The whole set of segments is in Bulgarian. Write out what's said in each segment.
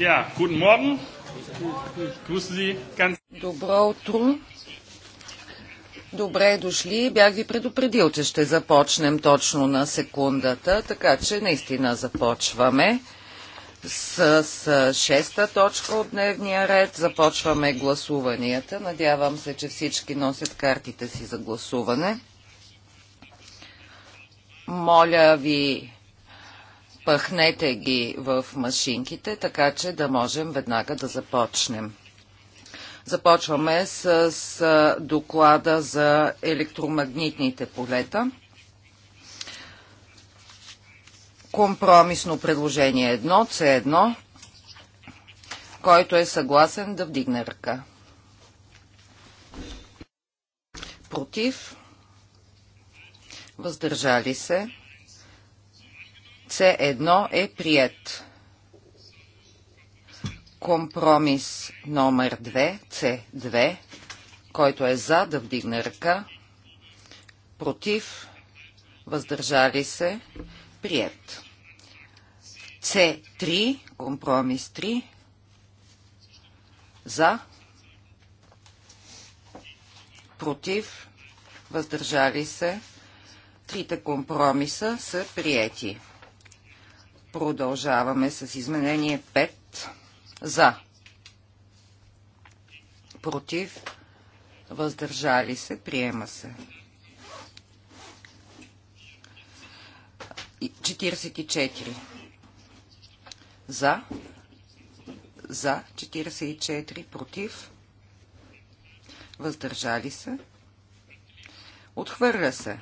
Ja, guten Morgen. Grüßen Sie ganz... Добро утро. Добре дошли. Бях ви предупредил, че ще започнем точно на секундата, така че наистина започваме с, с шеста точка от дневния ред. Започваме гласуванията. Надявам се, че всички носят картите си за гласуване. Моля ви пъхнете ги в машинките, така че да можем веднага да започнем. Започваме с, с доклада за електромагнитните полета. Компромисно предложение 1, C1, който е съгласен да вдигне ръка. Против. Въздържали се. C1 е прият. Компромис номер 2, C2, който е за да вдигне ръка, против, въздържали се, прият. C3, компромис 3, за, против, въздържали се. Трите компромиса са приети. Продължаваме с изменение 5 за против въздържали се, приема се. 44 за за 44 против въздържали се отхвърля се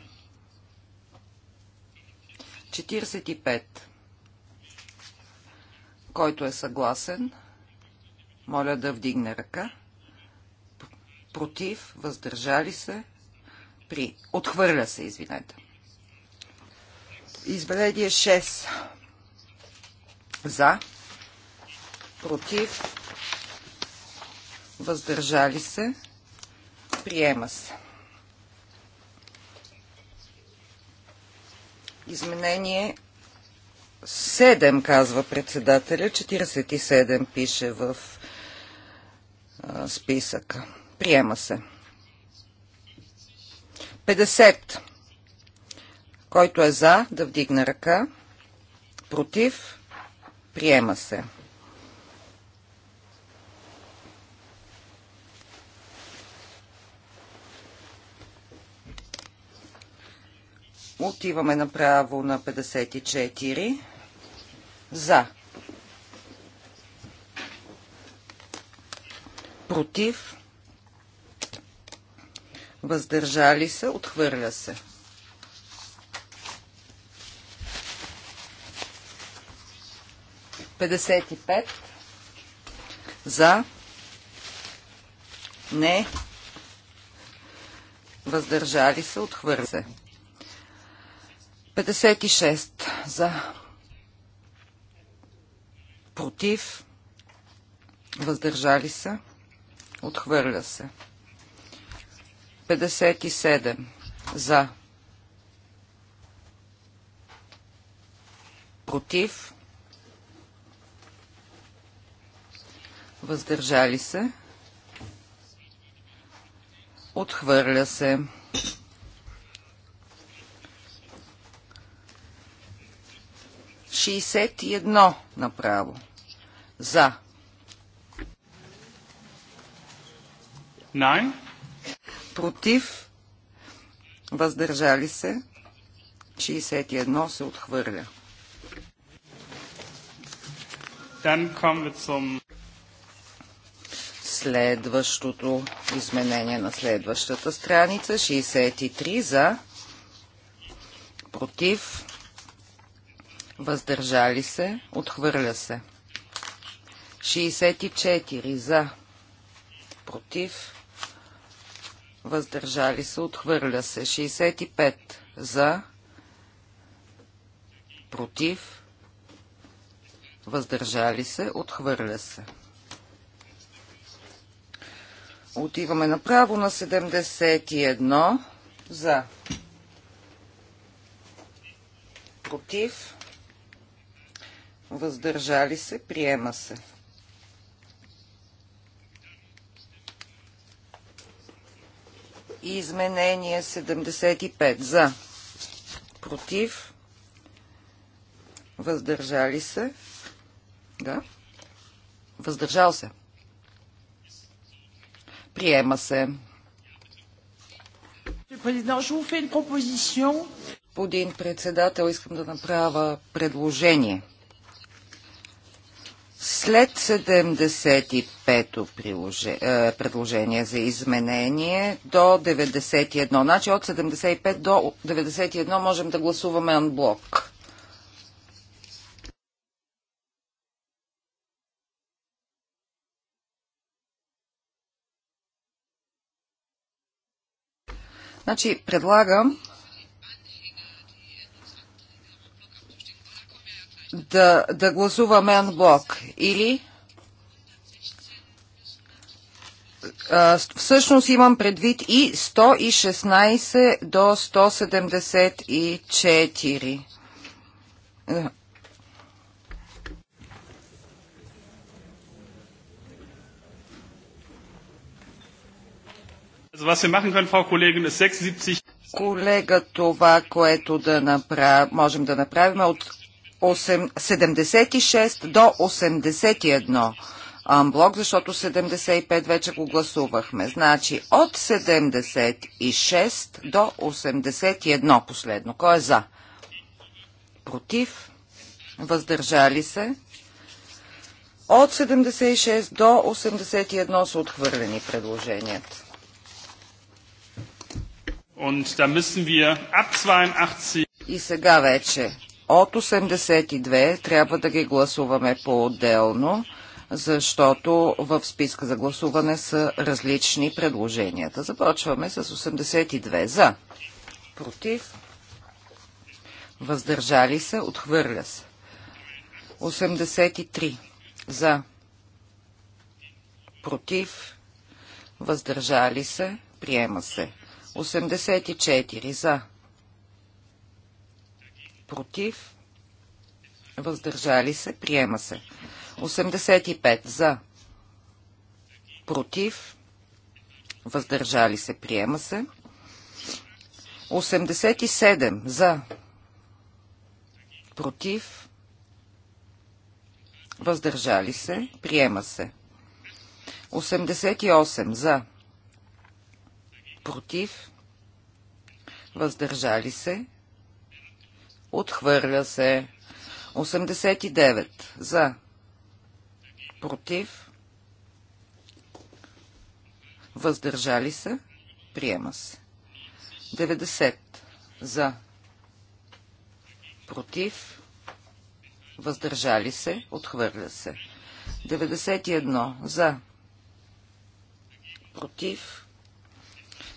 45 който е съгласен, моля да вдигне ръка. Против, въздържали се, при... Отхвърля се, извинете. Изведение 6. За. Против. Въздържали се. Приема се. Изменение Седем, казва председателя. 47 пише в а, списъка. Приема се. 50. Който е за, да вдигне ръка. Против. Приема се. Отиваме направо на 54. За. Против. Въздържали се. Отхвърля се. Педесет и пет. За. Не. Въздържали се. Отхвърля се. 56 за. Против. Въздържали се. Отхвърля се. 57 за. Против. Въздържали се. Отхвърля се. 61 направо. За. Nein. Против. Въздържали се. 61 се отхвърля. Some... Следващото изменение на следващата страница. 63 за. Против въздържали се, отхвърля се. 64 за, против, въздържали се, отхвърля се. 65 за, против, въздържали се, отхвърля се. Отиваме направо на 71 за, против, въздържали се, приема се. Изменение 75 за, против, въздържали се, да, въздържал се, приема се. Господин председател, искам да направя предложение. След 75-то е, предложение за изменение до 91, значи от 75 до 91 можем да гласуваме анблок. Значи предлагам да, да гласуваме анблок или а, всъщност имам предвид и 116 до 174. Колега, това, което да направим, можем да направим от 76 до 81 амблок, защото 75 вече го гласувахме. Значи от 76 до 81 последно. Кой е за? Против? Въздържали се? От 76 до 81 са отхвърлени предложенията. И сега вече от 82 трябва да ги гласуваме по-отделно, защото в списка за гласуване са различни предложенията. Започваме с 82 за, против, въздържали се, отхвърля се. 83 за, против, въздържали се, приема се. 84 за, против, въздържали се, приема се. 85 за, против, въздържали се, приема се. 87 за, против, въздържали се, приема се. 88 за, против, въздържали се, Отхвърля се. 89 за. Против. Въздържали се. Приема се. 90 за. Против. Въздържали се. Отхвърля се. 91 за. Против.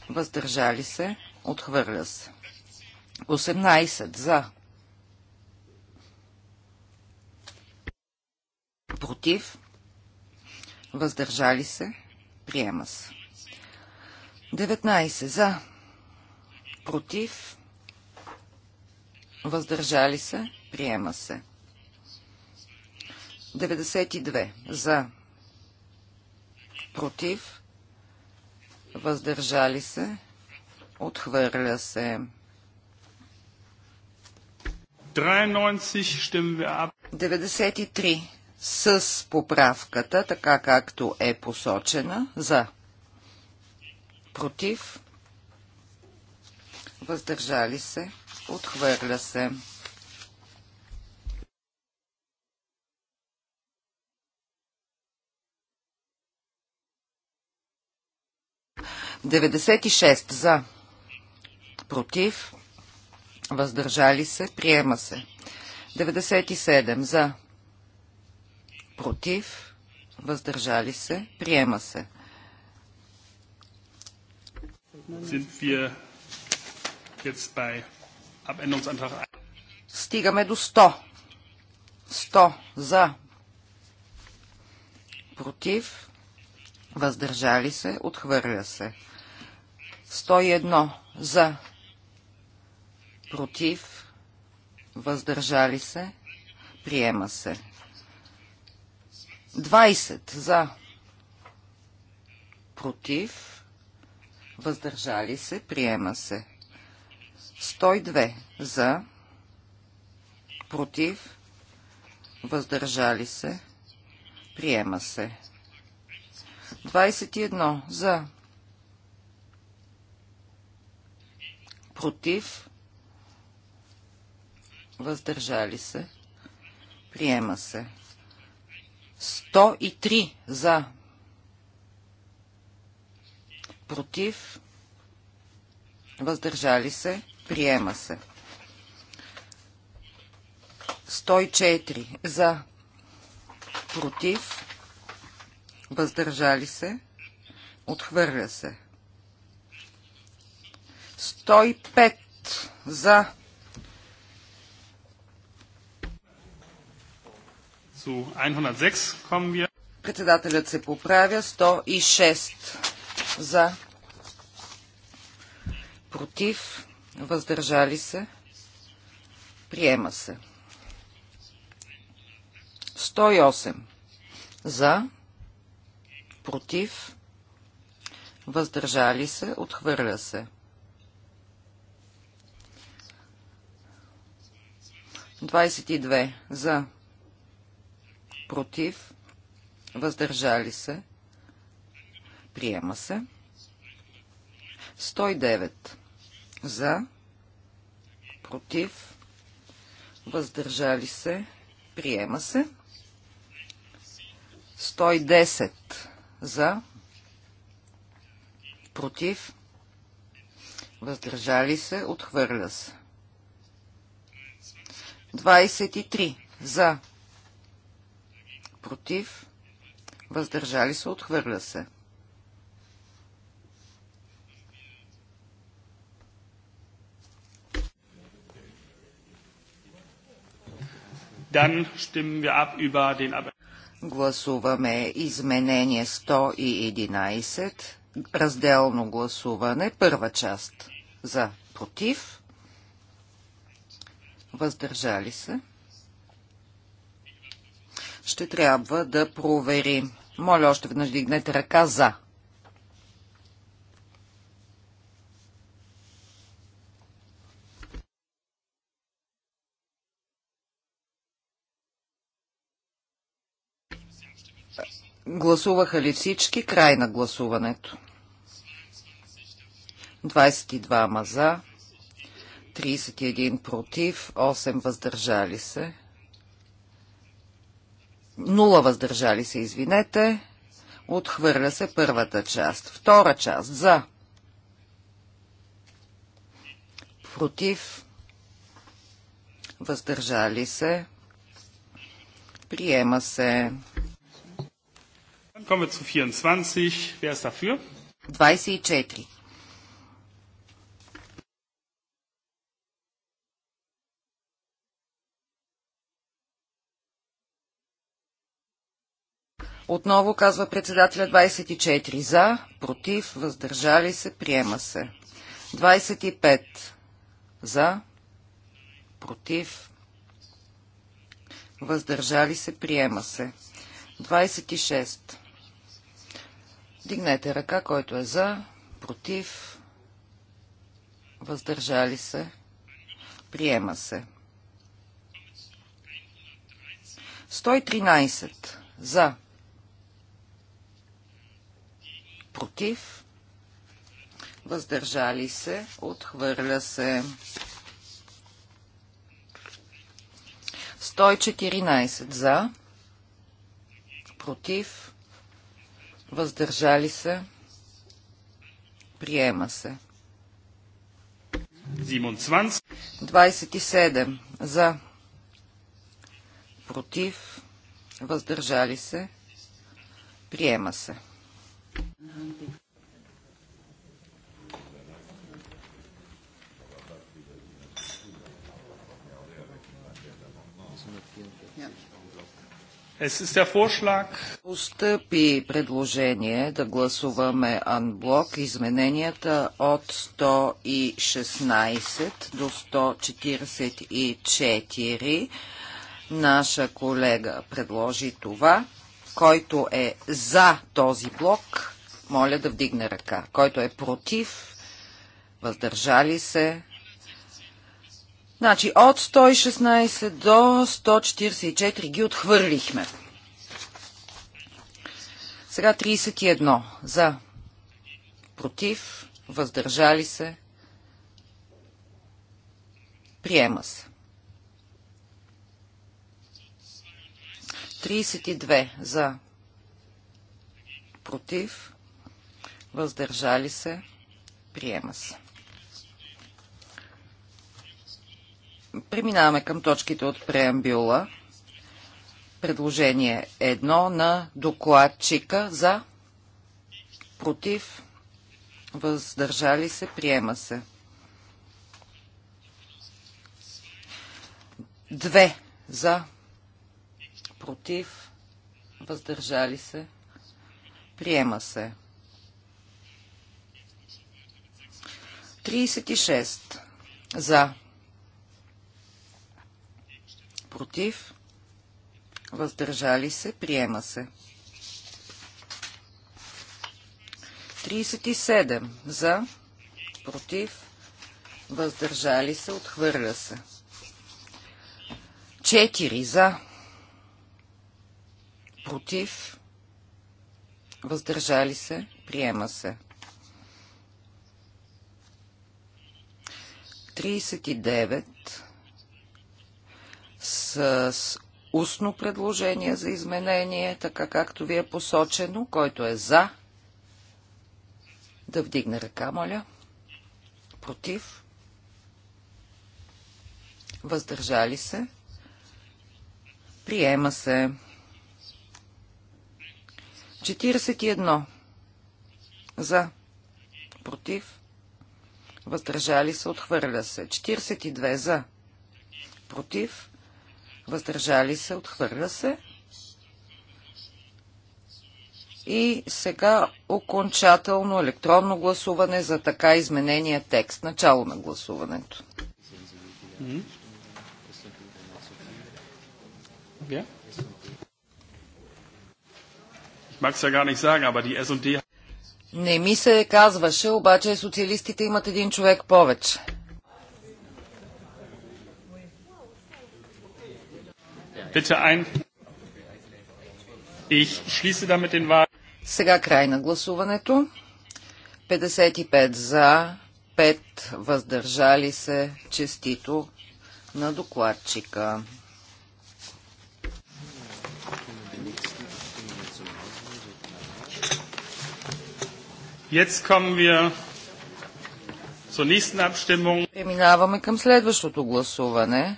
Въздържали се. Отхвърля се. 18 за против, въздържали се, приема се. 19 за, против, въздържали се, приема се. 92 за, против, въздържали се, отхвърля се. 93 с поправката, така както е посочена, за против, въздържали се, отхвърля се. Деведесет и шест за, против, въздържали се, приема се. 97 за, против, въздържали се, приема се. Стигаме до 100. 100 за, против, въздържали се, отхвърля се. 101 за, против, въздържали се, приема се. 20 за, против, въздържали се, приема се. 102 за, против, въздържали се, приема се. 21 за, против, въздържали се, приема се. 103 за, против, въздържали се, приема се. 104 за, против, въздържали се, отхвърля се. 105 за, Председателят се поправя. 106 за. Против. Въздържали се. Приема се. 108 за. Против. Въздържали се. Отхвърля се. две за против, въздържали се, приема се. 109 за, против, въздържали се, приема се. 110 за, против, въздържали се, отхвърля се. 23 за, против, въздържали се, отхвърля се. Dann stimmen wir ab über den Гласуваме изменение 111, разделно гласуване, първа част за против, въздържали се, ще трябва да провери. Моля още веднъж дигнете ръка за. Гласуваха ли всички? Край на гласуването. 22 за, 31 против, 8 въздържали се. Нула въздържали се, извинете. Отхвърля се първата част. Втора част. За. Против. Въздържали се. Приема се. 24. 24. Отново казва председателя 24 за, против, въздържали се, приема се. 25 за, против, въздържали се, приема се. 26. Дигнете ръка, който е за, против, въздържали се, приема се. 113 за, против, въздържали се, отхвърля се. 114 за, против, въздържали се, приема се. 27 за, против, въздържали се, приема се. Постъпи предложение да гласуваме анблок измененията от 116 до 144. Наша колега предложи това. Който е за този блок, моля да вдигне ръка. Който е против, въздържали се. Значи от 116 до 144 ги отхвърлихме. Сега 31 за против, въздържали се, приема се. 32 за против, въздържали се, приема се. Преминаваме към точките от преамбюла. Предложение Едно на докладчика за против, въздържали се, приема се. Две за против, въздържали се, приема се. 36 за, против, въздържали се, приема се. 37 за, против, въздържали се, отхвърля се. 4 за, против, въздържали се, приема се. 39 с устно предложение за изменение, така както ви е посочено, който е за, да вдигне ръка, моля, против, въздържали се, приема се. 41 за, против, въздържали се, отхвърля се. 42 за, против, въздържали се, отхвърля се. И сега окончателно електронно гласуване за така изменения текст. Начало на гласуването. Hm? mag es ja gar nicht sagen, aber die SD не ми се казваше, обаче социалистите имат един човек повече. Сега край на гласуването. 55 за, 5 въздържали се. Честито на докладчика. Jetzt kommen wir zur nächsten Abstimmung. Преминаваме към следващото гласуване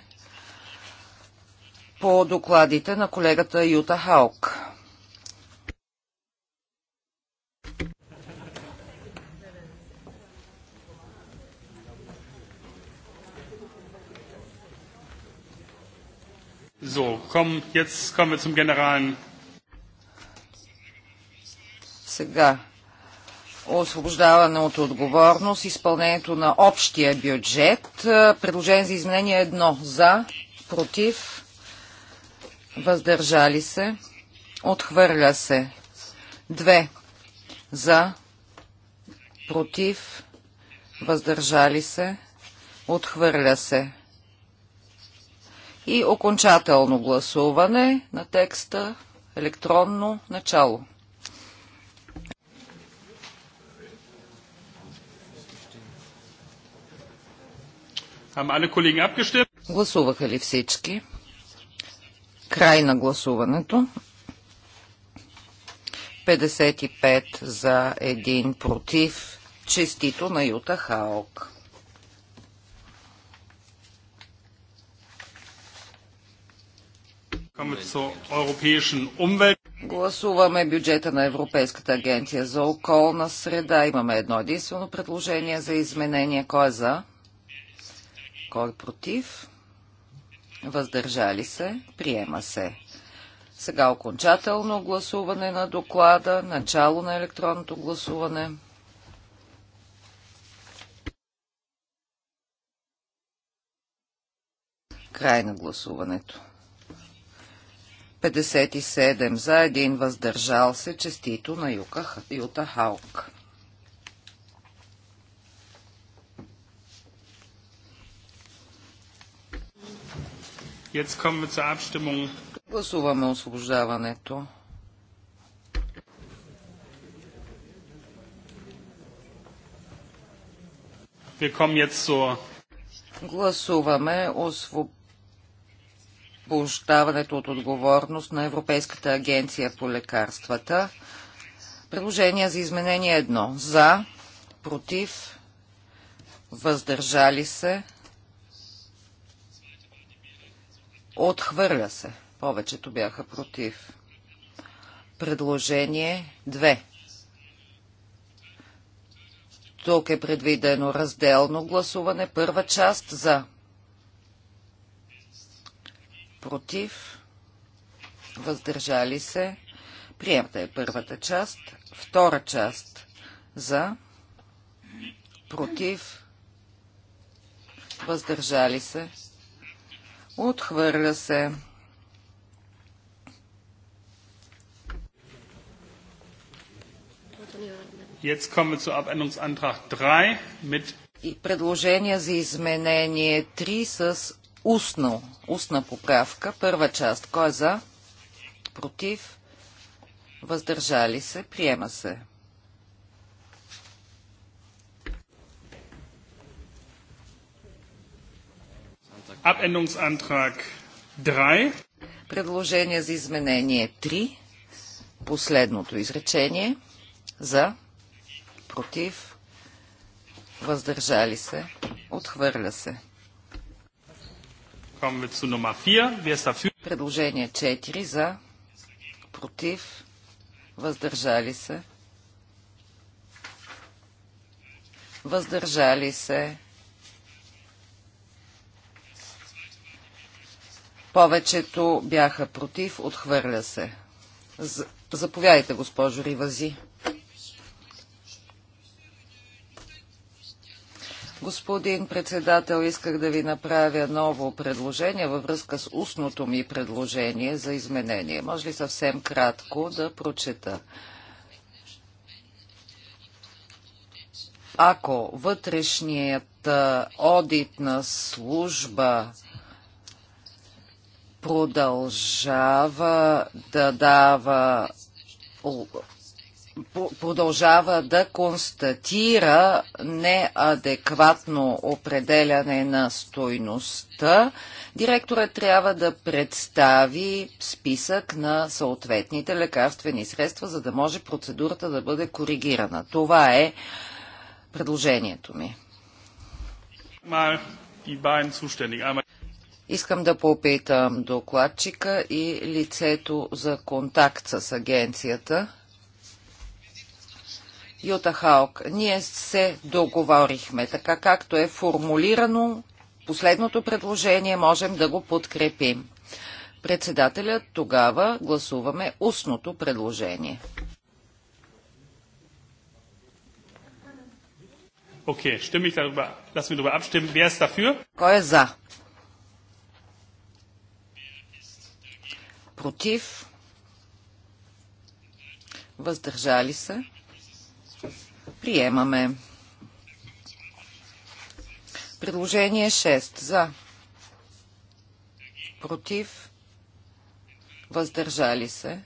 по докладите на колегата Юта Хаук. So, komm, jetzt kommen wir zum generalen. Сега освобождаване от отговорност, изпълнението на общия бюджет. Е, предложение за изменение едно за, против, въздържали се, отхвърля се. Две за, против, въздържали се, отхвърля се. И окончателно гласуване на текста електронно начало. Гласуваха ли всички? Край на гласуването. 55 за 1 против. Честито на Юта Хаок. Гласуваме бюджета на Европейската агенция за околна среда. Имаме едно единствено предложение за изменение. Кой е за? Кой е против? Въздържали се? Приема се. Сега окончателно гласуване на доклада, начало на електронното гласуване. Край на гласуването. 57 за, един въздържал се, честито на Юта Халк. Jetzt kommen wir zur Abstimmung. Гласуваме освобождаването. Wir kommen jetzt zur Гласуваме освобождаването от отговорност на Европейската агенция по лекарствата. Предложение за изменение едно. За, против, въздържали се, Отхвърля се. Повечето бяха против. Предложение 2. Тук е предвидено разделно гласуване. Първа част за. Против. Въздържали се. Приемта е първата част. Втора част за. Против. Въздържали се. Отхвърля се. Jetzt kommen wir zu Abänderungsantrag 3 mit предложение за изменение 3 с устно, устна поправка. Първа част. Кой е за? Против? Въздържали се? Приема се. Abänderungsantrag 3. Предложение за изменение 3. Последното изречение. За. Против. Въздържали се. Отхвърля се. Предложение 4 за, против, въздържали се. Въздържали се. Повечето бяха против, отхвърля се. Заповядайте, госпожо Ривази. Господин председател, исках да ви направя ново предложение във връзка с устното ми предложение за изменение. Може ли съвсем кратко да прочета? Ако вътрешният одитна служба продължава да дава продължава да констатира неадекватно определяне на стойността, директорът трябва да представи списък на съответните лекарствени средства, за да може процедурата да бъде коригирана. Това е предложението ми. Искам да попитам докладчика и лицето за контакт с агенцията. Юта Халк, ние се договорихме, така както е формулирано последното предложение, можем да го подкрепим. Председателят тогава гласуваме устното предложение. Okay, stimme ich darüber. darüber abstimmen. Wer ist dafür? Кой е за? против, въздържали се, приемаме. Предложение 6 за, против, въздържали се,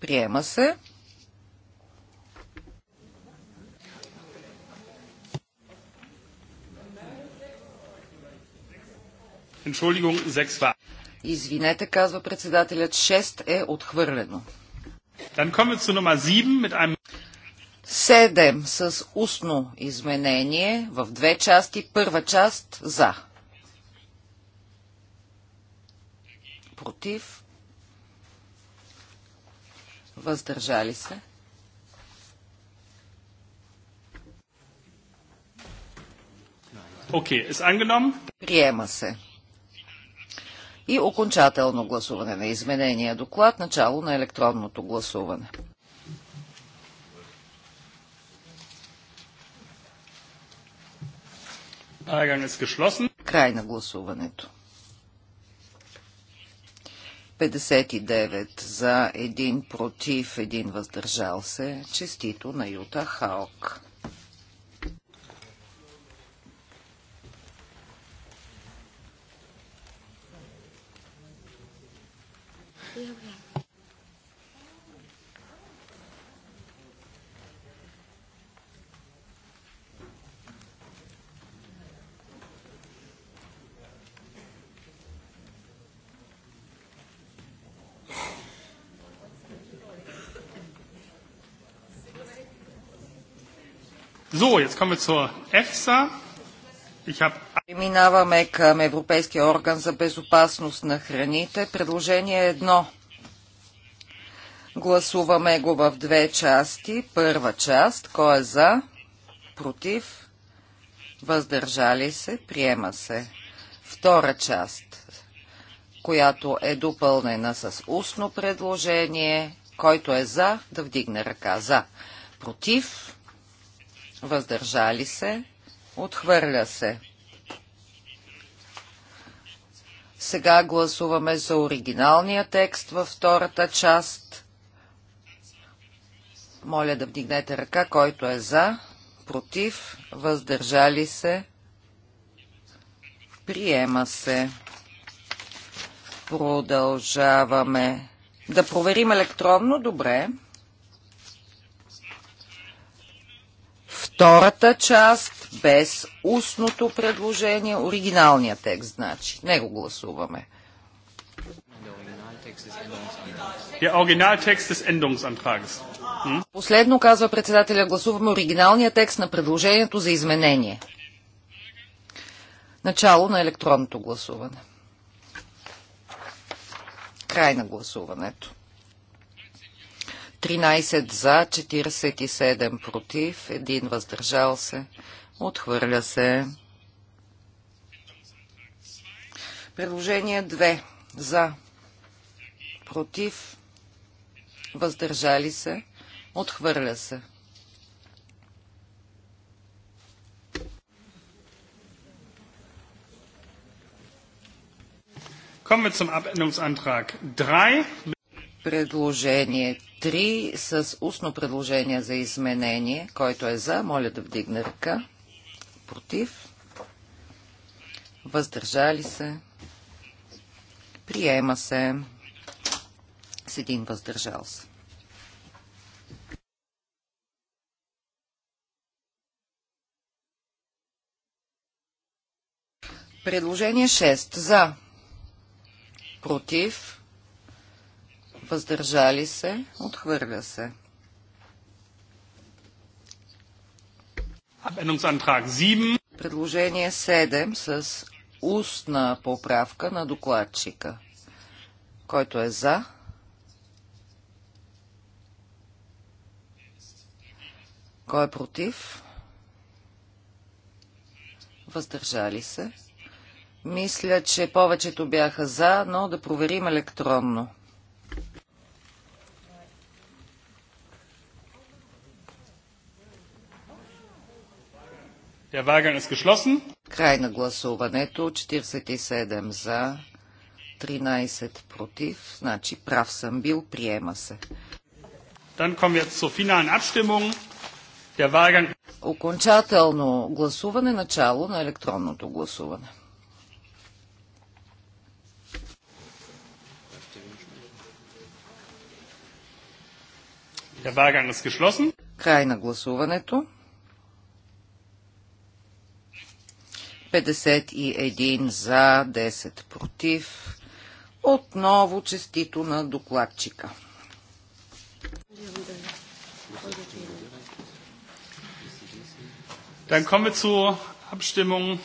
приема се. Entschuldigung, 6 war. Извинете, казва председателят, 6 е отхвърлено. Седем с устно изменение в две части. Първа част за. Против. Въздържали се. Окей, okay, Приема се и окончателно гласуване на изменения доклад, начало на електронното гласуване. Е Край на гласуването. 59 за, 1 против, 1 въздържал се. Честито на Юта Хаок. So, jetzt kommen wir zur EFSA. Преминаваме към Европейския орган за безопасност на храните. Предложение едно. Гласуваме го в две части. Първа част. Кой е за? Против? Въздържали се? Приема се. Втора част, която е допълнена с устно предложение. Който е за, да вдигне ръка. За. Против? Въздържали се? Отхвърля се. Сега гласуваме за оригиналния текст във втората част. Моля да вдигнете ръка, който е за, против, въздържали се. Приема се. Продължаваме. Да проверим електронно. Добре. втората част без устното предложение, оригиналния текст, значи. Не го гласуваме. Hm? Последно казва председателя, гласуваме оригиналния текст на предложението за изменение. Начало на електронното гласуване. Край на гласуването. 13 за, 47 против, 1 въздържал се. Отхвърля се. Предложение 2 за, против, въздържали се. Отхвърля се. Kommen wir zum Abänderungsantrag 3. Предложение 3 с устно предложение за изменение. Който е за, моля да вдигне ръка. Против. Въздържали се. Приема се. С един въздържал се. Предложение 6. За. Против въздържали се, отхвърля се. Предложение 7 с устна поправка на докладчика. Който е за? Кой е против? Въздържали се. Мисля, че повечето бяха за, но да проверим електронно. Край на гласуването. 47 за, 13 против. Значи прав съм бил, приема се. Окончателно гласуване, начало на електронното гласуване. Край на гласуването. 51 за, 10 против. Отново честито на докладчика. Dann kommen wir zur Abstimmung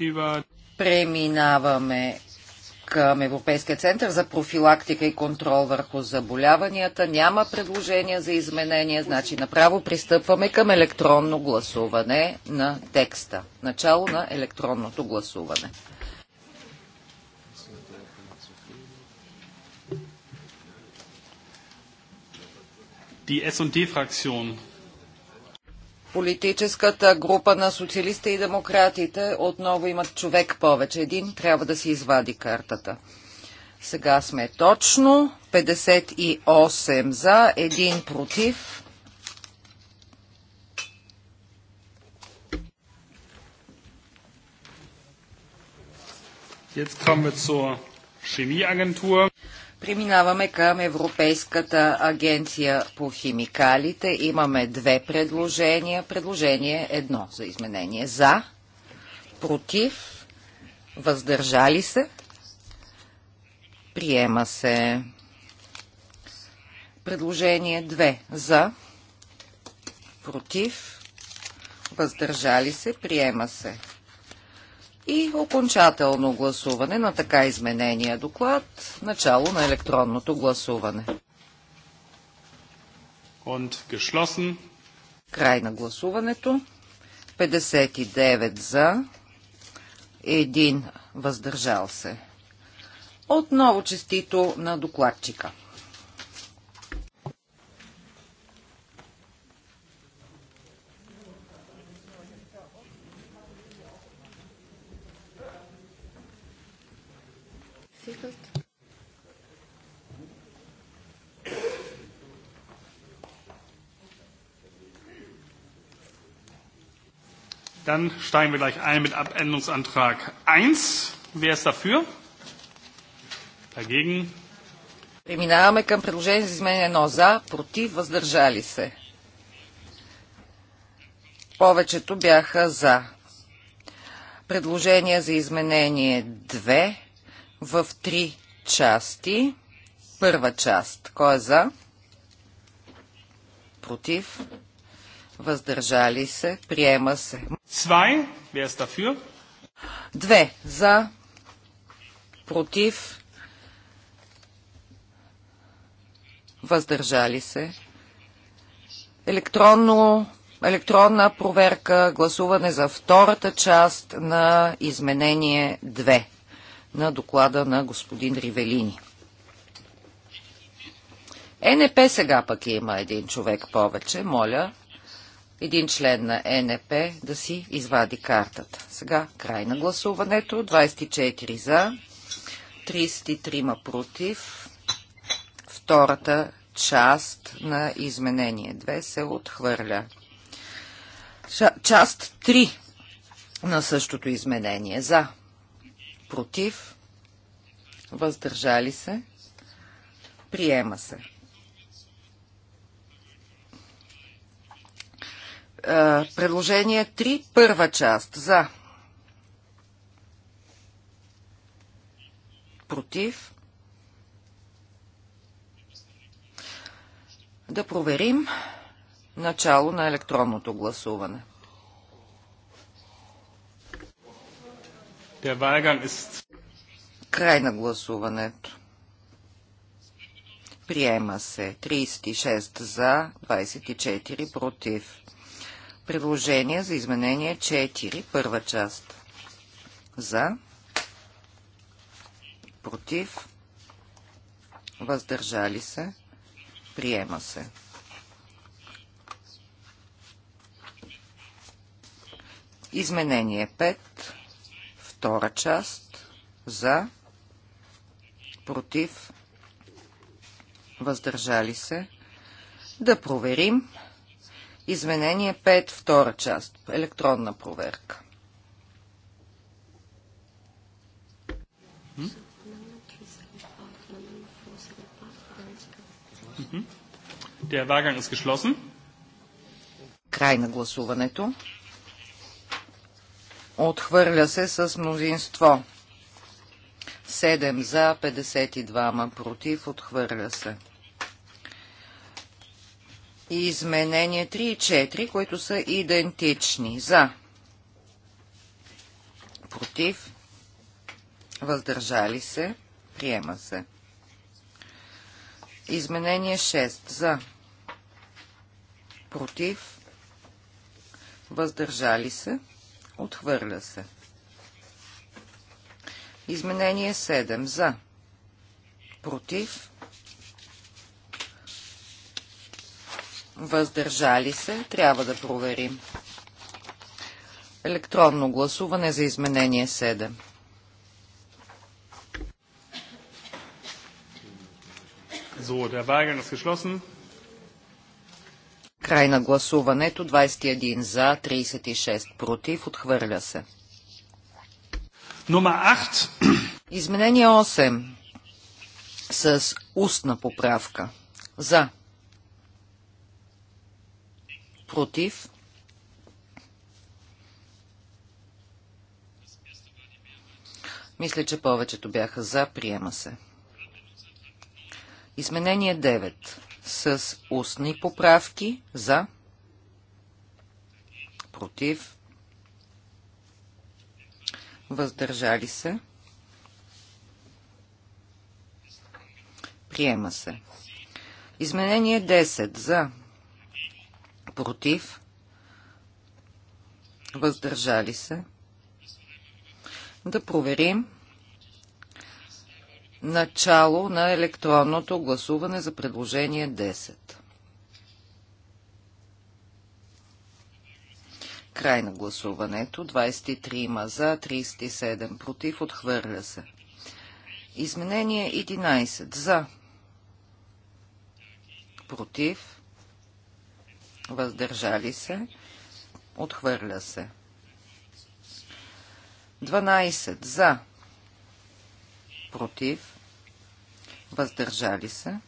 über Преминаваме към Европейския център за профилактика и контрол върху заболяванията. Няма предложения за изменения, значи направо пристъпваме към електронно гласуване на текста. Начало на електронното гласуване. Die S&D-Fraktion политическата група на социалистите и демократите отново имат човек повече. Един трябва да си извади картата. Сега сме точно 58 за, 1 против. Jetzt kommen wir zur Chemieagentur. Преминаваме към Европейската агенция по химикалите. Имаме две предложения. Предложение едно за изменение. За, против, въздържали се, приема се. Предложение 2 за, против, въздържали се, приема се и окончателно гласуване на така изменения доклад, начало на електронното гласуване. Край на гласуването. 59 за, 1 въздържал се. Отново честито на докладчика. Dann steigen wir gleich ein mit Abänderungsantrag 1. Wer ist dafür? Dagegen? Преминаваме към предложение за изменение 1 за, против, въздържали се. Повечето бяха за. Предложение за изменение 2 в 3 части. Първа част. Кой е за? Против? въздържали се, приема се. Свай, wer за, против, въздържали се. Електронно, електронна проверка, гласуване за втората част на изменение 2 на доклада на господин Ривелини. ЕНП сега пък има един човек повече. Моля, един член на ЕНП да си извади картата. Сега край на гласуването. 24 за, 33 против. Втората част на изменение 2 се отхвърля. Част 3 на същото изменение. За, против, въздържали се, приема се. Е, предложение 3, първа част. За. Против. Да проверим начало на електронното гласуване. Край на гласуването. Приема се 36 за, 24 против. Предложение за изменение 4, първа част. За, против, въздържали се, приема се. Изменение 5, втора част, за, против, въздържали се. Да проверим. Изменение 5, втора част. Електронна проверка. Der Wahlgang ist geschlossen. Край на гласуването. Отхвърля се с мнозинство. 7 за, 52 против. Отхвърля се и изменения 3 и 4, които са идентични. За. Против. Въздържали се. Приема се. Изменение 6. За. Против. Въздържали се. Отхвърля се. Изменение 7. За. Против. въздържали се, трябва да проверим. Електронно гласуване за изменение 7. So, der Wahlgang ist geschlossen. Край на гласуването 21 за, 36 против, отхвърля се. Номер 8. Изменение 8 с устна поправка. За против, Мисля, че повечето бяха за, приема се. Изменение 9. С устни поправки за, против, въздържали се, приема се. Изменение 10. За, против, въздържали се. Да проверим начало на електронното гласуване за предложение 10. Край на гласуването. 23 има за, 37 против. Отхвърля се. Изменение 11. За. Против въздържали се, отхвърля се. 12 за, против, въздържали се,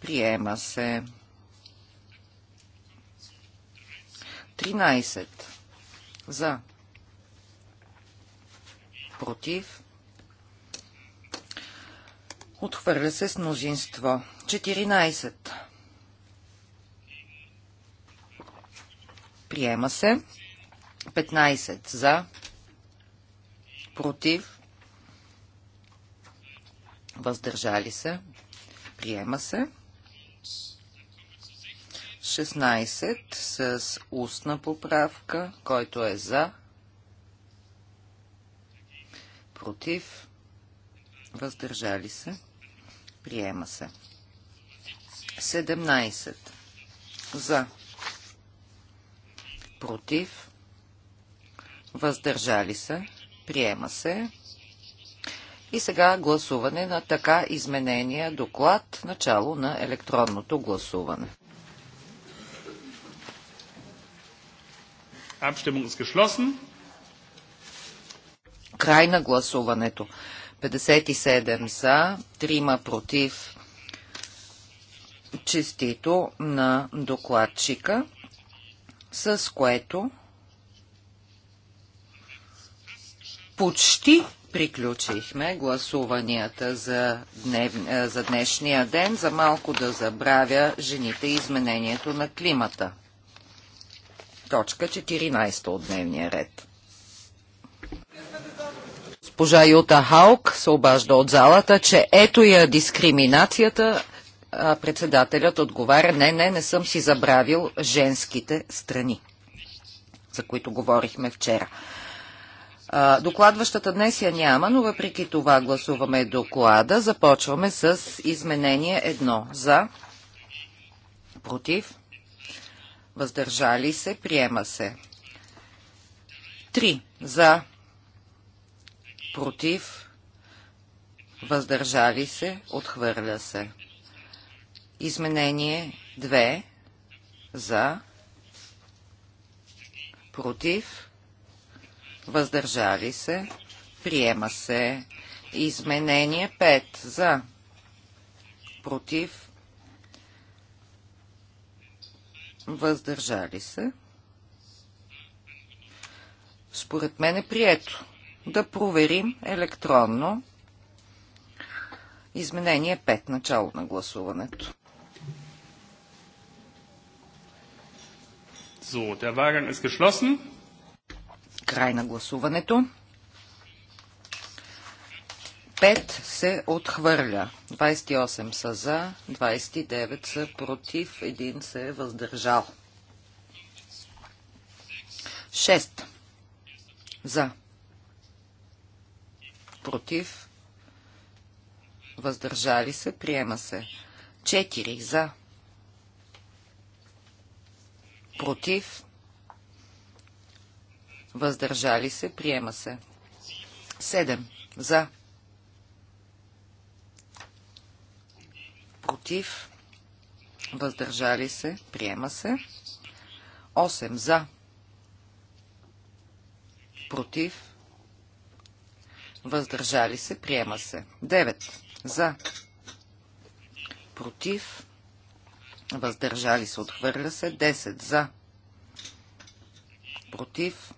приема се. 13 за, против, Отхвърля се с мнозинство. 14. Приема се. 15 за. Против. Въздържали се. Приема се. 16 с устна поправка, който е за. Против. Въздържали се. Приема се. 17. За. Против. Въздържали се. Приема се. И сега гласуване на така изменения доклад, начало на електронното гласуване. Край на гласуването. 57 за, 3 против. Честито на докладчика, с което почти приключихме гласуванията за, днев, е, за днешния ден, за малко да забравя жените и изменението на климата. Точка 14 от дневния ред. Госпожа Юта Хаук се обажда от залата, че ето я дискриминацията, а председателят отговаря, не, не, не съм си забравил женските страни, за които говорихме вчера. Докладващата днес я няма, но въпреки това гласуваме доклада. Започваме с изменение Едно. За, против, въздържали се, приема се. Три За, против, въздържали се, отхвърля се. Изменение 2 за, против, въздържали се, приема се. Изменение 5 за, против, въздържали се. Според мен е прието да проверим електронно изменение 5, начало на гласуването. So, der Wahlgang ist geschlossen. Край на гласуването. 5 се отхвърля. 28 са за, 29 са против, 1 се е въздържал. 6 за, против, въздържали се, приема се. 4 за, против, въздържали се, приема се. 7 за, против, въздържали се, приема се. 8 за, против, въздържали се, приема се. 9 за, против, въздържали се, отхвърля се. 10 за, против,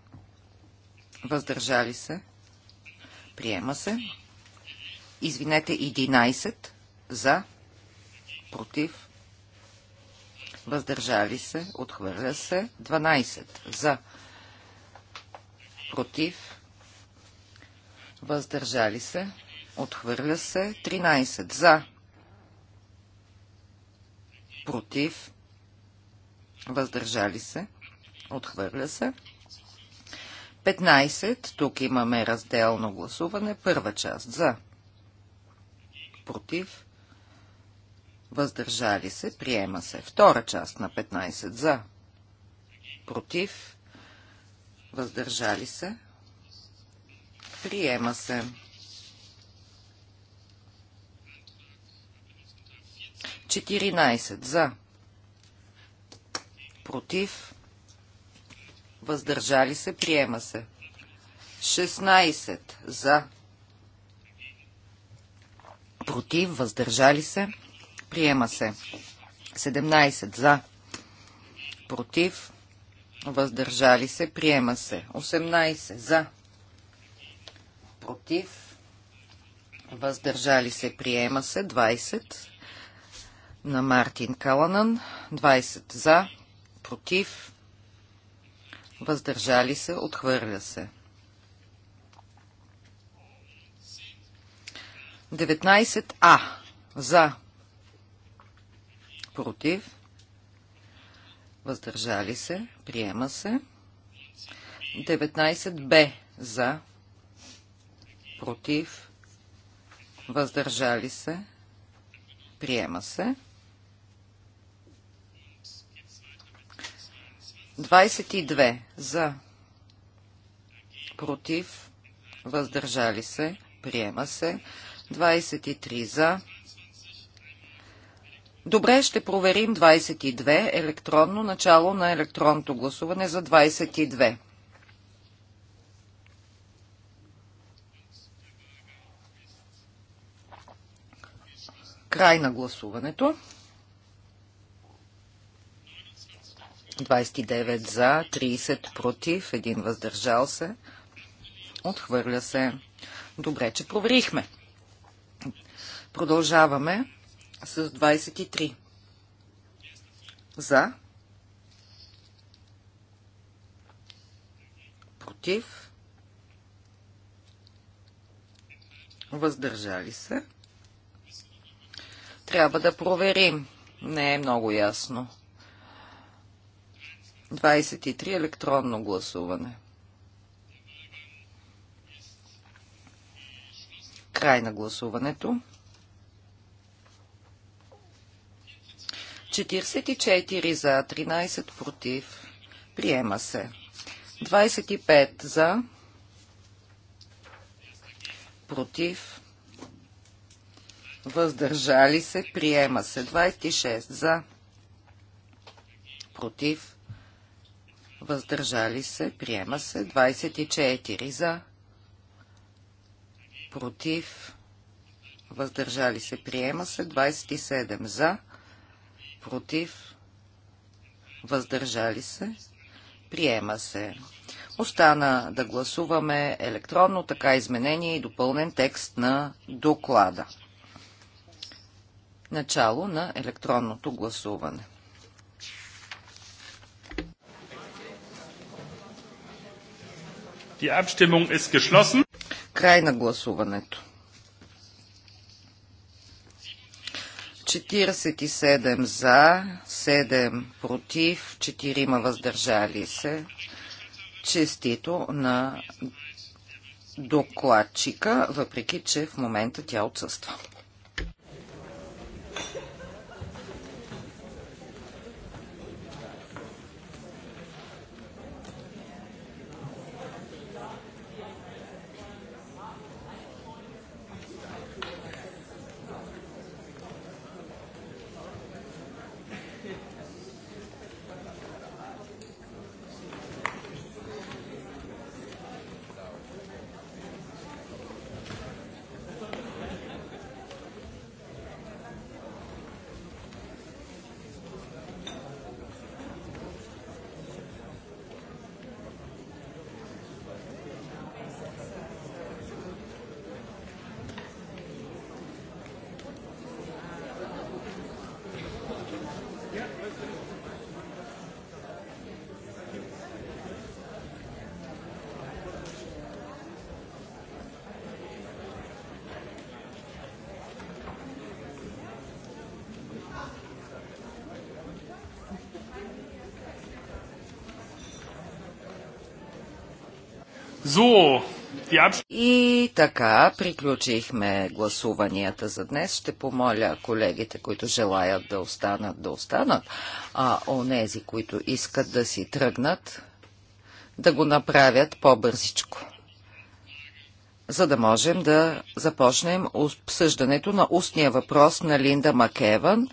въздържали се, приема се. Извинете, 11 за, против, въздържали се, отхвърля се. 12 за, против, въздържали се, отхвърля се, 13 за, против, въздържали се, отхвърля се, 15, тук имаме разделно гласуване, първа част за, против, въздържали се, приема се, втора част на 15 за, против, въздържали се, Приема се. Четиринайсет за. Против. Въздържали се. Приема се. 16 за. Против. Въздържали се. Приема се. 17 за. Против. Въздържали се. Приема се. 18 за против, въздържали се, приема се 20 на Мартин Каланан, 20 за, против, въздържали се, отхвърля се. 19А за, против, въздържали се, приема се. 19Б за, против, въздържали се, приема се. 22 за, против, въздържали се, приема се. 23 за. Добре, ще проверим 22 електронно начало на електронното гласуване за 22. Край на гласуването. 29 за, 30 против, Един въздържал се. Отхвърля се. Добре, че проверихме. Продължаваме с 23. За. Против. Въздържали се. Трябва да проверим. Не е много ясно. 23 електронно гласуване. Край на гласуването. 44 за, 13 против. Приема се. 25 за, против въздържали се, приема се. 26 за, против, въздържали се, приема се. 24 за, против, въздържали се, приема се. 27 за, против, въздържали се, приема се. Остана да гласуваме електронно така изменение и допълнен текст на доклада начало на електронното гласуване. Край на гласуването. 47 за, 7 против, 4 въздържали се. Честито на докладчика, въпреки че в момента тя отсъства. И така, приключихме гласуванията за днес. Ще помоля колегите, които желаят да останат, да останат, а онези, които искат да си тръгнат, да го направят по-бързичко за да можем да започнем обсъждането на устния въпрос на Линда Макеван.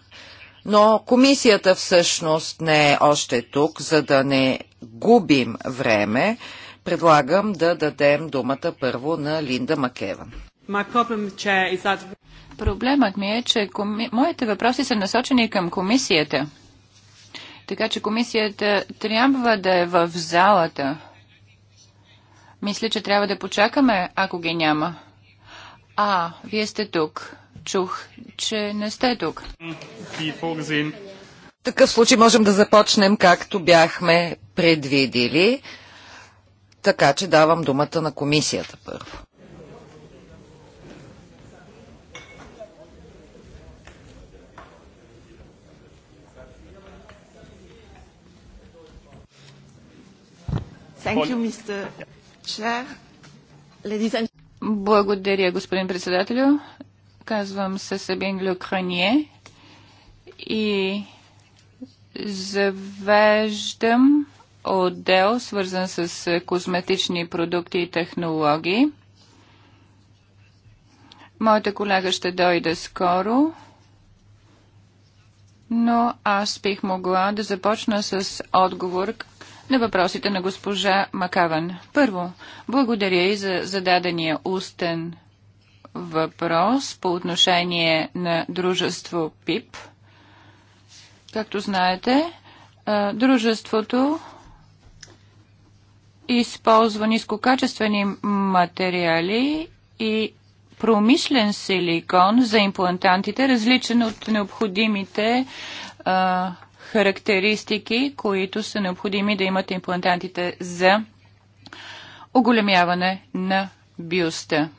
Но комисията всъщност не е още тук, за да не губим време. Предлагам да дадем думата първо на Линда Макеван. Е Проблемът ми е, че коми... моите въпроси са насочени към комисията. Така че комисията трябва да е в залата. Мисля, че трябва да почакаме, ако ги няма. А, вие сте тук. Чух, че не сте тук. В такъв случай можем да започнем както бяхме предвидили. Така че давам думата на комисията първо. Благодаря, господин председателю. Казвам се Сабин Люкранье и завеждам отдел, свързан с е, козметични продукти и технологии. Моята колега ще дойде скоро, но аз бих могла да започна с отговор на въпросите на госпожа Макаван. Първо, благодаря и за зададения устен въпрос по отношение на дружество ПИП. Както знаете, дружеството използва нискокачествени материали и промишлен силикон за имплантантите, различен от необходимите а, характеристики, които са необходими да имат имплантантите за оголемяване на бюста.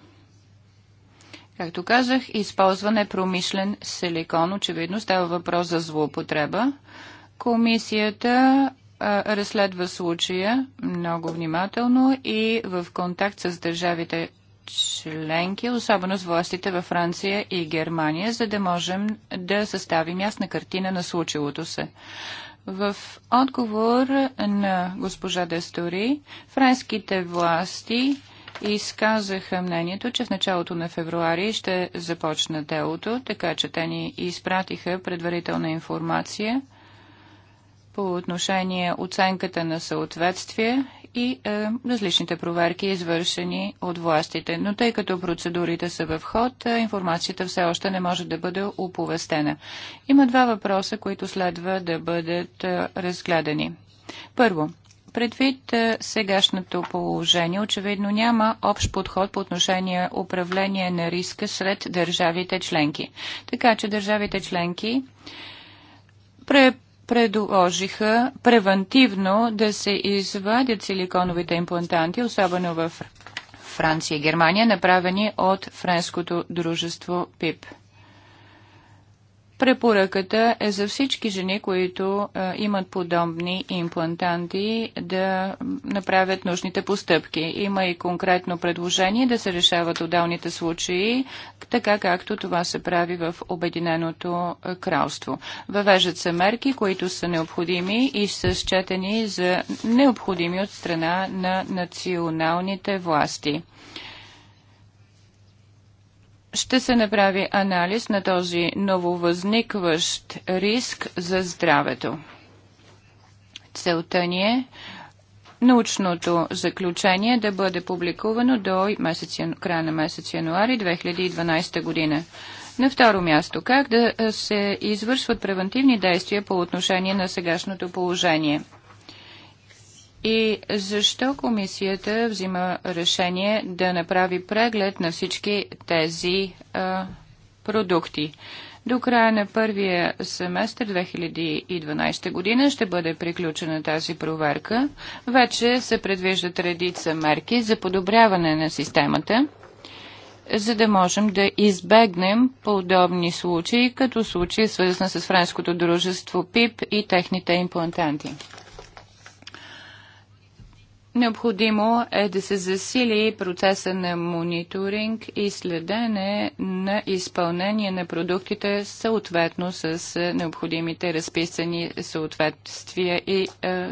Както казах, използване промишлен силикон. Очевидно става въпрос за злоупотреба. Комисията разследва случая много внимателно и в контакт с държавите членки, особено с властите във Франция и Германия, за да можем да съставим ясна картина на случилото се. В отговор на госпожа Дестори, френските власти изказаха мнението, че в началото на февруари ще започна делото, така че те ни изпратиха предварителна информация – по отношение оценката на съответствие и е, различните проверки, извършени от властите. Но тъй като процедурите са в ход, е, информацията все още не може да бъде оповестена. Има два въпроса, които следва да бъдат е, разгледани. Първо, предвид е, сегашното положение, очевидно няма общ подход по отношение управление на риска сред държавите членки. Така че държавите членки пре предложиха превентивно да се извадят силиконовите имплантанти, особено в Франция и Германия, направени от френското дружество ПИП. Препоръката е за всички жени, които а, имат подобни имплантанти, да направят нужните постъпки. Има и конкретно предложение да се решават отделните случаи, така както това се прави в Обединеното кралство. Въвеждат се мерки, които са необходими и са счетени за необходими от страна на националните власти ще се направи анализ на този нововъзникващ риск за здравето. Целта ни е научното заключение да бъде публикувано до месец, края на месец януари 2012 година. На второ място, как да се извършват превентивни действия по отношение на сегашното положение – и защо комисията взима решение да направи преглед на всички тези а, продукти? До края на първия семестър 2012 година ще бъде приключена тази проверка. Вече се предвиждат редица мерки за подобряване на системата, за да можем да избегнем подобни случаи, като случаи свързани с френското дружество ПИП и техните имплантанти. Необходимо е да се засили процеса на мониторинг и следене на изпълнение на продуктите съответно с е, необходимите разписани съответствия и е,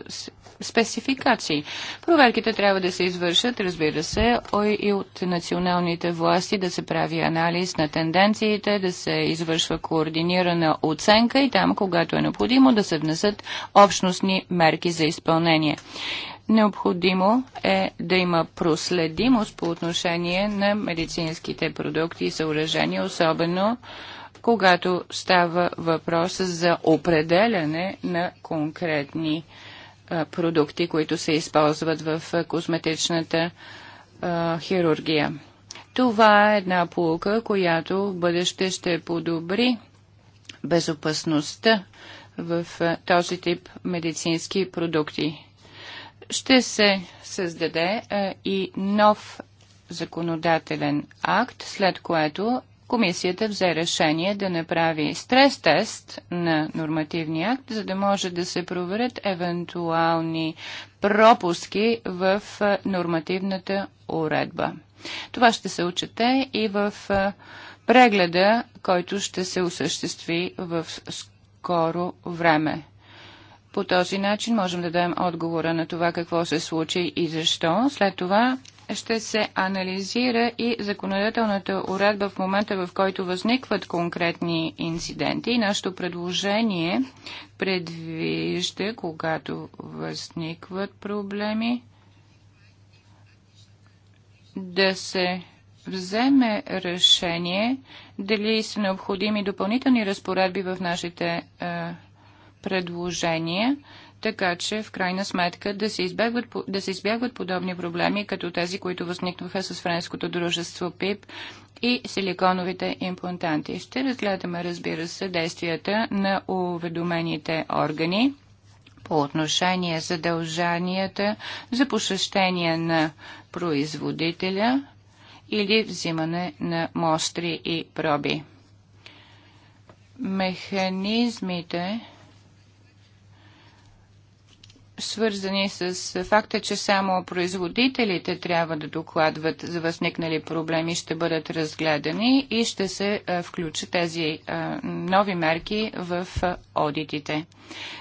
спецификации. Проверките трябва да се извършат, разбира се, и от националните власти да се прави анализ на тенденциите, да се извършва координирана оценка и там, когато е необходимо, да се внесат общностни мерки за изпълнение. Необходимо е да има проследимост по отношение на медицинските продукти и съоръжения, особено когато става въпрос за определяне на конкретни продукти, които се използват в косметичната хирургия. Това е една полука, която в бъдеще ще подобри безопасността в този тип медицински продукти ще се създаде а, е, и нов законодателен акт, след което комисията взе решение да направи стрес-тест на нормативния акт, за да може да се проверят евентуални пропуски в е, нормативната уредба. Това ще се учете и в е, прегледа, който ще се осъществи в скоро време. По този начин можем да дадем отговора на това какво се случи и защо. След това ще се анализира и законодателната уредба в момента, в който възникват конкретни инциденти. нашето предложение предвижда, когато възникват проблеми, да се вземе решение дали са необходими допълнителни разпоредби в нашите е, предложения, така че в крайна сметка да се избягват, да се избягват подобни проблеми, като тези, които възникнаха с френското дружество ПИП и силиконовите имплантанти. Ще разгледаме, разбира се, действията на уведомените органи по отношение задължанията за посещение на производителя или взимане на мостри и проби. Механизмите свързани с факта, че само производителите трябва да докладват за възникнали проблеми, ще бъдат разгледани и ще се включат тези нови мерки в одитите.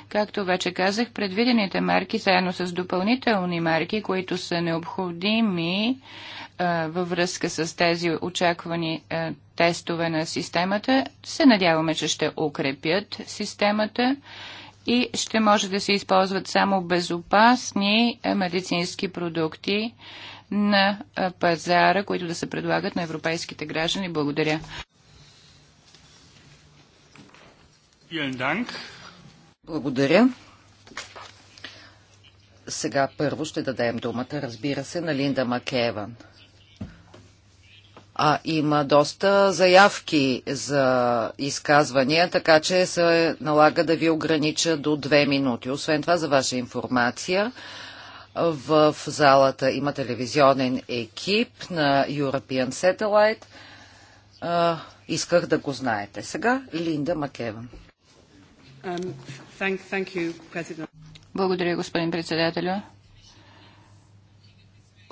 Както вече казах, предвидените мерки, заедно с допълнителни мерки, които са необходими във връзка с тези очаквани тестове на системата, се надяваме, че ще укрепят системата и ще може да се използват само безопасни е, медицински продукти на е, пазара, които да се предлагат на европейските граждани. Благодаря. Благодаря. Сега първо ще дадем думата, разбира се, на Линда Макеван а, има доста заявки за изказвания, така че се налага да ви огранича до две минути. Освен това, за ваша информация, в залата има телевизионен екип на European Satellite. А, исках да го знаете. Сега Линда Макеван. Um, Благодаря, господин председателю.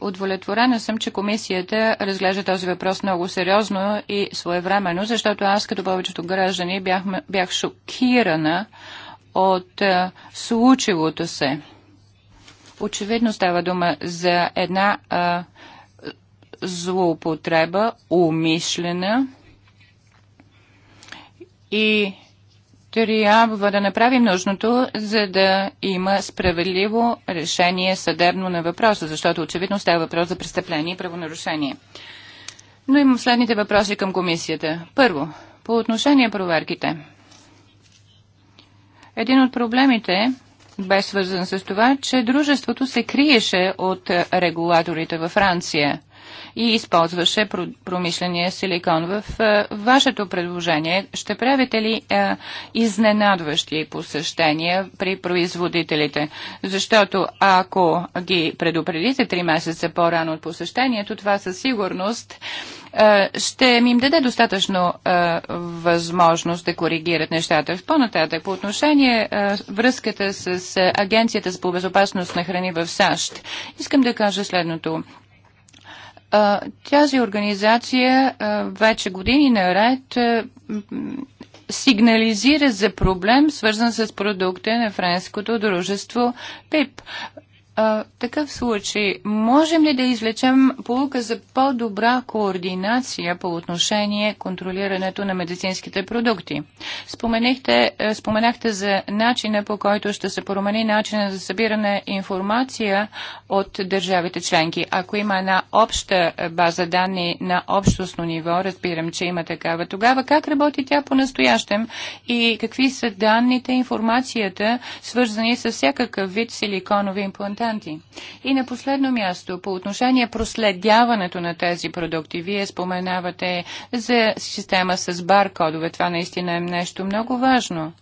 Удовлетворена съм, че комисията разглежда този въпрос много сериозно и своевременно, защото аз като повечето граждани бях, бях шокирана от а, е, случилото се. Очевидно става дума за една а, е, злоупотреба, умишлена и трябва да направим нужното, за да има справедливо решение съдебно на въпроса, защото очевидно става въпрос за престъпление и правонарушение. Но имам следните въпроси към комисията. Първо, по отношение проверките. Един от проблемите бе свързан с това, че дружеството се криеше от регулаторите във Франция и използваше промишления силикон. В е, вашето предложение ще правите ли е, изненадващи посещения при производителите? Защото ако ги предупредите три месеца по-рано от посещението, това със сигурност е, ще ми им даде достатъчно възможност да коригират нещата. В по-нататък, по отношение връзката с Агенцията по безопасност на храни в САЩ, искам да кажа следното. Тази организация вече години наред сигнализира за проблем, свързан с продукта на френското дружество ПИП в такъв случай, можем ли да извлечем полука за по-добра координация по отношение контролирането на медицинските продукти? Споменихте, е, споменахте за начина по който ще се промени начина за събиране информация от държавите членки. Ако има една обща е, база данни на общностно ниво, разбирам, че има такава, тогава как работи тя по-настоящем и какви са данните, информацията, свързани с всякакъв вид силиконови имплантации? консултанти. И на последно място, по отношение проследяването на тези продукти, вие споменавате за система с баркодове. Това наистина е нещо много важно.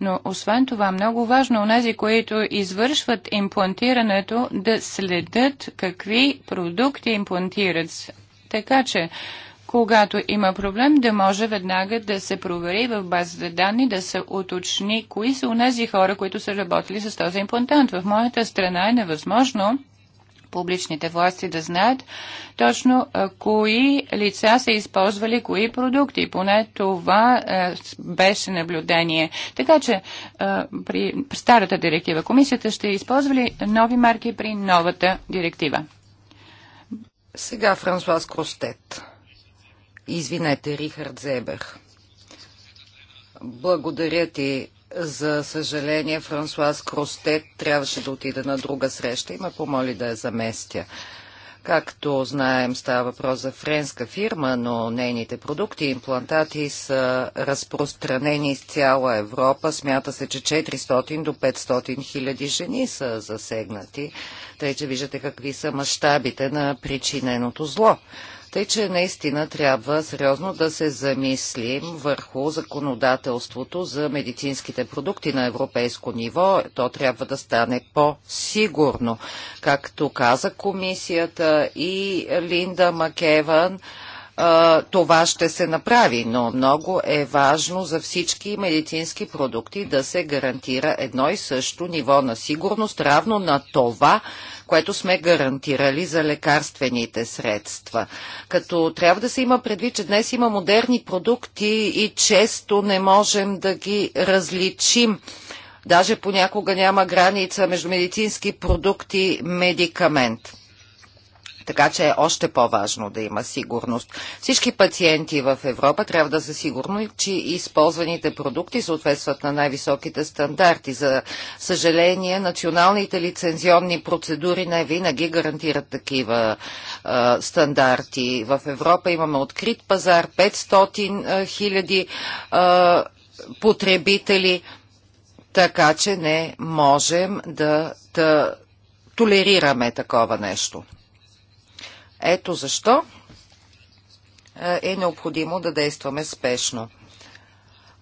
Но освен това, много важно е нези, които извършват имплантирането, да следят какви продукти имплантират. Така че когато има проблем, да може веднага да се провери в базата данни, да се уточни кои са унези хора, които са работили с този имплантант. В моята страна е невъзможно публичните власти да знаят точно кои лица са използвали кои продукти. Поне това беше наблюдение. Така че при старата директива комисията ще използва ли нови марки при новата директива? Сега Франсуаз Кростет. Извинете, Рихард Зебер. Благодаря ти. За съжаление, Франсуаз Кростет трябваше да отида на друга среща и ме помоли да я заместя. Както знаем, става въпрос за френска фирма, но нейните продукти и имплантати са разпространени из цяла Европа. Смята се, че 400 до 500 хиляди жени са засегнати. Тъй, че виждате какви са мащабите на причиненото зло. Тъй, е, че наистина трябва сериозно да се замислим върху законодателството за медицинските продукти на европейско ниво. То трябва да стане по-сигурно. Както каза комисията и Линда Макеван, това ще се направи, но много е важно за всички медицински продукти да се гарантира едно и също ниво на сигурност, равно на това, което сме гарантирали за лекарствените средства. Като трябва да се има предвид, че днес има модерни продукти и често не можем да ги различим. Даже понякога няма граница между медицински продукти и медикамент така че е още по-важно да има сигурност. Всички пациенти в Европа трябва да са сигурни, че използваните продукти съответстват на най-високите стандарти. За съжаление, националните лицензионни процедури не винаги гарантират такива а, стандарти. В Европа имаме открит пазар, 500 хиляди потребители, така че не можем да, да толерираме такова нещо. Ето защо е, е необходимо да действаме спешно.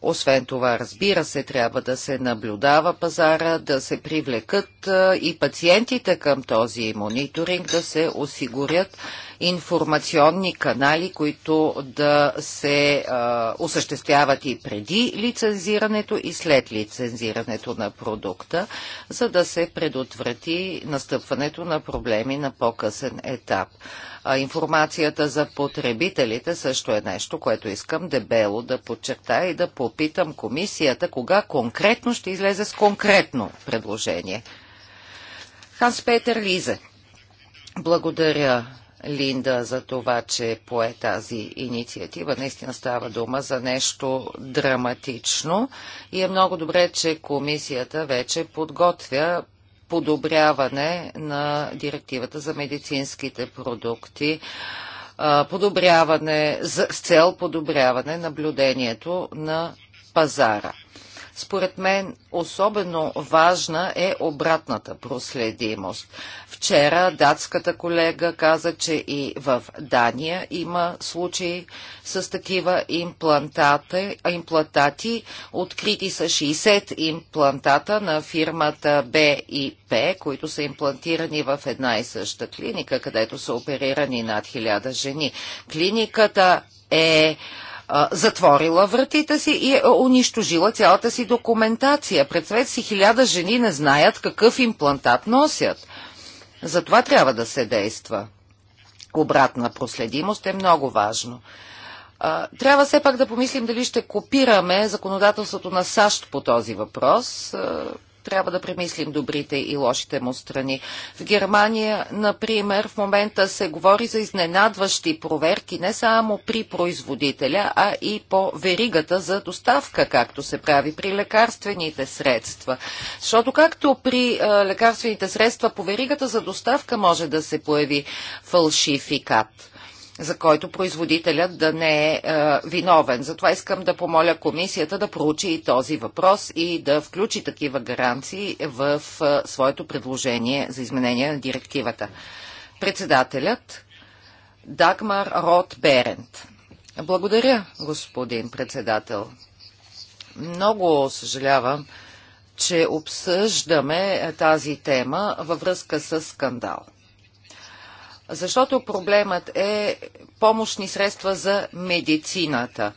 Освен това, разбира се, трябва да се наблюдава пазара, да се привлекат е, и пациентите към този мониторинг, да се осигурят информационни канали, които да се а, осъществяват и преди лицензирането и след лицензирането на продукта, за да се предотврати настъпването на проблеми на по-късен етап. А информацията за потребителите също е нещо, което искам дебело да подчертая и да попитам комисията кога конкретно ще излезе с конкретно предложение. Ханс Петер Лизе. Благодаря, Линда за това, че пое тази инициатива. Наистина става дума за нещо драматично и е много добре, че комисията вече подготвя подобряване на директивата за медицинските продукти, подобряване, с цел подобряване наблюдението на пазара. Според мен особено важна е обратната проследимост. Вчера датската колега каза, че и в Дания има случаи с такива имплантати. Открити са 60 имплантата на фирмата БИП, които са имплантирани в една и съща клиника, където са оперирани над 1000 жени. Клиниката е затворила вратите си и е унищожила цялата си документация. свет си, хиляда жени не знаят какъв имплантат носят. Затова трябва да се действа. Обратна проследимост е много важно. Трябва все пак да помислим дали ще копираме законодателството на САЩ по този въпрос трябва да премислим добрите и лошите му страни. В Германия, например, в момента се говори за изненадващи проверки не само при производителя, а и по веригата за доставка, както се прави при лекарствените средства. Защото както при а, е, лекарствените средства по веригата за доставка може да се появи фалшификат за който производителят да не е, е виновен. Затова искам да помоля комисията да проучи и този въпрос и да включи такива гаранции в е, своето предложение за изменение на директивата. Председателят Дагмар Рот Берент. Благодаря, господин председател. Много съжалявам, че обсъждаме е, тази тема във връзка с скандал. Защото проблемът е помощни средства за медицината.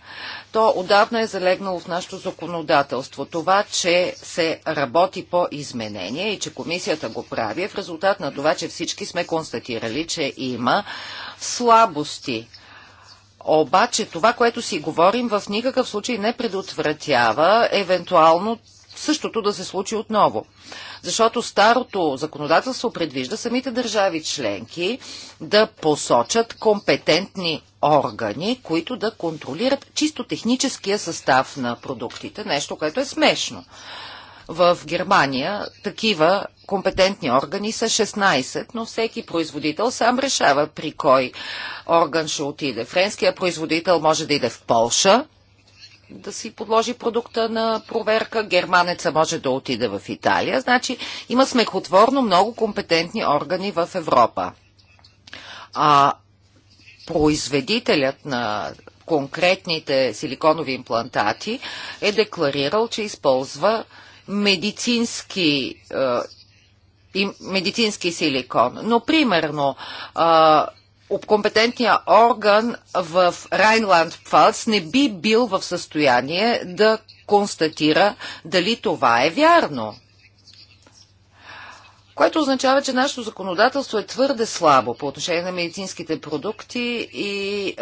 То отдавна е залегнало в нашето законодателство. Това, че се работи по изменение и че комисията го прави, е в резултат на това, че всички сме констатирали, че има слабости. Обаче това, което си говорим, в никакъв случай не предотвратява евентуално същото да се случи отново. Защото старото законодателство предвижда самите държави членки да посочат компетентни органи, които да контролират чисто техническия състав на продуктите. Нещо, което е смешно. В Германия такива компетентни органи са 16, но всеки производител сам решава при кой орган ще отиде. Френския производител може да иде в Полша, да си подложи продукта на проверка, германеца може да отиде в Италия. Значи има смехотворно много компетентни органи в Европа. А производителят на конкретните силиконови имплантати е декларирал, че използва медицински, е, и медицински силикон. Но, примерно, компетентният орган в Райнланд-Пфалц не би бил в състояние да констатира дали това е вярно. Което означава, че нашето законодателство е твърде слабо по отношение на медицинските продукти и е,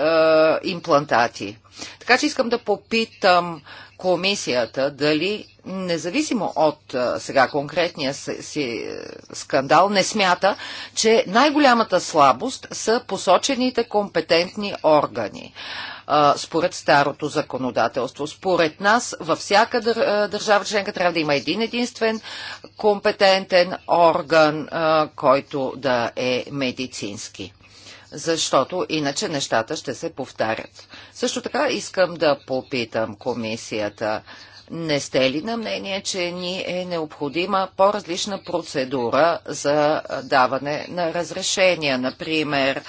имплантати. Така че искам да попитам комисията дали независимо от сега конкретния си е, скандал, не смята, че най-голямата слабост са посочените компетентни органи според старото законодателство. Според нас във всяка държава членка трябва да има един единствен компетентен орган, който да е медицински защото иначе нещата ще се повтарят. Също така искам да попитам комисията. Не сте ли на мнение, че ни е необходима по-различна процедура за даване на разрешения? Например,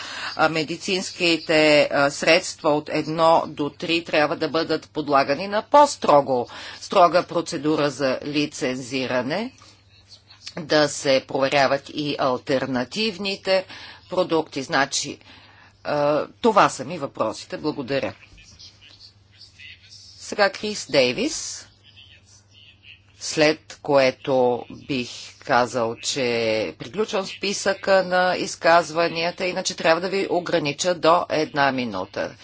медицинските средства от 1 до 3 трябва да бъдат подлагани на по-строго строга процедура за лицензиране, да се проверяват и альтернативните продукти. Значи, това са ми въпросите. Благодаря. Сега Крис Дейвис, след което бих казал, че приключвам списъка на изказванията, иначе трябва да ви огранича до една минута.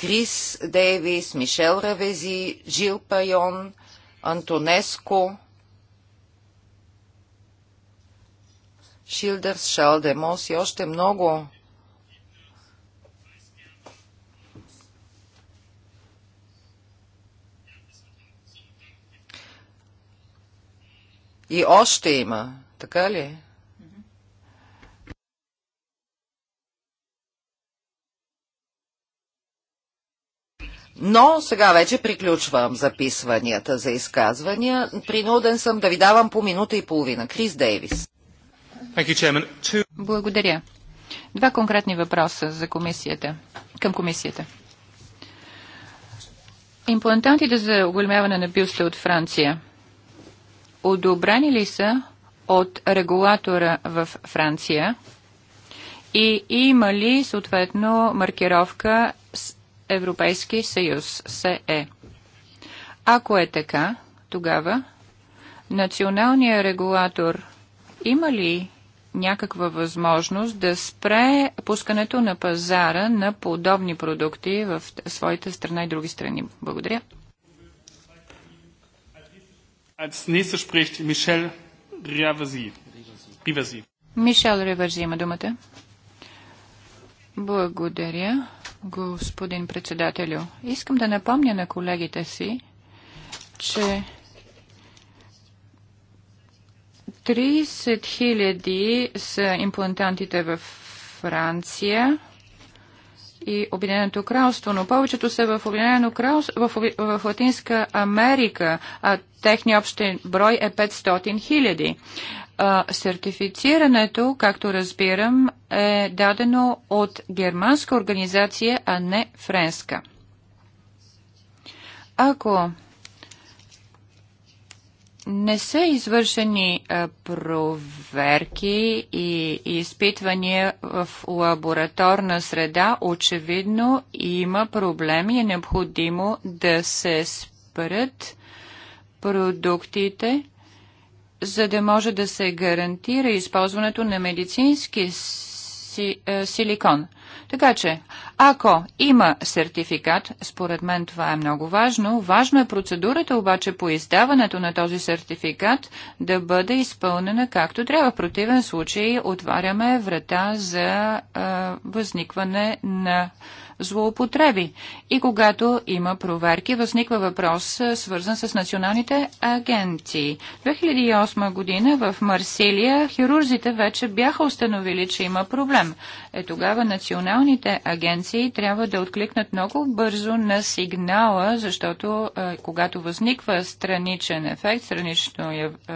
Крис Дейвис, Мишел Равези, Жил Пайон, Антонеско, Шилдърс, Демос и още много И още има, така ли? Но сега вече приключвам записванията за изказвания. Принуден съм да ви давам по минута и половина. Крис Дейвис. Благодаря. Два конкретни въпроса за комисията, към комисията. Имплантантите за оголемяване на бюста от Франция одобрени ли са от регулатора в Франция и има ли съответно маркировка с Европейски съюз СЕ? Ако е така, тогава националният регулатор има ли някаква възможност да спре пускането на пазара на подобни продукти в своите страна и други страни. Благодаря. Als nächstes Мишел Ривази има думата. Благодаря, господин председателю. Искам да напомня на колегите си, че 30 хиляди са имплантантите в Франция и Обединеното кралство, но повечето са в Обединено кралство, в, в, в Латинска Америка, а техният общен брой е 500 хиляди. Сертифицирането, както разбирам, е дадено от германска организация, а не френска. Ако не са извършени проверки и изпитвания в лабораторна среда, очевидно има проблеми и е необходимо да се спрат продуктите, за да може да се гарантира използването на медицински силикон. Така че, ако има сертификат, според мен това е много важно, важно е процедурата обаче по издаването на този сертификат да бъде изпълнена както трябва. В противен случай отваряме врата за а, възникване на злоупотреби. И когато има проверки, възниква въпрос, свързан с националните агенции. 2008 година в Марсилия хирурзите вече бяха установили, че има проблем. Е тогава националните агенции трябва да откликнат много бързо на сигнала, защото е, когато възниква страничен ефект, странично е, е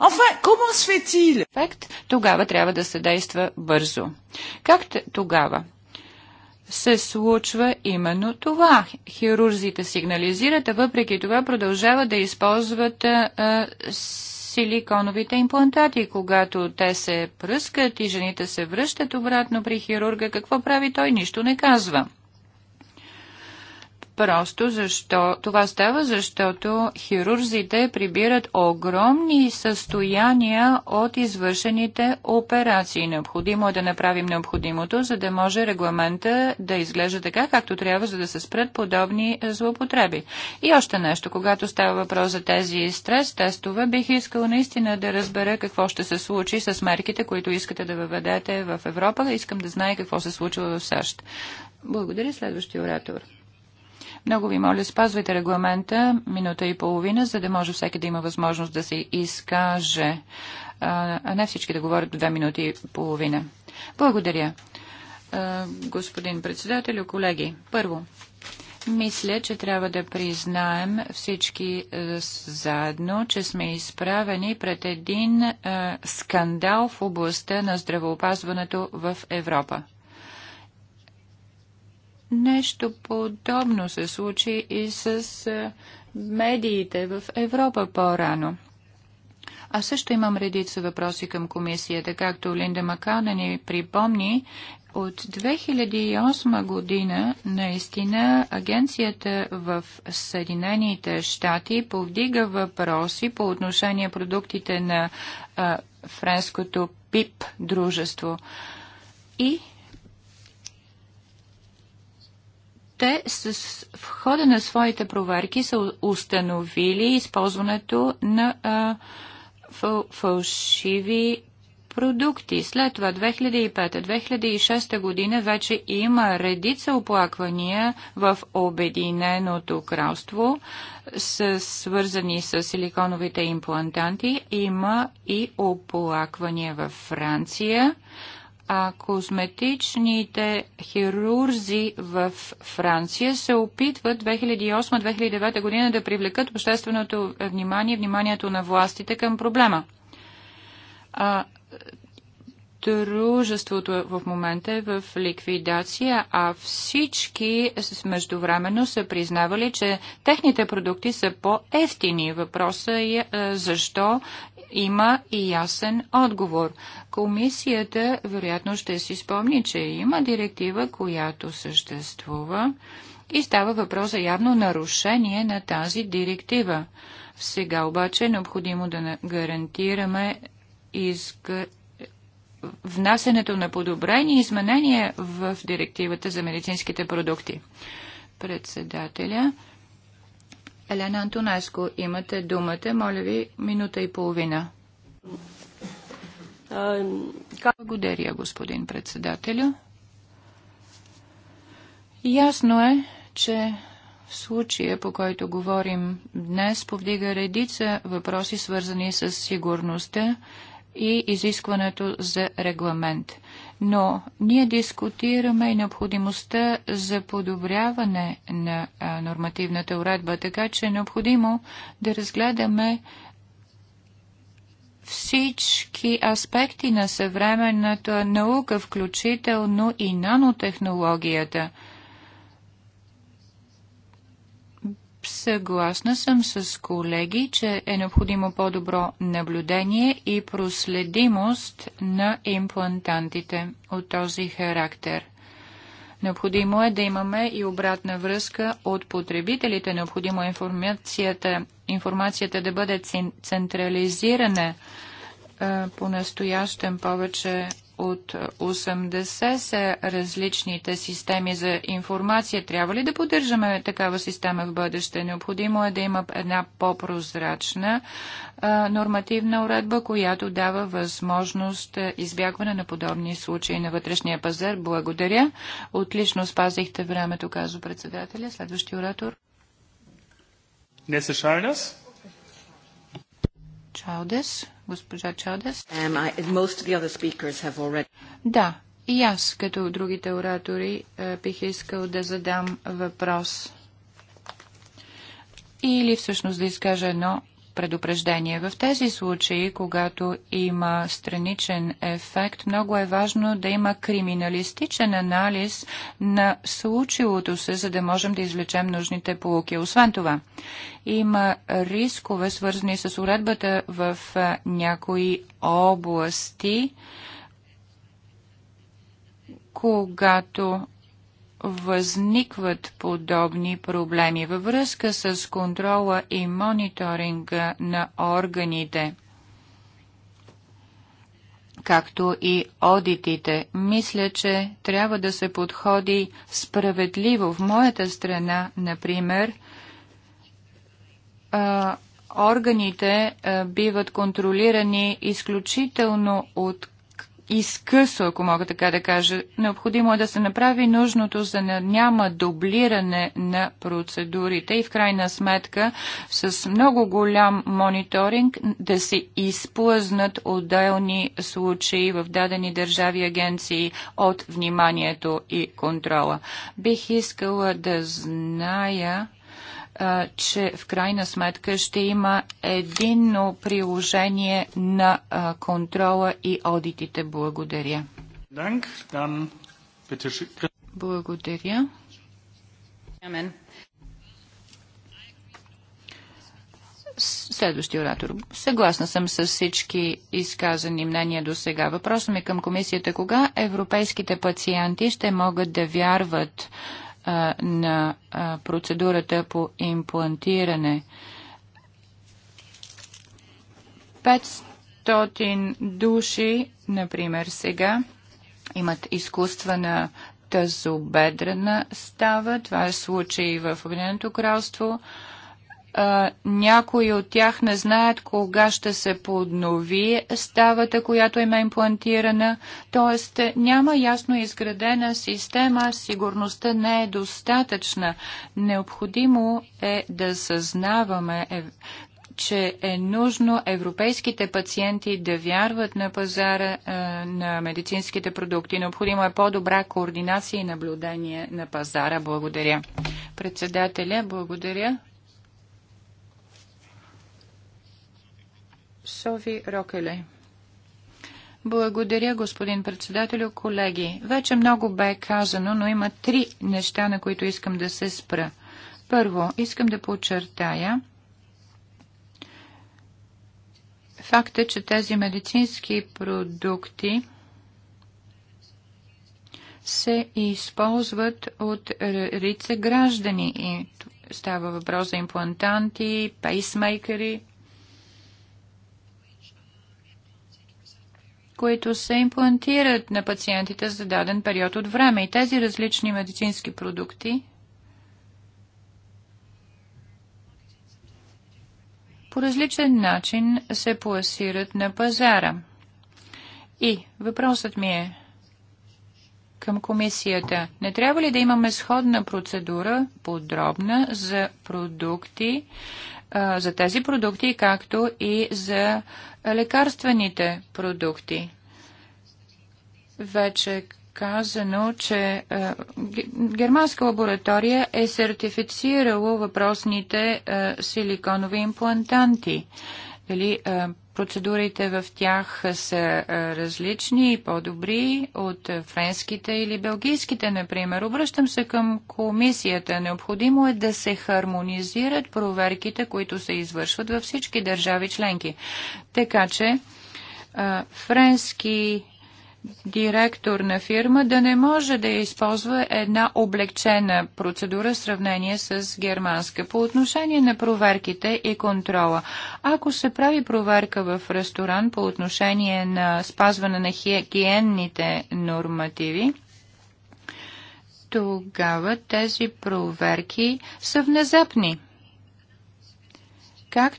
Enfin, comment se fait-il? Факт, тогава трябва да се действа бързо. Как тогава? се случва именно това. Хирурзите сигнализират, а въпреки това продължават да използват а, силиконовите имплантати. Когато те се пръскат и жените се връщат обратно при хирурга, какво прави той? Нищо не казва. Просто защо? Това става, защото хирурзите прибират огромни състояния от извършените операции. Необходимо е да направим необходимото, за да може регламента да изглежда така, както трябва, за да се спрат подобни злоупотреби. И още нещо, когато става въпрос за тези стрес тестове, бих искал наистина да разбера какво ще се случи с мерките, които искате да въведете в Европа. Искам да знае какво се случва в САЩ. Благодаря, следващия оратор. Много ви моля, спазвайте регламента минута и половина, за да може всеки да има възможност да се изкаже, а не всички да говорят две минути и половина. Благодаря. Господин председател, колеги, първо, мисля, че трябва да признаем всички заедно, че сме изправени пред един скандал в областта на здравеопазването в Европа. Нещо подобно се случи и с медиите в Европа по-рано. А също имам редица въпроси към комисията, както Линда Макана ни припомни. От 2008 година наистина агенцията в Съединените щати повдига въпроси по отношение продуктите на а, френското ПИП дружество. И те с в хода на своите проверки са установили използването на а, фъл, фалшиви продукти. След това 2005-2006 година вече има редица оплаквания в Обединеното кралство, с, свързани с силиконовите имплантанти. Има и оплаквания във Франция а козметичните хирурзи в Франция се опитват 2008-2009 година да привлекат общественото внимание, вниманието на властите към проблема. А, дружеството в момента е в ликвидация, а всички междувременно са признавали, че техните продукти са по-ефтини. Въпросът е, е защо има и ясен отговор. Комисията вероятно ще си спомни, че има директива, която съществува и става въпрос за явно нарушение на тази директива. Сега обаче е необходимо да гарантираме изг... внасенето на подобрени изменения в директивата за медицинските продукти. Председателя Елена Антонеско, имате думата. Моля ви, минута и половина. Благодаря, господин председателю. Ясно е, че случая, по който говорим днес, повдига редица въпроси, свързани с сигурността и изискването за регламент но ние дискутираме и необходимостта за подобряване на нормативната уредба, така че е необходимо да разгледаме всички аспекти на съвременната наука, включително и нанотехнологията – Съгласна съм с колеги, че е необходимо по-добро наблюдение и проследимост на имплантантите от този характер. Необходимо е да имаме и обратна връзка от потребителите. Необходимо е информацията, информацията да бъде централизирана. По-настоящем повече от 80 са различните системи за информация. Трябва ли да поддържаме такава система в бъдеще? Необходимо е да има една по-прозрачна нормативна уредба, която дава възможност избягване на подобни случаи на вътрешния пазар. Благодаря. Отлично спазихте времето, казва председателя. Следващи оратор. Не се шайнас. Госпожа Already... Да, и аз, като другите оратори, е, бих искал да задам въпрос. Или всъщност да изкажа едно предупреждение. В тези случаи, когато има страничен ефект, много е важно да има криминалистичен анализ на случилото се, за да можем да извлечем нужните полуки. Освен това, има рискове, свързани с уредбата в някои области, когато възникват подобни проблеми във връзка с контрола и мониторинга на органите, както и одитите. Мисля, че трябва да се подходи справедливо. В моята страна, например, органите биват контролирани изключително от изкъсо, ако мога така да кажа. Необходимо е да се направи нужното, за да няма дублиране на процедурите и в крайна сметка с много голям мониторинг да се изплъзнат отделни случаи в дадени държави агенции от вниманието и контрола. Бих искала да зная че в крайна сметка ще има единно приложение на контрола и одитите. Благодаря. Благодаря. Следващия оратор. Съгласна съм с всички изказани мнения до сега. Въпросът ми към комисията. Е кога европейските пациенти ще могат да вярват а, на а, процедурата по имплантиране. 500 души, например, сега имат изкуствена тазобедрена става. Това е случай в Обединеното кралство. А, а, някои от тях не знаят кога ще се поднови ставата, която има имплантирана. т.е. няма ясно изградена система, сигурността не е достатъчна. Необходимо е да съзнаваме е, че е нужно европейските пациенти да вярват на пазара а, на медицинските продукти. Необходимо е по-добра координация и наблюдение на пазара. Благодаря. Председателя, благодаря. Софи Рокеле. Благодаря, господин председателю. Колеги, вече много бе казано, но има три неща, на които искам да се спра. Първо, искам да подчертая факта, че тези медицински продукти се използват от рица граждани. И става въпрос за имплантанти, пейсмейкери – които се имплантират на пациентите за даден период от време. И тези различни медицински продукти по различен начин се пласират на пазара. И въпросът ми е към комисията. Не трябва ли да имаме сходна процедура, подробна, за продукти, за тези продукти, както и за лекарствените продукти. Вече казано, че е, германска лаборатория е сертифицирала въпросните е, силиконови имплантанти. Дали е, Процедурите в тях са различни и по-добри от френските или белгийските, например. Обръщам се към комисията. Необходимо е да се хармонизират проверките, които се извършват във всички държави членки. Така че френски директор на фирма да не може да използва една облегчена процедура в сравнение с германска. По отношение на проверките и контрола. Ако се прави проверка в ресторант по отношение на спазване на хигиенните нормативи, тогава тези проверки са внезапни. Как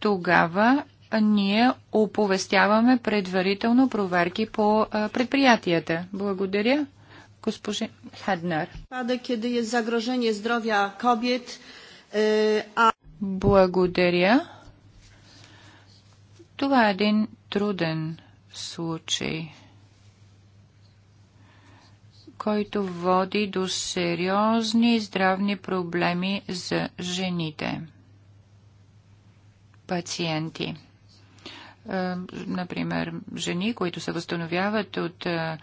тогава ние оповестяваме предварително проверки по предприятията. Благодаря. Госпожи Хеднер. Kiedy е е е, а... Благодаря. Това е един труден случай, който води до сериозни здравни проблеми за жените пациенти. Е, например, жени, които се възстановяват от е, е,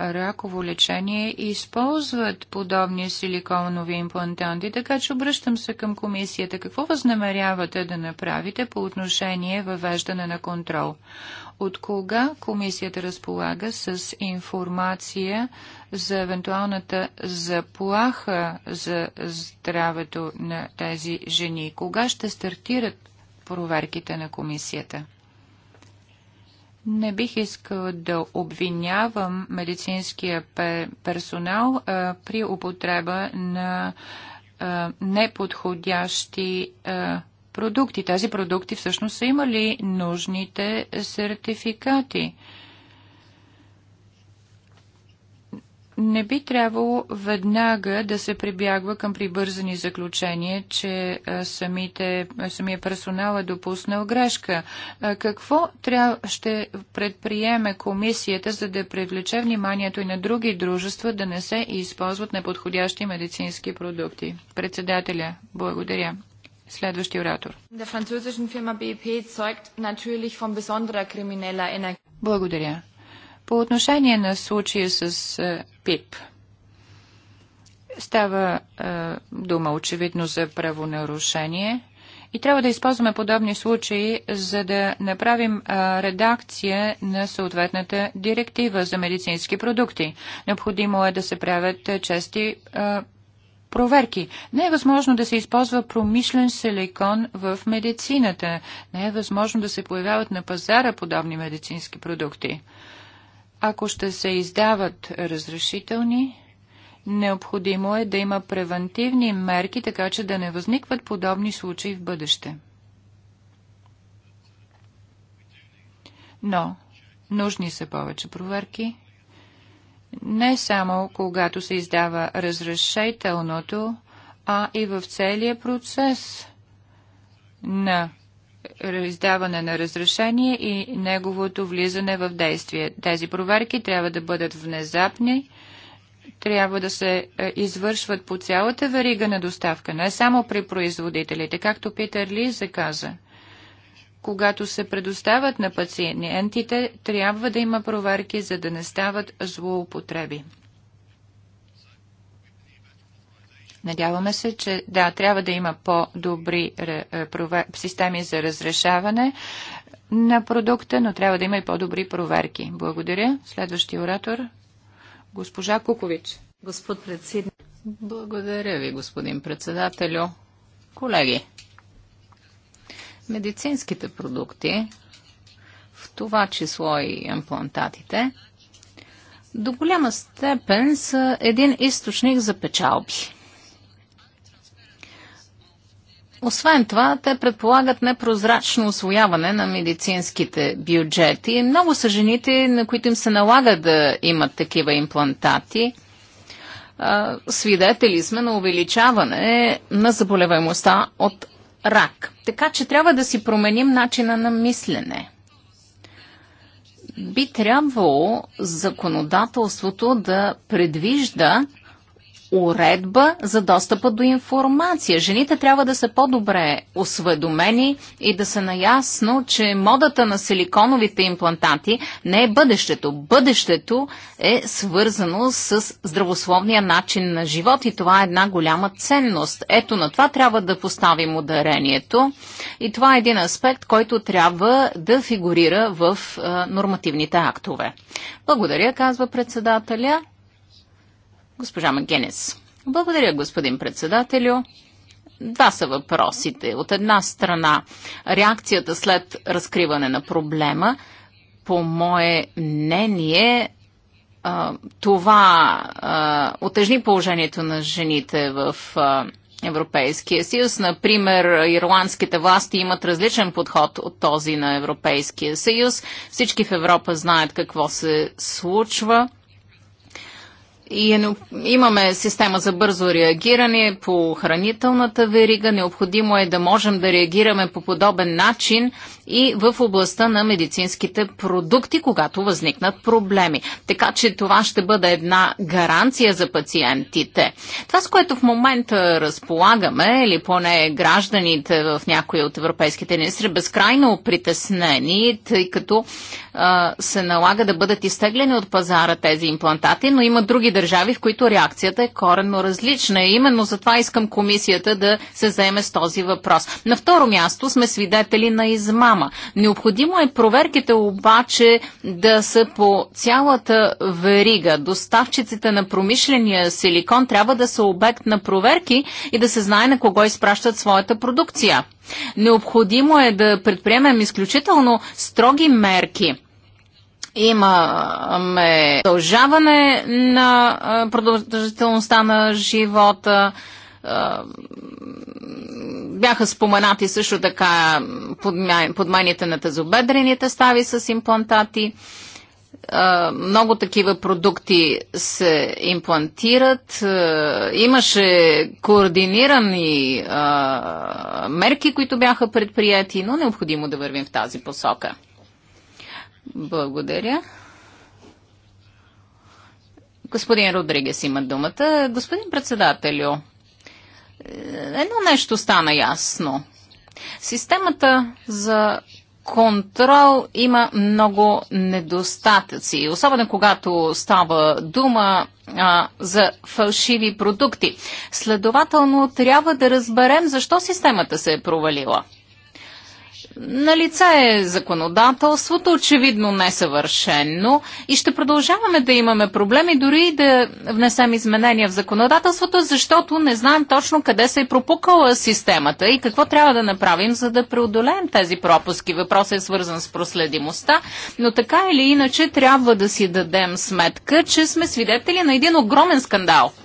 раково лечение и използват подобни силиконови имплантанти. Така че обръщам се към комисията. Какво възнамерявате да направите по отношение въвеждане на контрол? От кога комисията разполага с информация за евентуалната заплаха за здравето на тези жени? Кога ще стартират проверките на комисията? Не бих искал да обвинявам медицинския персонал а, при употреба на а, неподходящи а, продукти. Тези продукти всъщност са имали нужните сертификати. А, не би трябвало веднага да се прибягва към прибързани заключения, че самите, самия персонал е допуснал грешка. Какво трябва, ще предприеме комисията, за да привлече вниманието и на други дружества да не се използват неподходящи медицински продукти? Председателя, благодаря. Следващия оратор. Благодаря. По отношение на случая с е, ПИП, става е, дума очевидно за правонарушение и трябва да използваме подобни случаи, за да направим е, редакция на съответната директива за медицински продукти. Необходимо е да се правят е, чести е, проверки. Не е възможно да се използва промишлен силикон в медицината. Не е възможно да се появяват на пазара подобни медицински продукти. Ако ще се издават разрешителни, необходимо е да има превентивни мерки, така че да не възникват подобни случаи в бъдеще. Но нужни са повече проверки, не само когато се издава разрешителното, а и в целия процес на издаване на разрешение и неговото влизане в действие. Тези проверки трябва да бъдат внезапни, трябва да се е, извършват по цялата верига на доставка, не само при производителите, както Питер Ли заказа. Когато се предоставят на пациентите, трябва да има проверки, за да не стават злоупотреби. Надяваме се, че да, трябва да има по-добри е, системи за разрешаване на продукта, но трябва да има и по-добри проверки. Благодаря. Следващия оратор, госпожа Кукович. Господ председател. Благодаря ви, господин председателю. Колеги, медицинските продукти, в това число и имплантатите, до голяма степен са един източник за печалби. Освен това, те предполагат непрозрачно освояване на медицинските бюджети. Много са жените, на които им се налага да имат такива имплантати. Свидетели сме на увеличаване на заболеваемостта от рак. Така че трябва да си променим начина на мислене. Би трябвало законодателството да предвижда уредба за достъпа до информация. Жените трябва да са по-добре осведомени и да са наясно, че модата на силиконовите имплантати не е бъдещето. Бъдещето е свързано с здравословния начин на живот и това е една голяма ценност. Ето на това трябва да поставим ударението и това е един аспект, който трябва да фигурира в нормативните актове. Благодаря, казва председателя. Госпожа Магенес. Благодаря, господин председателю. Два са въпросите. От една страна, реакцията след разкриване на проблема, по мое мнение, това отежни положението на жените в Европейския съюз. Например, ирландските власти имат различен подход от този на Европейския съюз. Всички в Европа знаят какво се случва и е, имаме система за бързо реагиране по хранителната верига. Необходимо е да можем да реагираме по подобен начин и в областта на медицинските продукти, когато възникнат проблеми. Така че това ще бъде една гаранция за пациентите. Това, с което в момента разполагаме, или поне гражданите в някои от европейските ни са безкрайно притеснени, тъй като а, се налага да бъдат изтеглени от пазара тези имплантати, но има други държави, в които реакцията е коренно различна. И именно затова искам комисията да се заеме с този въпрос. На второ място сме свидетели на измама няма. Необходимо е проверките обаче да са по цялата верига. Доставчиците на промишления силикон трябва да са обект на проверки и да се знае на кого изпращат своята продукция. Необходимо е да предприемем изключително строги мерки имаме продължаване на продължителността на живота, бяха споменати също така подмените на тазобедрените стави с имплантати. Много такива продукти се имплантират. Имаше координирани мерки, които бяха предприяти, но необходимо да вървим в тази посока. Благодаря. Господин Родригес има думата. Господин председателю, едно нещо стана ясно. Системата за контрол има много недостатъци, особено когато става дума а, за фалшиви продукти. Следователно, трябва да разберем защо системата се е провалила. Налица е законодателството, очевидно несъвършено и ще продължаваме да имаме проблеми, дори да внесем изменения в законодателството, защото не знаем точно къде се е пропукала системата и какво трябва да направим, за да преодолеем тези пропуски. Въпросът е свързан с проследимостта, но така или иначе трябва да си дадем сметка, че сме свидетели на един огромен скандал –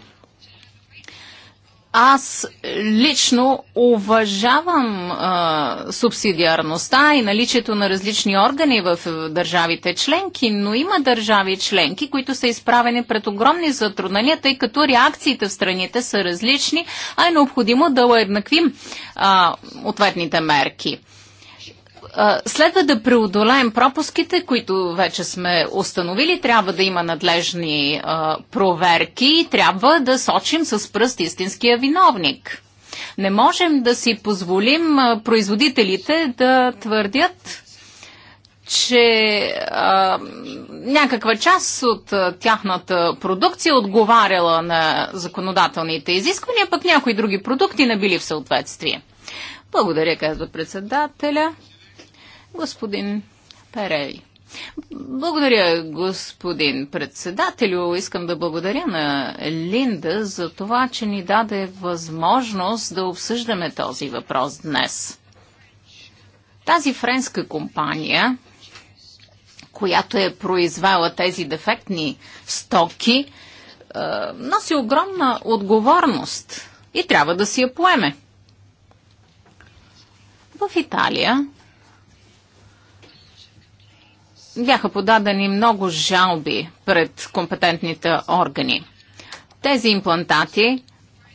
аз лично уважавам а, субсидиарността и наличието на различни органи в държавите членки, но има държави членки, които са изправени пред огромни затруднения, тъй като реакциите в страните са различни, а е необходимо да уеднаквим ответните мерки. Следва да преодолеем пропуските, които вече сме установили. Трябва да има надлежни а, проверки и трябва да сочим с пръст истинския виновник. Не можем да си позволим а, производителите да твърдят, че а, някаква част от а, тяхната продукция отговаряла на законодателните изисквания, пък някои други продукти не били в съответствие. Благодаря, казва председателя. Господин Перей. Благодаря, господин председателю. Искам да благодаря на Линда за това, че ни даде възможност да обсъждаме този въпрос днес. Тази френска компания, която е произвела тези дефектни стоки, е, носи огромна отговорност и трябва да си я поеме. В Италия бяха подадени много жалби пред компетентните органи. Тези имплантати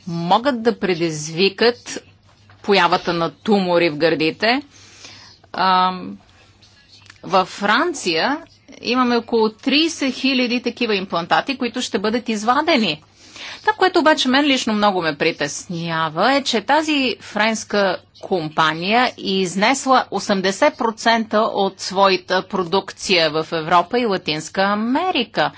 могат да предизвикат появата на тумори в гърдите. във Франция имаме около 30 000 такива имплантати, които ще бъдат извадени това, което обаче мен лично много ме притеснява е, че тази френска компания изнесла 80% от своята продукция в Европа и Латинска Америка.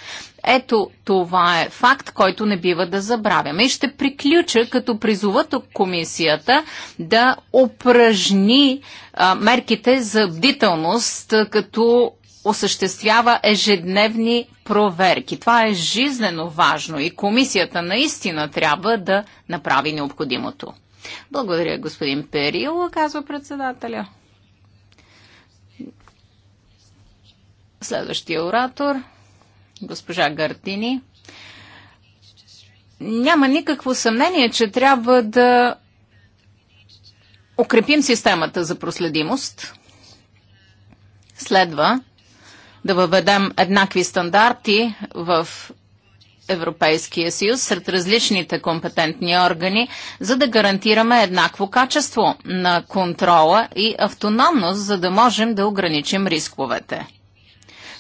Ето това е факт, който не бива да забравяме. И ще приключа като призова тук комисията да упражни а, мерките за бдителност, като осъществява ежедневни проверки. Това е жизнено важно и комисията наистина трябва да направи необходимото. Благодаря, господин Перил, казва председателя. Следващия оратор, госпожа Гартини. Няма никакво съмнение, че трябва да укрепим системата за проследимост. Следва да въведем еднакви стандарти в Европейския съюз сред различните компетентни органи, за да гарантираме еднакво качество на контрола и автономност, за да можем да ограничим рисковете.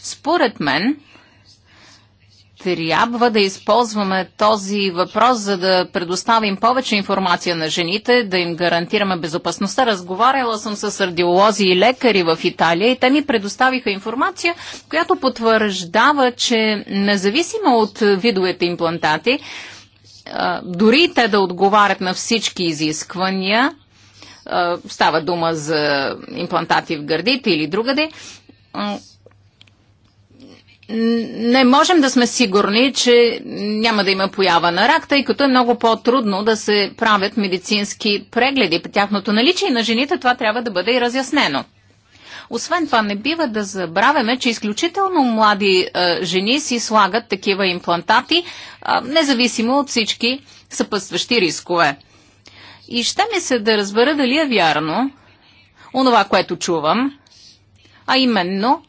Според мен, трябва да използваме този въпрос, за да предоставим повече информация на жените, да им гарантираме безопасността. Разговаряла съм с радиолози и лекари в Италия и те ми предоставиха информация, която потвърждава, че независимо от видовете имплантати, дори те да отговарят на всички изисквания, става дума за имплантати в гърдите или другаде, не можем да сме сигурни, че няма да има поява на рак, тъй като е много по-трудно да се правят медицински прегледи. тяхното наличие на жените това трябва да бъде и разяснено. Освен това, не бива да забравяме, че изключително млади а, е, жени си слагат такива имплантати, а, е, независимо от всички съпътстващи рискове. И ще ми се да разбера дали е вярно онова, което чувам, а именно,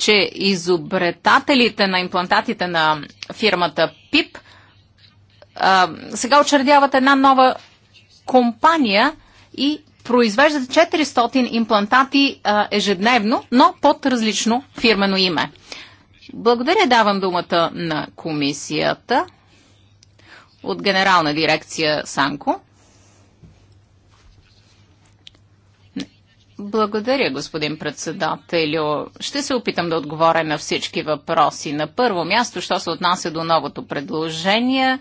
че изобретателите на имплантатите на фирмата ПИП а, сега очредяват една нова компания и произвеждат 400 имплантати а, ежедневно, но под различно фирмено име. Благодаря, давам думата на комисията от Генерална дирекция Санко. Благодаря, господин председателю. Ще се опитам да отговоря на всички въпроси. На първо място, що се отнася до новото предложение,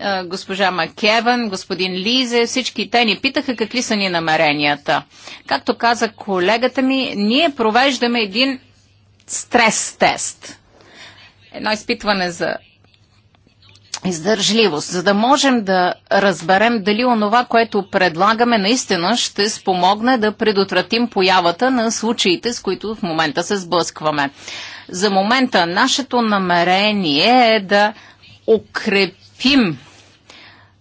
е, госпожа Макеван, господин Лизе, всички те ни питаха какви са ни намеренията. Както каза колегата ми, ние провеждаме един стрес тест. Едно изпитване за издържливост, за да можем да разберем дали онова, което предлагаме, наистина ще спомогне да предотвратим появата на случаите, с които в момента се сблъскваме. За момента нашето намерение е да укрепим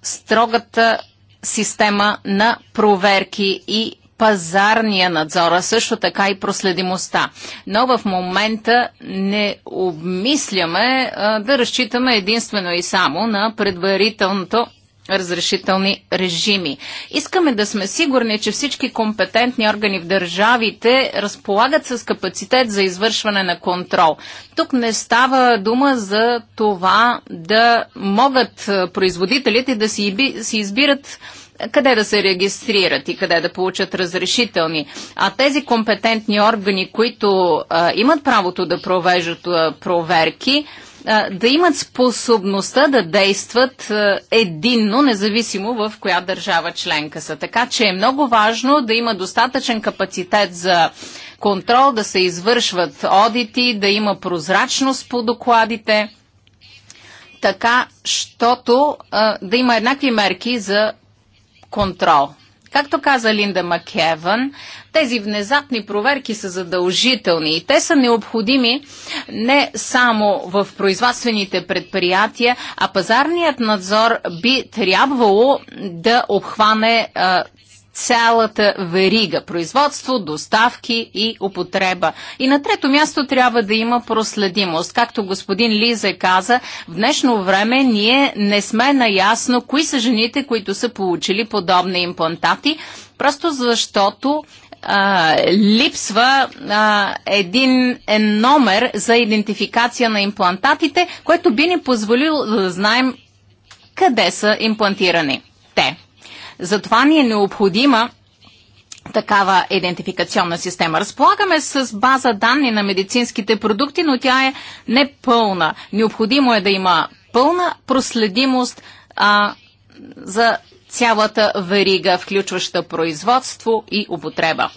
строгата система на проверки и пазарния надзор, а също така и проследимостта. Но в момента не обмисляме да разчитаме единствено и само на предварителното разрешителни режими. Искаме да сме сигурни, че всички компетентни органи в държавите разполагат с капацитет за извършване на контрол. Тук не става дума за това да могат производителите да си избират къде да се регистрират и къде да получат разрешителни. А тези компетентни органи, които а, имат правото да провеждат а, проверки, а, да имат способността да действат а, единно, независимо в коя държава членка са. Така че е много важно да има достатъчен капацитет за контрол, да се извършват одити, да има прозрачност по докладите така, щото а, да има еднакви мерки за контрол. Както каза Линда Макевън, тези внезапни проверки са задължителни и те са необходими не само в производствените предприятия, а пазарният надзор би трябвало да обхване а, цялата верига производство, доставки и употреба. И на трето място трябва да има проследимост. Както господин Лизе каза, в днешно време ние не сме наясно кои са жените, които са получили подобни имплантати, просто защото а, липсва а, един е номер за идентификация на имплантатите, което би ни позволило да знаем къде са имплантирани те. Затова ни е необходима такава идентификационна система. Разполагаме с база данни на медицинските продукти, но тя е непълна. Необходимо е да има пълна проследимост а, за цялата верига, включваща производство и употреба.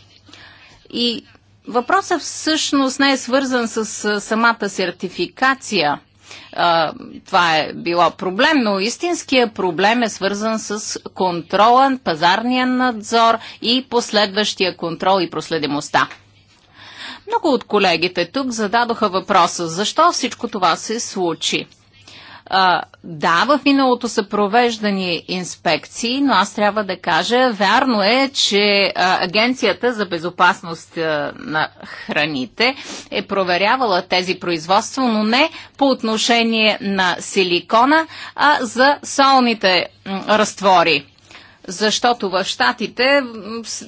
И въпросът всъщност не е свързан с самата сертификация – а, това е било проблем, но истинският проблем е свързан с контрола, пазарния надзор и последващия контрол и проследимостта. Много от колегите тук зададоха въпроса, защо всичко това се случи. А, да, в миналото са провеждани инспекции, но аз трябва да кажа, вярно е, че а, Агенцията за безопасност а, на храните е проверявала тези производства, но не по отношение на силикона, а за солните разтвори защото в Штатите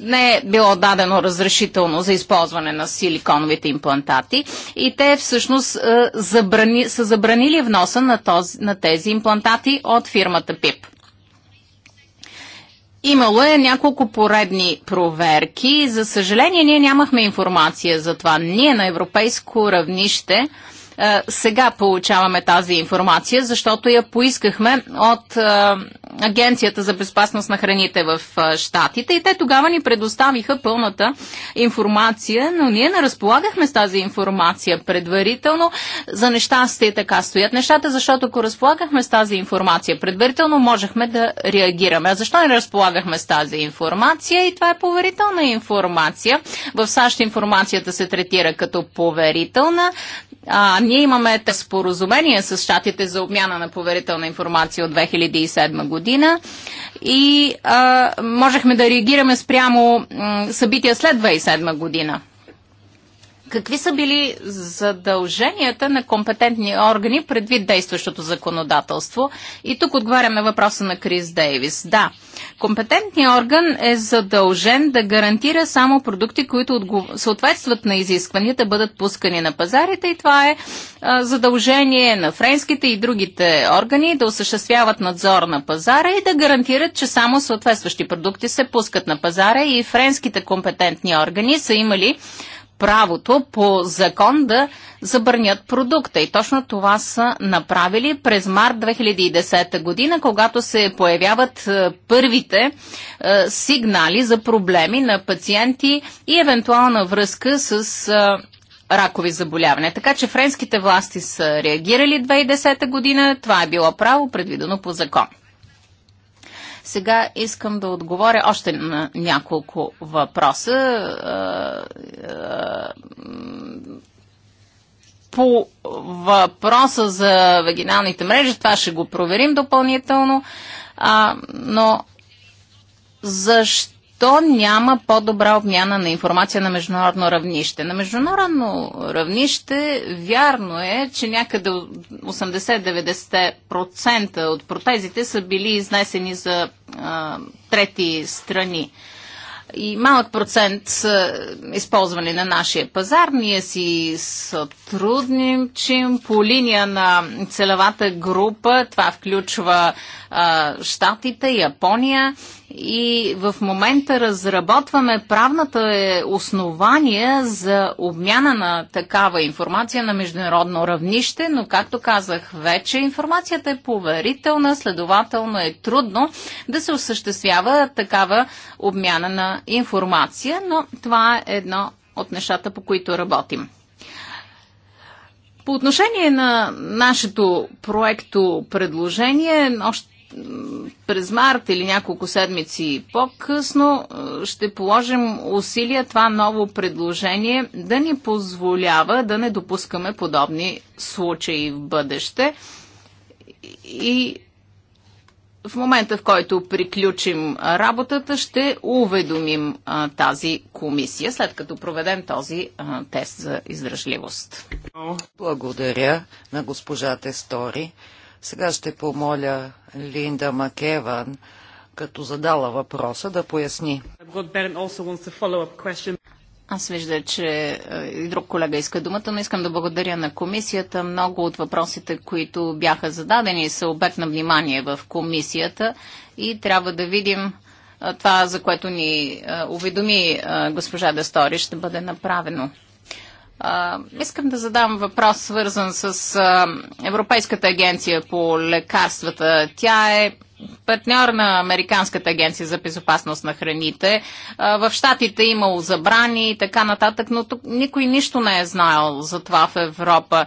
не е било дадено разрешително за използване на силиконовите имплантати и те всъщност е, забрани, са забранили вноса на, този, на тези имплантати от фирмата ПИП. Имало е няколко поредни проверки. За съжаление, ние нямахме информация за това. Ние на европейско равнище е, сега получаваме тази информация, защото я поискахме от е, Агенцията за безопасност на храните в е, Штатите и те тогава ни предоставиха пълната информация, но ние не разполагахме с тази информация предварително. За нещастие така стоят нещата, защото ако разполагахме с тази информация предварително, можехме да реагираме. А защо не разполагахме с тази информация? И това е поверителна информация. В САЩ информацията се третира като поверителна, а, ние имаме споразумение с щатите за обмяна на поверителна информация от 2007 година и а, можехме да реагираме спрямо м, събития след 2007 година. Какви са били задълженията на компетентни органи предвид действащото законодателство? И тук отговаряме въпроса на Крис Дейвис. Да, компетентният орган е задължен да гарантира само продукти, които съответстват на изискванията, да бъдат пускани на пазарите и това е задължение на френските и другите органи да осъществяват надзор на пазара и да гарантират, че само съответстващи продукти се пускат на пазара и френските компетентни органи са имали правото по закон да забранят продукта. И точно това са направили през март 2010 година, когато се появяват е, първите е, сигнали за проблеми на пациенти и евентуална връзка с е, ракови заболявания. Така че френските власти са реагирали 2010 година. Това е било право предвидено по закон. Сега искам да отговоря още на няколко въпроса. По въпроса за вагиналните мрежи, това ще го проверим допълнително, но защо то няма по-добра обмяна на информация на международно равнище. На международно равнище вярно е, че някъде 80-90% от протезите са били изнесени за а, трети страни. И малък процент са използвани на нашия пазар. Ние си сътрудничим по линия на целевата група. Това включва а, Штатите, Япония и в момента разработваме правната е основание за обмяна на такава информация на международно равнище, но както казах вече, информацията е поверителна, следователно е трудно да се осъществява такава обмяна на информация, но това е едно от нещата, по които работим. По отношение на нашето проекто предложение, още през март или няколко седмици по-късно ще положим усилия това ново предложение да ни позволява да не допускаме подобни случаи в бъдеще. И в момента, в който приключим работата, ще уведомим а, тази комисия, след като проведем този а, тест за издръжливост. Благодаря на госпожа Тестори. Сега ще помоля Линда Макеван, като задала въпроса, да поясни. Аз вижда, че е, и друг колега иска думата, но искам да благодаря на комисията. Много от въпросите, които бяха зададени, са обект на внимание в комисията и трябва да видим е, това, за което ни е, уведоми госпожа Дестори, ще бъде направено. А, искам да задам въпрос, свързан с а, Европейската агенция по лекарствата. Тя е партньор на Американската агенция за безопасност на храните. в Штатите е имало забрани и така нататък, но тук никой нищо не е знаел за това в Европа.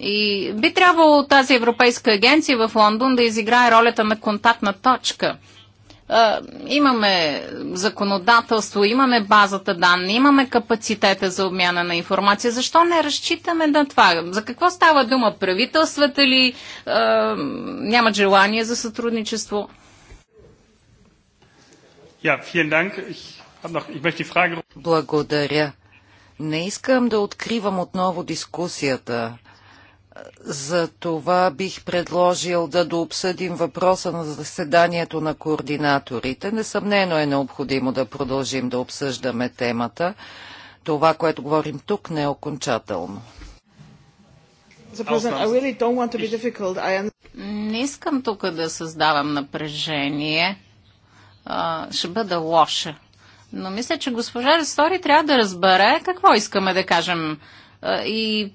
И би трябвало тази Европейска агенция в Лондон да изиграе ролята на контактна точка – имаме законодателство, имаме базата данни, имаме капацитета за обмяна на информация. Защо не разчитаме на това? За какво става дума? Правителствата ли нямат желание за сътрудничество? Благодаря. Не искам да откривам отново дискусията. За това бих предложил да дообсъдим въпроса на заседанието на координаторите. Несъмнено е необходимо да продължим да обсъждаме темата. Това, което говорим тук, не е окончателно. Не искам тук да създавам напрежение. ще бъда лоша. Но мисля, че госпожа Рестори трябва да разбере какво искаме да кажем. и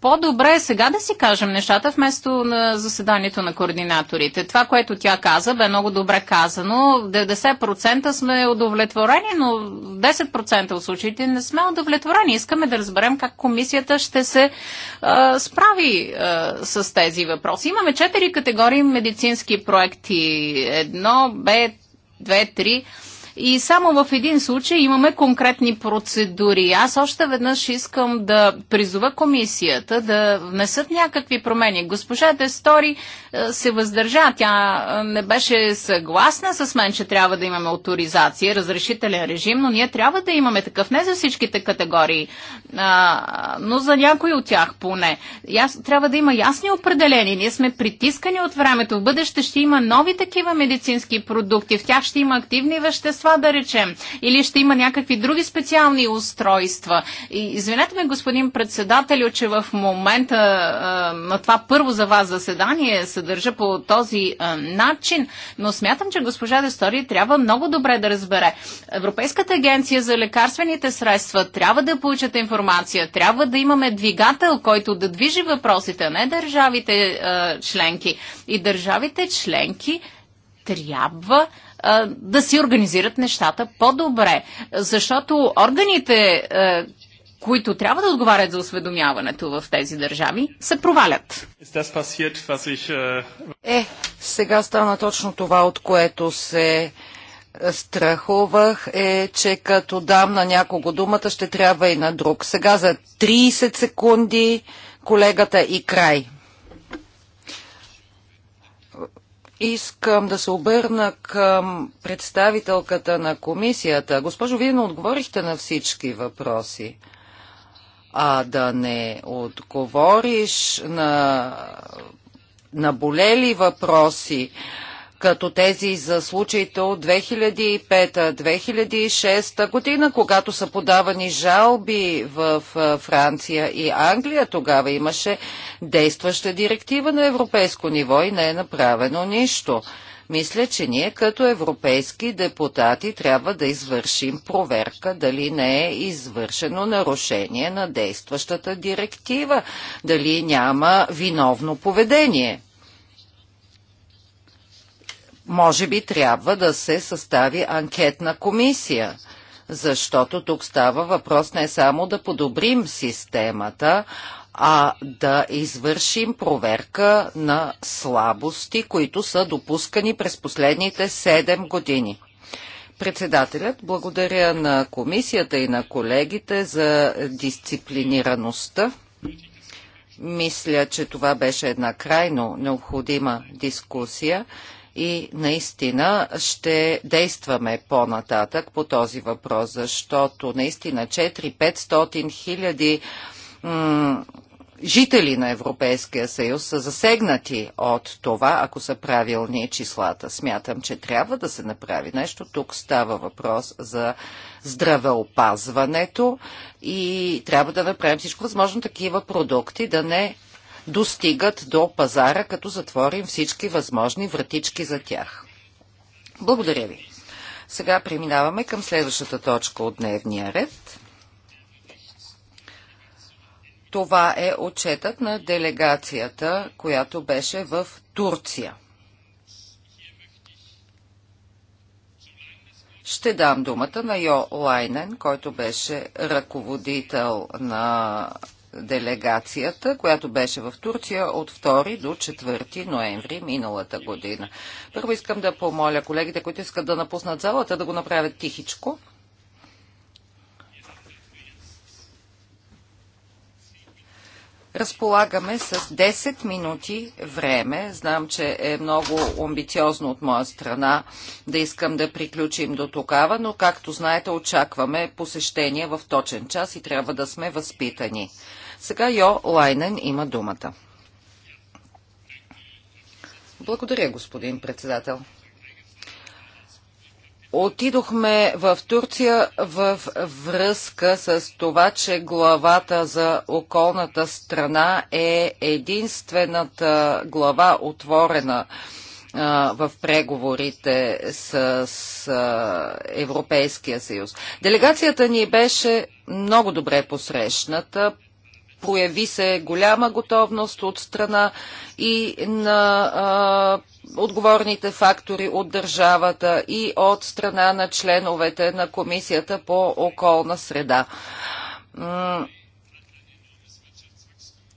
по-добре е сега да си кажем нещата вместо на заседанието на координаторите. Това, което тя каза, бе много добре казано. 90% сме удовлетворени, но 10% от случаите не сме удовлетворени. Искаме да разберем как комисията ще се а, справи а, с тези въпроси. Имаме 4 категории медицински проекти. Едно, бе, две, три. И само в един случай имаме конкретни процедури. Аз още веднъж искам да призова комисията да внесат някакви промени. Госпожа Дестори е, се въздържа. Тя е, не беше съгласна с мен, че трябва да имаме авторизация, разрешителен режим, но ние трябва да имаме такъв. Не за всичките категории, е, но за някои от тях поне. Трябва да има ясни определения. Ние сме притискани от времето. В бъдеще ще има нови такива медицински продукти. В тях ще има активни вещества това да речем, или ще има някакви други специални устройства. И, извинете ме, господин председател, че в момента а, на това първо за вас заседание се държа по този а, начин, но смятам, че госпожа Дестори трябва много добре да разбере. Европейската агенция за лекарствените средства трябва да получат информация, трябва да имаме двигател, който да движи въпросите, а не държавите а, членки. И държавите членки трябва да си организират нещата по-добре. Защото органите, които трябва да отговарят за осведомяването в тези държави, се провалят. Е, сега стана точно това, от което се страхувах е, че като дам на някого думата, ще трябва и на друг. Сега за 30 секунди колегата и край. Искам да се обърна към представителката на комисията. Госпожо, вие не отговорихте на всички въпроси. А да не отговориш на болели въпроси, като тези за случаите от 2005-2006 година, когато са подавани жалби в Франция и Англия. Тогава имаше действаща директива на европейско ниво и не е направено нищо. Мисля, че ние като европейски депутати трябва да извършим проверка дали не е извършено нарушение на действащата директива, дали няма виновно поведение. Може би трябва да се състави анкетна комисия, защото тук става въпрос не само да подобрим системата, а да извършим проверка на слабости, които са допускани през последните 7 години. Председателят, благодаря на комисията и на колегите за дисциплинираността. Мисля, че това беше една крайно необходима дискусия и наистина ще действаме по-нататък по този въпрос, защото наистина 4-500 хиляди жители на Европейския съюз са засегнати от това, ако са правилни числата. Смятам, че трябва да се направи нещо. Тук става въпрос за здравеопазването и трябва да направим всичко възможно такива продукти да не достигат до пазара, като затворим всички възможни вратички за тях. Благодаря ви. Сега преминаваме към следващата точка от дневния ред. Това е отчетът на делегацията, която беше в Турция. Ще дам думата на Йо Лайнен, който беше ръководител на делегацията, която беше в Турция от 2 до 4 ноември миналата година. Първо искам да помоля колегите, които искат да напуснат залата, да го направят тихичко. Разполагаме с 10 минути време. Знам, че е много амбициозно от моя страна да искам да приключим до тогава, но както знаете, очакваме посещение в точен час и трябва да сме възпитани. Сега Йо Лайнен има думата. Благодаря, господин председател. Отидохме в Турция в връзка с това, че главата за околната страна е единствената глава отворена в преговорите с, Европейския съюз. Делегацията ни беше много добре посрещната, прояви се голяма готовност от страна и на а, отговорните фактори от държавата и от страна на членовете на Комисията по околна среда.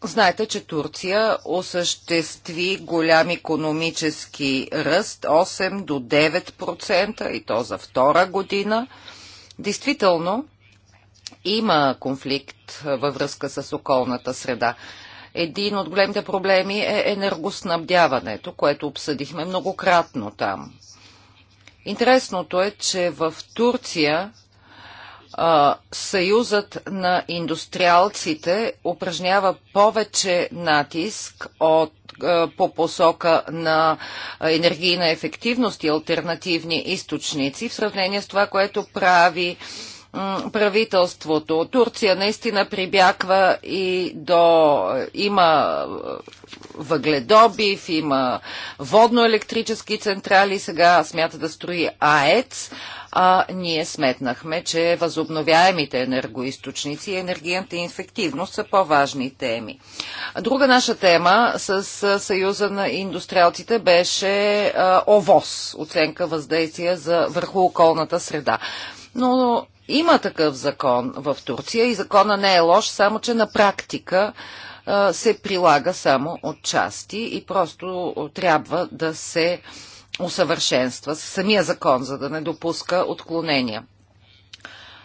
Знаете, че Турция осъществи голям економически ръст 8 до 9% и то за втора година. Действително има конфликт във връзка с околната среда. Един от големите проблеми е енергоснабдяването, което обсъдихме многократно там. Интересното е, че в Турция а, Съюзът на индустриалците упражнява повече натиск от, а, по посока на енергийна ефективност и альтернативни източници в сравнение с това, което прави а, правителството. Турция наистина прибягва и до... има въгледобив, има водно-електрически централи, сега смята да строи АЕЦ, а ние сметнахме, че възобновяемите енергоисточници и енергийната инфективност са по-важни теми. Друга наша тема с Съюза на индустриалците беше ОВОС, оценка въздействие за върху околната среда. Но има такъв закон в Турция и закона не е лош, само че на практика се прилага само от части и просто трябва да се усъвършенства самия закон, за да не допуска отклонения.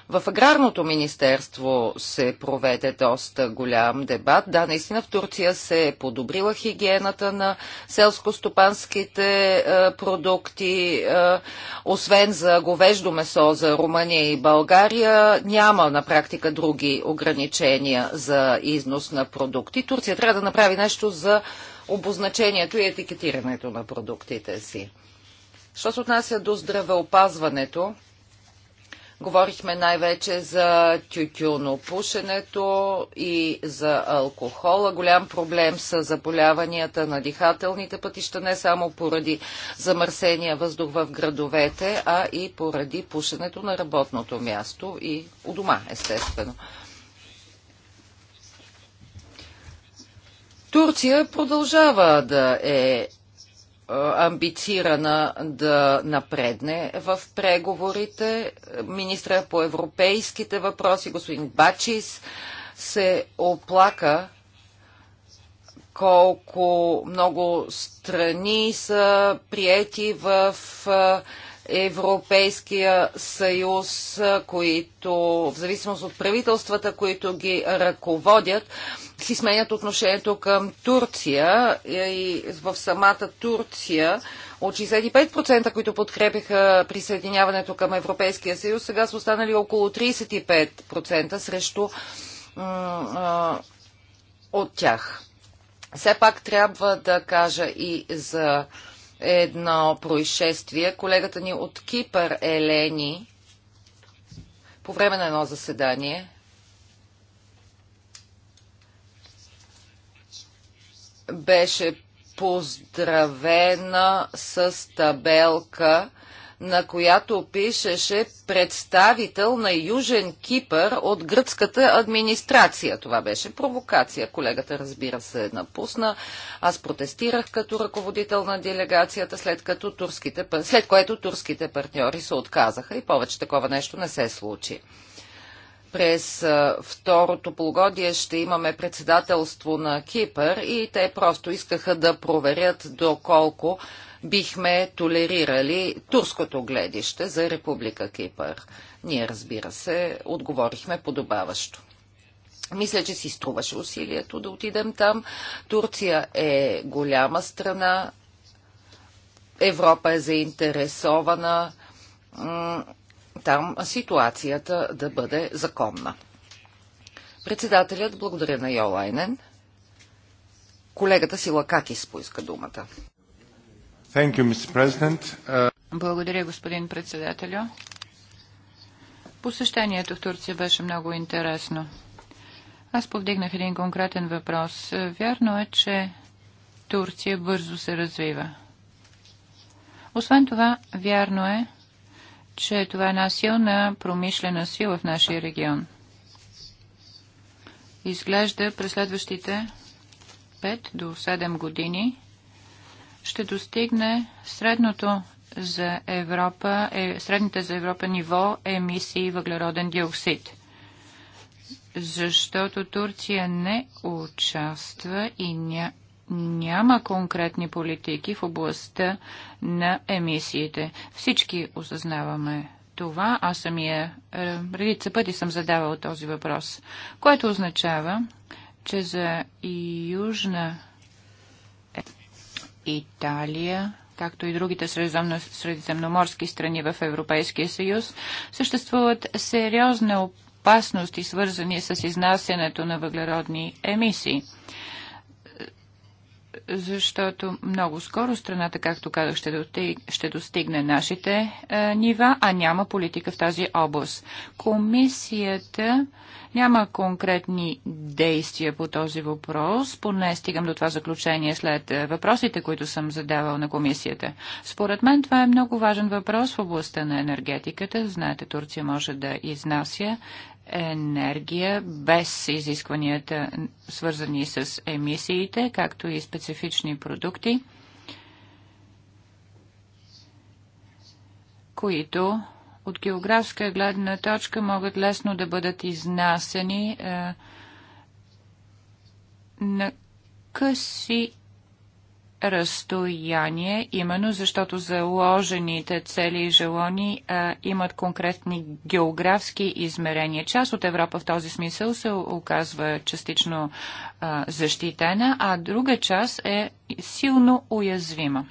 В Аграрното министерство се проведе доста голям дебат. Да, наистина в Турция се е подобрила хигиената на селско-стопанските е, продукти. Е, освен за говеждо месо за Румъния и България, няма на практика други ограничения за износ на продукти. Турция трябва да направи нещо за обозначението и етикетирането на продуктите си. Що се отнася до здравеопазването, Говорихме най-вече за тютюнопушенето и за алкохола. Голям проблем са заболяванията на дихателните пътища, не само поради замърсения въздух в градовете, а и поради пушенето на работното място и у дома, естествено. Турция продължава да е е, амбицирана да напредне в преговорите. Министра по европейските въпроси, господин Бачис, се оплака колко много страни са приети в е, Европейския съюз, които в зависимост от правителствата, които ги ръководят, си сменят отношението към Турция и в самата Турция от 65%, които подкрепиха присъединяването към Европейския съюз, сега са останали около 35% срещу от тях. Все пак трябва да кажа и за едно происшествие. Колегата ни от Кипър, Елени, по време на едно заседание, беше поздравена с табелка на която пишеше представител на Южен Кипър от гръцката администрация. Това беше провокация. Колегата, разбира се, напусна. Аз протестирах като ръководител на делегацията, след, като турските, след което турските партньори се отказаха и повече такова нещо не се случи през второто полугодие ще имаме председателство на Кипър и те просто искаха да проверят доколко бихме толерирали турското гледище за Република Кипър. Ние, разбира се, отговорихме подобаващо. Мисля, че си струваше усилието да отидем там. Турция е голяма страна. Европа е заинтересована там ситуацията да бъде законна. Председателят благодаря на Йолайнен. Колегата си Лакакис поиска думата. Thank you, Mr. President. Uh, Благодаря, господин председателю. Посещението в Турция беше много интересно. Аз повдигнах един конкретен въпрос. Вярно е, че Турция бързо се развива. Освен това, вярно е, че това е една силна промишлена сила в нашия регион. Изглежда през следващите 5 до 7 години ще достигне средното за Европа, е, средните за Европа ниво емисии въглероден диоксид. Защото Турция не участва и ня, няма конкретни политики в областта на емисиите. Всички осъзнаваме това. Аз самия е, редица пъти съм задавал този въпрос, което означава, че за Южна Италия, както и другите средиземноморски страни в Европейския съюз, съществуват сериозни опасности, свързани с изнасянето на въглеродни емисии защото много скоро страната, както казах, ще, ще достигне нашите е, нива, а няма политика в тази област. Комисията няма конкретни действия по този въпрос, поне стигам до това заключение след е, въпросите, които съм задавал на комисията. Според мен това е много важен въпрос в областта на енергетиката. Знаете, Турция може да изнася енергия без изискванията свързани с емисиите, както и специфични продукти, които от географска гледна точка могат лесно да бъдат изнасени е, на къси разстояние, именно защото заложените цели и желони а, имат конкретни географски измерения. Част от Европа в този смисъл се оказва частично а, защитена, а друга част е силно уязвима.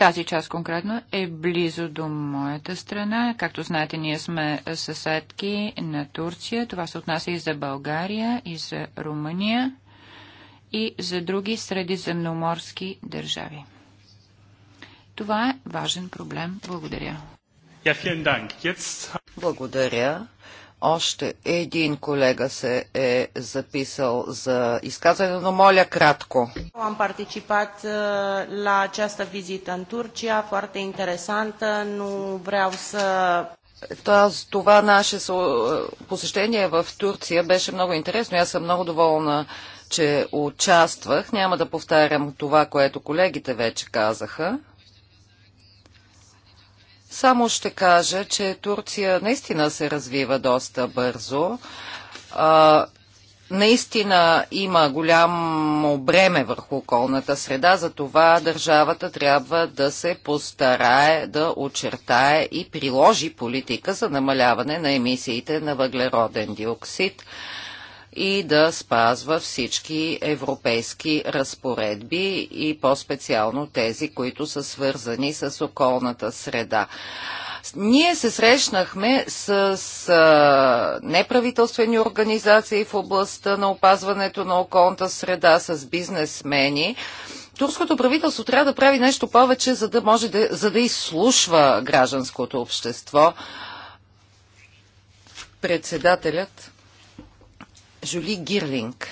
Тази част конкретно е близо до моята страна. Както знаете, ние сме съседки на Турция. Това се отнася и за България, и за Румъния, и за други средиземноморски държави. Това е важен проблем. Благодаря. Благодаря. Още един колега се е записал за изказване, но моля кратко. Am participat е, la această vizită în Turcia, foarte interesantă. Nu vreau să това наше посещение в Турция беше много интересно. Аз съм много доволна, че участвах. Няма да повтарям това, което колегите вече казаха. Само ще кажа, че Турция наистина се развива доста бързо. А, наистина има голямо бреме върху околната среда, затова държавата трябва да се постарае да очертае и приложи политика за намаляване на емисиите на въглероден диоксид и да спазва всички европейски разпоредби и по-специално тези, които са свързани с околната среда. Ние се срещнахме с, неправителствени организации в областта на опазването на околната среда, с бизнесмени. Турското правителство трябва да прави нещо повече, за да може да, за да изслушва гражданското общество. Председателят Жули Гирлинг.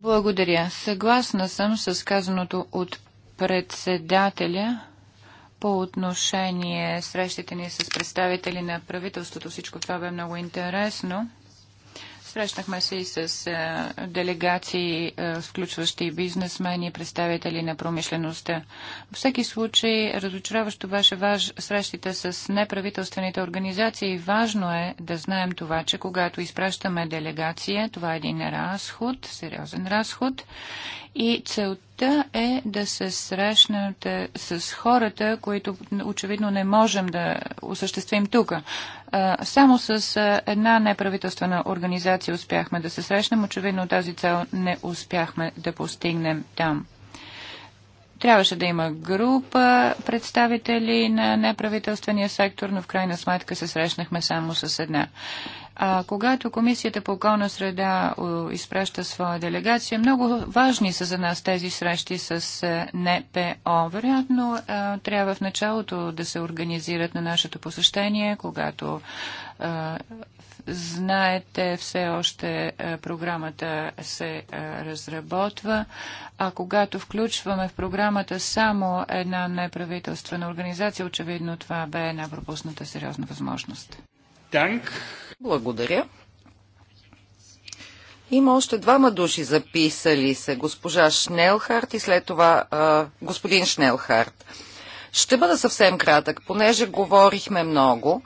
Благодаря. Съгласна съм с казаното от председателя по отношение срещите ни с представители на правителството. Всичко това бе много интересно. Срещнахме се и с е, делегации, е, включващи бизнесмени, представители на промишлеността. В всеки случай, разочароващо беше важ... срещите с неправителствените организации. Важно е да знаем това, че когато изпращаме делегация, това е един разход, сериозен разход и целта е да се срещнете с хората, които очевидно не можем да осъществим тук. Само с една неправителствена организация успяхме да се срещнем. Очевидно тази цел не успяхме да постигнем там. Трябваше да има група представители на неправителствения сектор, но в крайна сметка се срещнахме само с една. А когато Комисията по околна среда изпраща своя делегация, много важни са за нас тези срещи с е, НПО. Вероятно, е, трябва в началото да се организират на нашето посещение, когато е, знаете, все още програмата се разработва, а когато включваме в програмата само една неправителствена организация, очевидно това бе една пропусната сериозна възможност. Благодаря. Има още двама души записали се. Госпожа Шнелхарт и след това а, господин Шнелхарт. Ще бъда съвсем кратък, понеже говорихме много.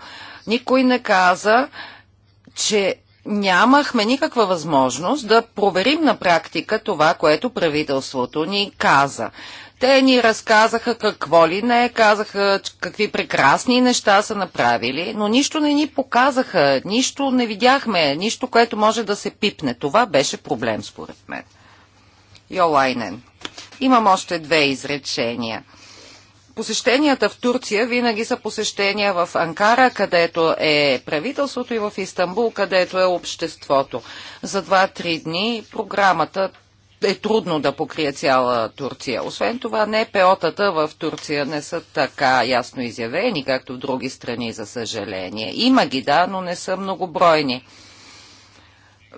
Никой не каза, че нямахме никаква възможност да проверим на практика това, което правителството ни каза. Те ни разказаха какво ли не, казаха какви прекрасни неща са направили, но нищо не ни показаха, нищо не видяхме, нищо, което може да се пипне. Това беше проблем, според мен. Йолайнен. Имам още две изречения. Посещенията в Турция винаги са посещения в Анкара, където е правителството и в Истанбул, където е обществото. За два-три дни програмата е трудно да покрие цяла Турция. Освен това, не пеотата в Турция не са така ясно изявени, както в други страни, за съжаление. Има ги, да, но не са многобройни.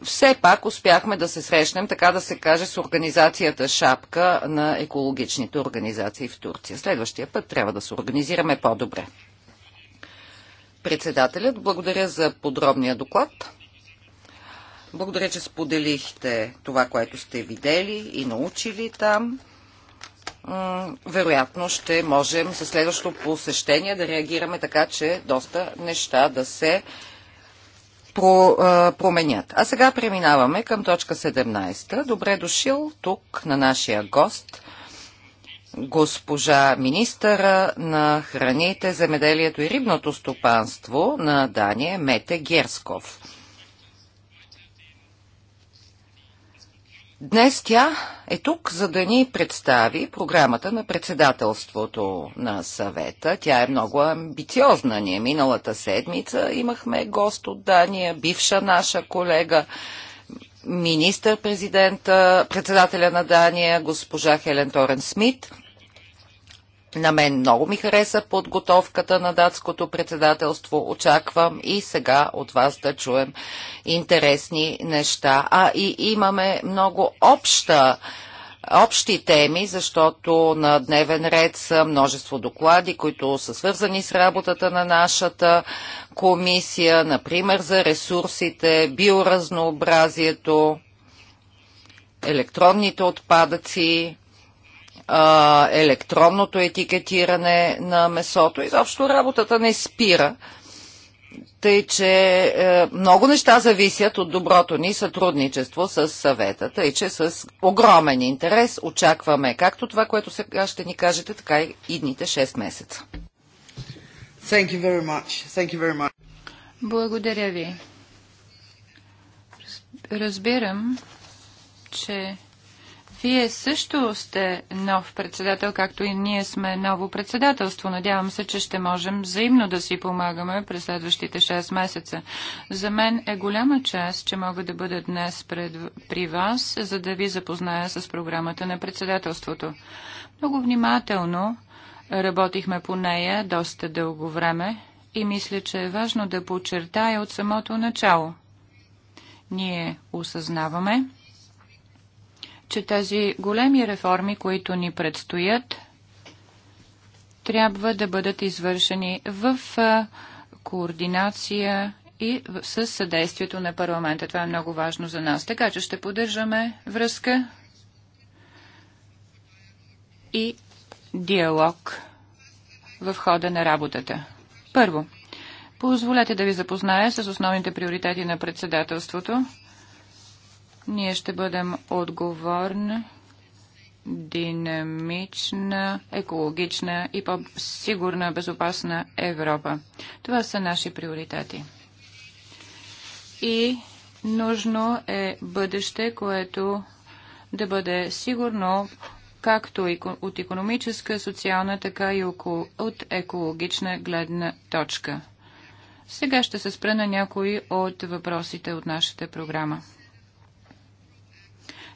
Все пак успяхме да се срещнем, така да се каже, с организацията Шапка на екологичните организации в Турция. Следващия път трябва да се организираме по-добре. Председателят, благодаря за подробния доклад. Благодаря, че споделихте това, което сте видели и научили там. Вероятно ще можем със следващото посещение да реагираме така, че доста неща да се променят. А сега преминаваме към точка 17. Добре дошил тук на нашия гост, госпожа министъра на храните, земеделието и рибното стопанство на Дания Мете Герсков. Днес тя е тук, за да ни представи програмата на председателството на съвета. Тя е много амбициозна. Ние миналата седмица имахме гост от Дания, бивша наша колега, министър-президента, председателя на Дания, госпожа Хелен Торен Смит – на мен много ми хареса подготовката на датското председателство. Очаквам и сега от вас да чуем интересни неща. А и имаме много обща общи теми, защото на дневен ред са множество доклади, които са свързани с работата на нашата комисия, например за ресурсите, биоразнообразието, електронните отпадъци, а, електронното етикетиране на месото. Изобщо работата не спира. Тъй, че е, много неща зависят от доброто ни сътрудничество с съвета. Тъй, че с огромен интерес очакваме както това, което сега ще ни кажете, така и идните 6 месеца. Thank you very much. Thank you very much. Благодаря ви. Разбирам, че вие също сте нов председател, както и ние сме ново председателство. Надявам се, че ще можем взаимно да си помагаме през следващите 6 месеца. За мен е голяма чест, че мога да бъда днес пред, при вас, за да ви запозная с програмата на председателството. Много внимателно работихме по нея доста дълго време и мисля, че е важно да подчертая от самото начало. Ние осъзнаваме, че тези големи реформи, които ни предстоят, трябва да бъдат извършени в координация и с съдействието на парламента. Това е много важно за нас. Така че ще поддържаме връзка и диалог в хода на работата. Първо, позволете да ви запозная с основните приоритети на председателството. Ние ще бъдем отговорни динамична, екологична и по-сигурна, безопасна Европа. Това са наши приоритети. И нужно е бъдеще, което да бъде сигурно както от економическа, социална, така и от екологична гледна точка. Сега ще се спра на някои от въпросите от нашата програма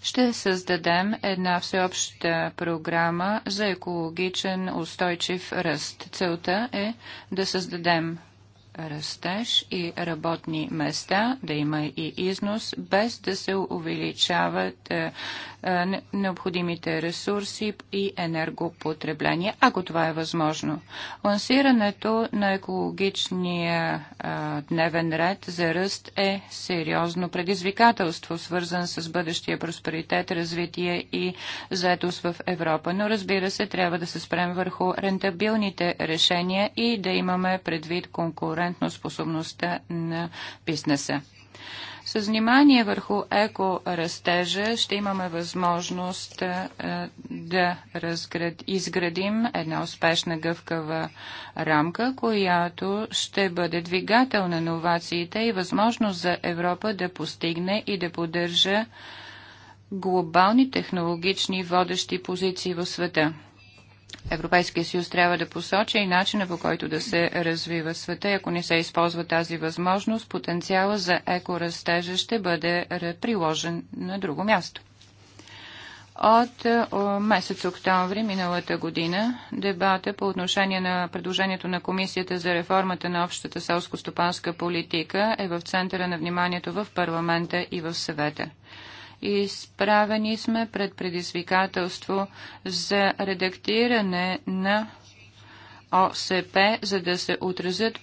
ще създадем една всеобща програма за екологичен устойчив ръст. Целта е да създадем растеж и работни места, да има и износ, без да се увеличават е, е, необходимите ресурси и енергопотребление, ако това е възможно. Лансирането на екологичния е, дневен ред за ръст е сериозно предизвикателство, свързан с бъдещия просперитет, развитие и заетост в Европа. Но разбира се, трябва да се спрем върху рентабилните решения и да имаме предвид конкурентно способността на бизнеса. С внимание върху екорастежа ще имаме възможност е, да разград, изградим една успешна гъвкава рамка, която ще бъде двигател на новациите и възможност за Европа да постигне и да поддържа глобални технологични водещи позиции в света. Европейския съюз трябва да посочи и начина по който да се развива света. Ако не се използва тази възможност, потенциала за екоразтежа ще бъде приложен на друго място. От е, месец октомври миналата година дебата по отношение на предложението на Комисията за реформата на общата селско-стопанска политика е в центъра на вниманието в парламента и в съвета изправени сме пред предизвикателство за редактиране на ОСП, за да се отразят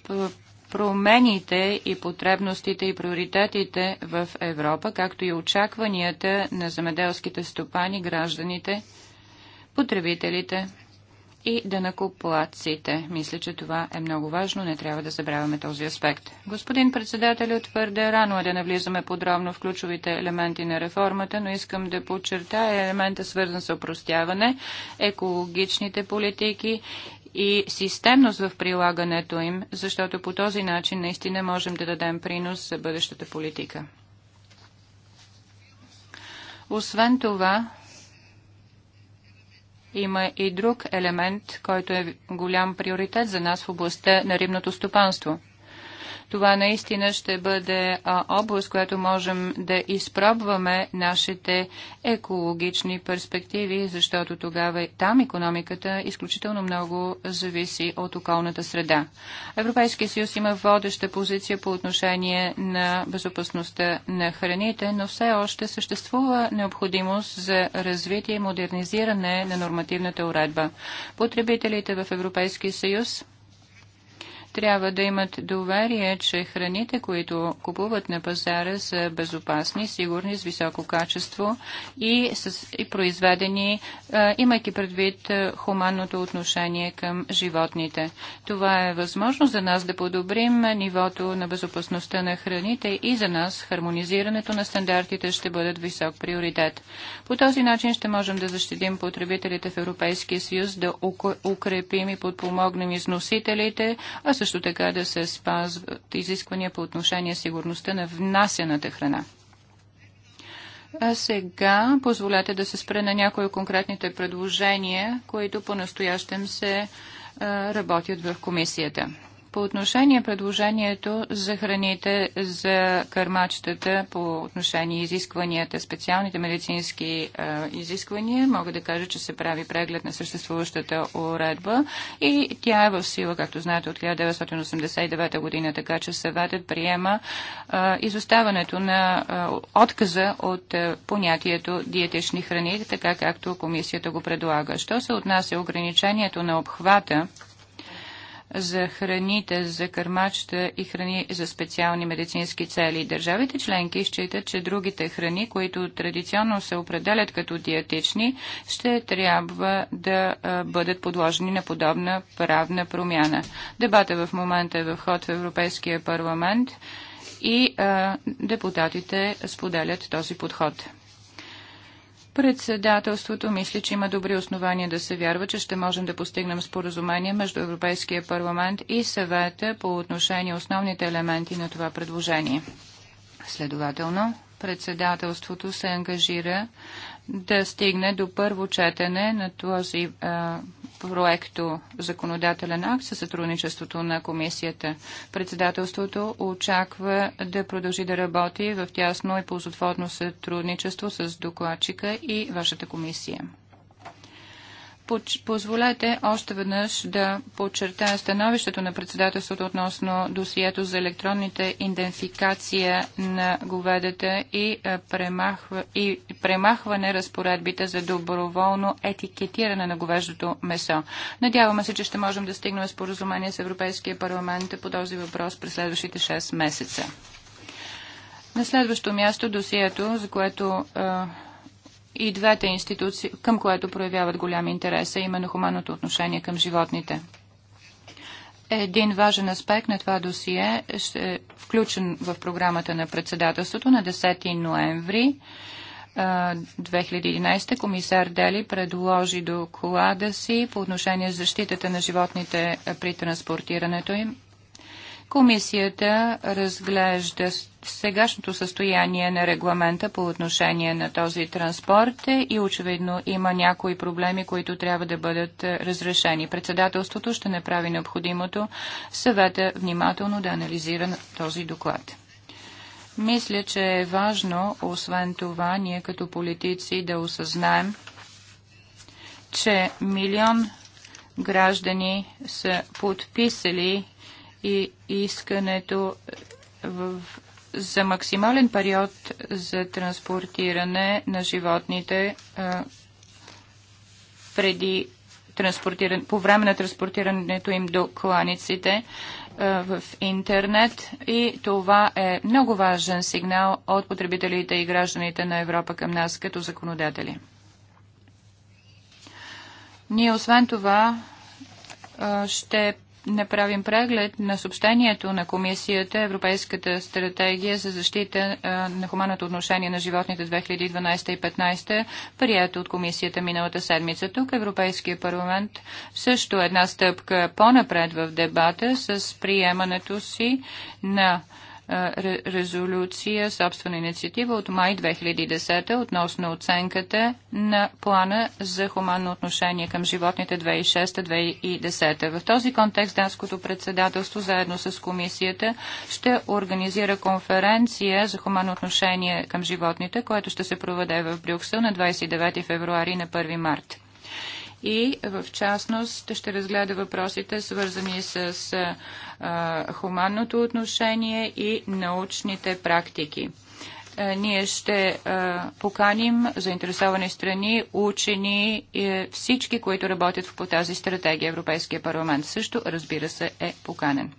промените и потребностите и приоритетите в Европа, както и очакванията на земеделските стопани, гражданите, потребителите и дънакоплаците. Мисля, че това е много важно, не трябва да забравяме този аспект. Господин председател, твърде рано е да навлизаме подробно в ключовите елементи на реформата, но искам да подчертая елемента свързан с опростяване, екологичните политики и системност в прилагането им, защото по този начин наистина можем да дадем принос за бъдещата политика. Освен това, има и друг елемент, който е голям приоритет за нас в областта на рибното стопанство. Това наистина ще бъде област, която можем да изпробваме нашите екологични перспективи, защото тогава там економиката изключително много зависи от околната среда. Европейския съюз има водеща позиция по отношение на безопасността на храните, но все още съществува необходимост за развитие и модернизиране на нормативната уредба. Потребителите в Европейския съюз трябва да имат доверие, че храните, които купуват на пазара, са безопасни, сигурни, с високо качество и, с, и произведени, а, имайки предвид а, хуманното отношение към животните. Това е възможно за нас да подобрим нивото на безопасността на храните и за нас хармонизирането на стандартите ще бъдат висок приоритет. По този начин ще можем да защитим потребителите в Европейския съюз, да укрепим и подпомогнем износителите, а също така да се спазват изисквания по отношение сигурността на внасяната храна. А сега позволете да се спре на някои конкретните предложения, които по-настоящем се работят в комисията. По отношение предложението за храните за кърмачетата, по отношение изискванията, специалните медицински е, изисквания, мога да кажа, че се прави преглед на съществуващата уредба и тя е в сила, както знаете, от 1989 година, така че съветът приема е, изоставането на е, отказа от е, понятието диетични храни, така както комисията го предлага. Що се отнася ограничението на обхвата, за храните, за кърмачета и храни за специални медицински цели. Държавите членки считат, че другите храни, които традиционно се определят като диетични, ще трябва да бъдат подложени на подобна правна промяна. Дебата в момента е в ход в Европейския парламент и а, депутатите споделят този подход председателството мисля, че има добри основания да се вярва, че ще можем да постигнем споразумение между Европейския парламент и съвета по отношение основните елементи на това предложение. Следователно, председателството се ангажира да стигне до първо четене на този а, проекто законодателен акт със сътрудничеството на комисията. Председателството очаква да продължи да работи в тясно и ползотворно сътрудничество с докладчика и вашата комисия. Позволете още веднъж да подчертая становището на председателството относно досието за електронните идентификация на говедата и, премахва, и премахване разпоредбите за доброволно етикетиране на говеждото месо. Надяваме се, че ще можем да стигнем споразумение с Европейския парламент по този въпрос през следващите 6 месеца. На следващо място досието, за което и двете институции, към което проявяват голям интерес, а именно хуманното отношение към животните. Един важен аспект на това досие е включен в програмата на председателството на 10 ноември. 2011 комисар Дели предложи доклада си по отношение защитата на животните при транспортирането им Комисията разглежда сегашното състояние на регламента по отношение на този транспорт и очевидно има някои проблеми, които трябва да бъдат разрешени. Председателството ще направи необходимото съвета внимателно да анализира този доклад. Мисля, че е важно, освен това, ние като политици да осъзнаем, че милион граждани са подписали и искането в, за максимален период за транспортиране на животните а, преди транспортиране, по време на транспортирането им до кланиците в интернет и това е много важен сигнал от потребителите и гражданите на Европа към нас като законодатели. Ние освен това ще направим преглед на съобщението на комисията Европейската стратегия за защита на хуманното отношение на животните 2012 и 2015, прието от комисията миналата седмица. Тук Европейския парламент също една стъпка по-напред в дебата с приемането си на резолюция, собствена инициатива от май 2010 относно оценката на плана за хуманно отношение към животните 2006-2010. В този контекст Данското председателство заедно с комисията ще организира конференция за хуманно отношение към животните, което ще се проведе в Брюксел на 29 февруари и на 1 март и в частност ще разгледа въпросите свързани с а, хуманното отношение и научните практики ние ще поканим заинтересовани страни, учени и всички, които работят по тази стратегия. Европейския парламент също, разбира се, е поканен.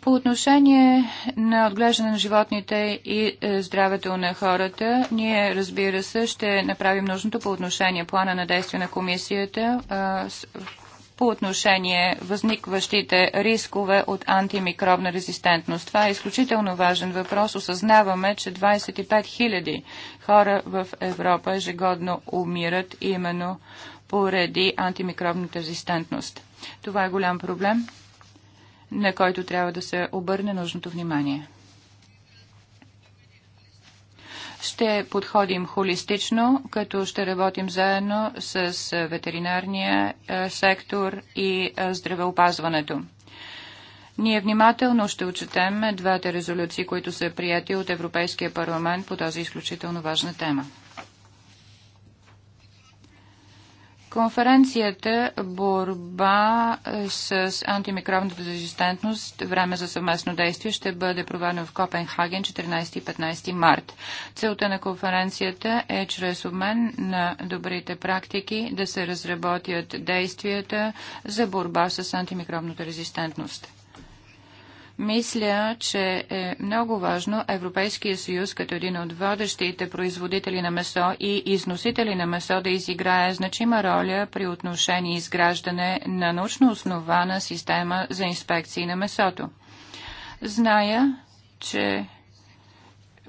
По отношение на отглеждане на животните и е, здравето на хората, ние разбира се ще направим нужното по отношение плана на действие на комисията е, по отношение възникващите рискове от антимикробна резистентност. Това е изключително важен въпрос. Осъзнаваме, че 25 хиляди хора в Европа ежегодно умират именно поради антимикробната резистентност. Това е голям проблем на който трябва да се обърне нужното внимание. Ще подходим холистично, като ще работим заедно с ветеринарния е, сектор и е, здравеопазването. Ние внимателно ще отчетем двете резолюции, които са прияти от Европейския парламент по тази изключително важна тема. Конференцията Борба е, с антимикробната резистентност Време за съвместно действие ще бъде проведена в Копенхаген 14 и 15 март. Целта на конференцията е чрез обмен на добрите практики да се разработят действията за борба с антимикробната резистентност. Мисля, че е много важно Европейския съюз като един от водещите производители на месо и износители на месо да изиграе значима роля при отношение изграждане на научно основана система за инспекции на месото. Зная, че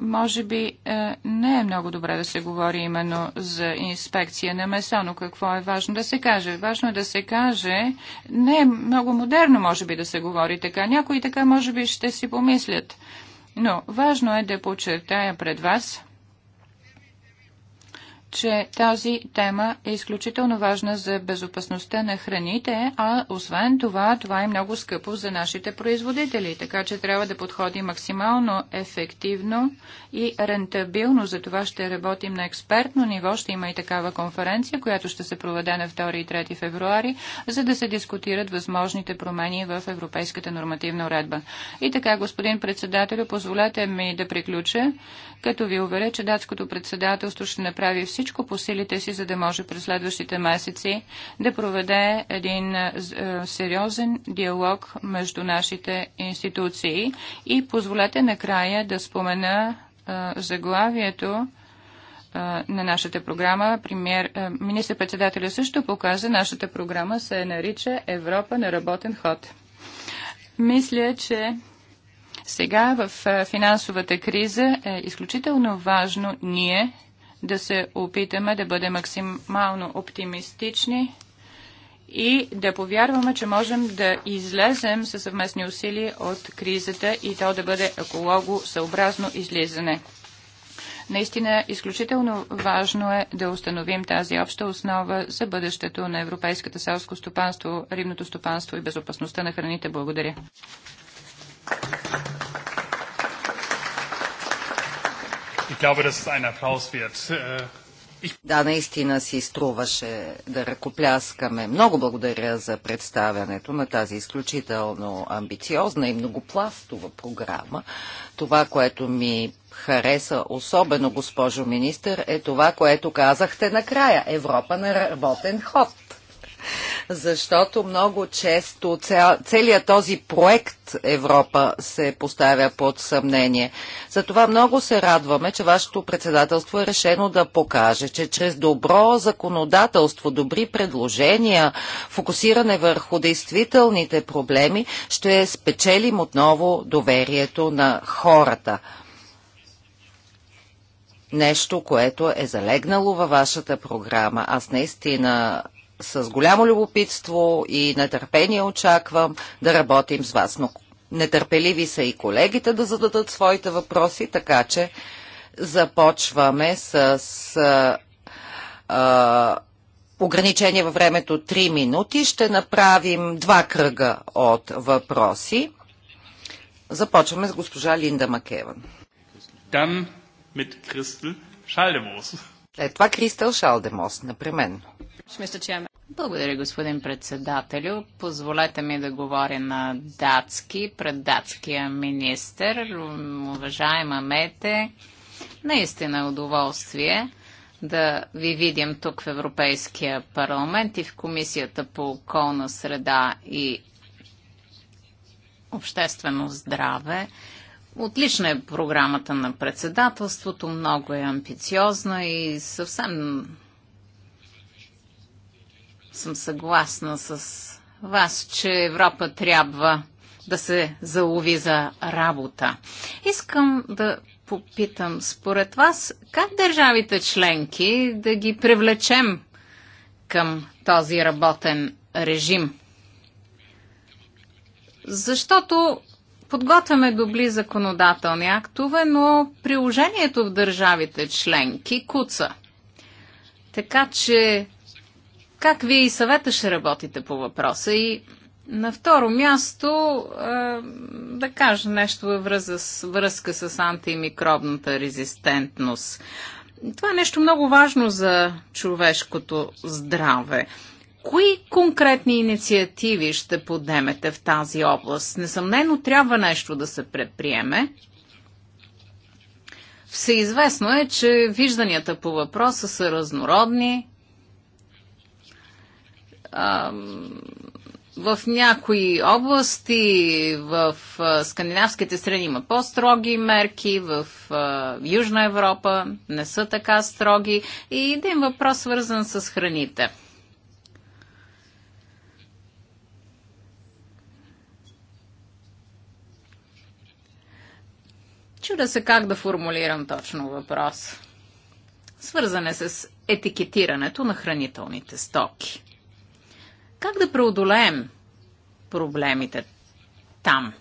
може би е, не е много добре да се говори именно за инспекция на месо, но какво е важно да се каже? Важно е да се каже, не е много модерно може би да се говори така, някои така може би ще си помислят, но важно е да подчертая пред вас, че тази тема е изключително важна за безопасността на храните, а освен това, това е много скъпо за нашите производители, така че трябва да подходи максимално ефективно и рентабилно. За това ще работим на експертно ниво. Ще има и такава конференция, която ще се проведе на 2 и 3 февруари, за да се дискутират възможните промени в европейската нормативна уредба. И така, господин председател, позволете ми да приключа, като ви уверя, че датското председателство ще направи всичко, всичко по силите си, за да може през следващите месеци да проведе един е, сериозен диалог между нашите институции. И позволете накрая да спомена е, заглавието е, на нашата програма. Премьер, министр-председателя също показа, нашата програма се нарича Европа на работен ход. Мисля, че сега в финансовата криза е изключително важно ние да се опитаме да бъдем максимално оптимистични и да повярваме, че можем да излезем със съвместни усилия от кризата и то да бъде еколого съобразно излизане. Наистина, изключително важно е да установим тази обща основа за бъдещето на европейската селско стопанство, рибното стопанство и безопасността на храните. Благодаря. Äh, да, наистина си струваше да ръкопляскаме. Много благодаря за представянето на тази изключително амбициозна и многопластова програма. Това, което ми хареса особено, госпожо министър, е това, което казахте накрая. Европа на работен ход защото много често целият този проект Европа се поставя под съмнение. Затова много се радваме, че вашето председателство е решено да покаже, че чрез добро законодателство, добри предложения, фокусиране върху действителните проблеми, ще спечелим отново доверието на хората нещо, което е залегнало във вашата програма. Аз наистина с голямо любопитство и нетърпение очаквам да работим с вас. Но нетърпеливи са и колегите да зададат своите въпроси, така че започваме с а, а, ограничение във времето 3 минути. Ще направим два кръга от въпроси. Започваме с госпожа Линда Макеван. Dann мит Christel Шалдемос. След това Кристел Шалдемос, непременно. Благодаря, господин председателю. Позволете ми да говоря на датски, пред датския министр. Уважаема Мете, наистина е удоволствие да ви видим тук в Европейския парламент и в Комисията по околна среда и обществено здраве. Отлична е програмата на председателството, много е амбициозна и съвсем съм съгласна с вас, че Европа трябва да се залови за работа. Искам да попитам според вас, как държавите членки да ги привлечем към този работен режим? Защото подготвяме добри законодателни актове, но приложението в държавите членки куца. Така че как вие и съвета ще работите по въпроса? И на второ място, да кажа нещо във връзка с антимикробната резистентност. Това е нещо много важно за човешкото здраве. Кои конкретни инициативи ще подемете в тази област? Несъмнено трябва нещо да се предприеме. Всеизвестно е, че вижданията по въпроса са разнородни, в някои области, в скандинавските страни има по-строги мерки, в Южна Европа не са така строги. И един въпрос свързан с храните. Чуда се как да формулирам точно въпрос. Свързане с етикетирането на хранителните стоки. Как да преодолеем проблемите там?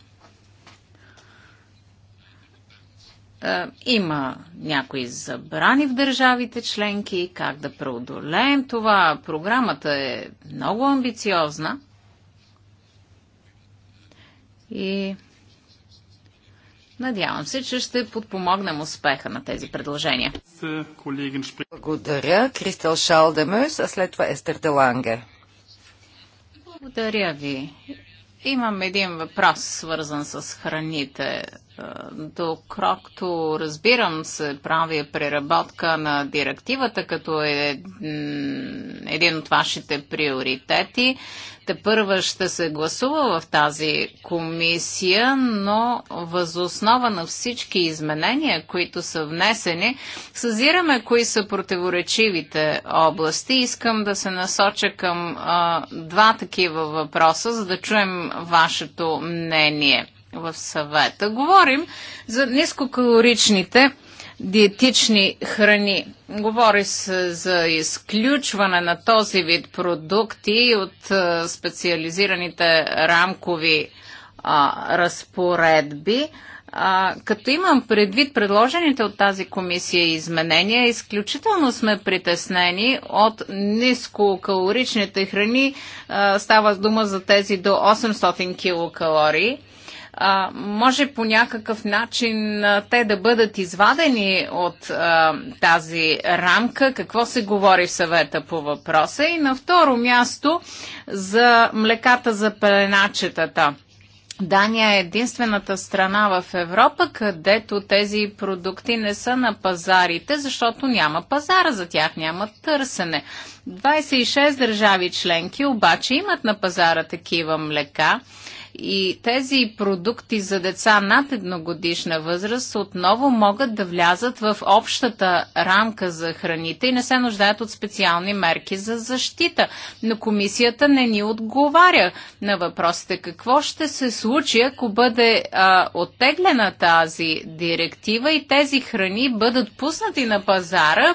Е, има някои забрани в държавите членки, как да преодолеем това. Програмата е много амбициозна и Надявам се, че ще подпомогнем успеха на тези предложения. Благодаря, Кристал Шалдемес, а след това Естер Деланге. Благодаря ви. Имам един въпрос, свързан с храните. Е, доколкото разбирам, се прави преработка на директивата като е един от вашите приоритети. Те първа ще се гласува в тази комисия, но възоснова на всички изменения, които са внесени, съзираме кои са противоречивите области. Искам да се насоча към а, два такива въпроса, за да чуем вашето мнение в съвета. Говорим за нискокалоричните диетични храни. Говори се за изключване на този вид продукти от специализираните рамкови а, разпоредби. А, като имам предвид предложените от тази комисия изменения, изключително сме притеснени от нискокалоричните храни. А, става дума за тези до 800 килокалории а, може по някакъв начин а, те да бъдат извадени от а, тази рамка? Какво се говори в съвета по въпроса? И на второ място за млеката за пеленачетата. Дания е единствената страна в Европа, където тези продукти не са на пазарите, защото няма пазара за тях, няма търсене. 26 държави членки обаче имат на пазара такива млека и тези продукти за деца над едногодишна възраст отново могат да влязат в общата рамка за храните и не се нуждаят от специални мерки за защита. Но комисията не ни отговаря на въпросите какво ще се случи, ако бъде а, оттеглена тази директива и тези храни бъдат пуснати на пазара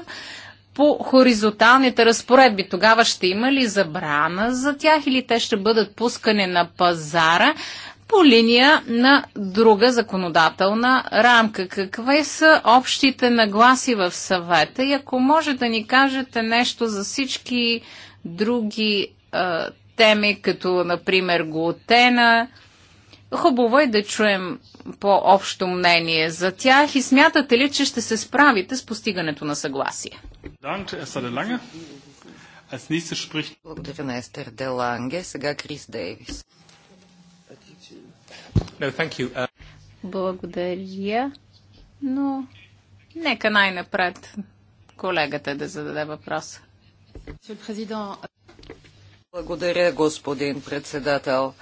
по хоризонталните разпоредби. Тогава ще има ли забрана за тях или те ще бъдат пускани на пазара по линия на друга законодателна рамка? Какви са общите нагласи в съвета и ако може да ни кажете нещо за всички други теми, като например глутена, Хубаво е да чуем по-общо мнение за тях и смятате ли, че ще се справите с постигането на съгласие? Благодаря на Естер Деланге. Сега Крис Дейвис. Uh, Благодаря, но нека най-напред колегата да зададе въпроса. Благодаря, господин председател.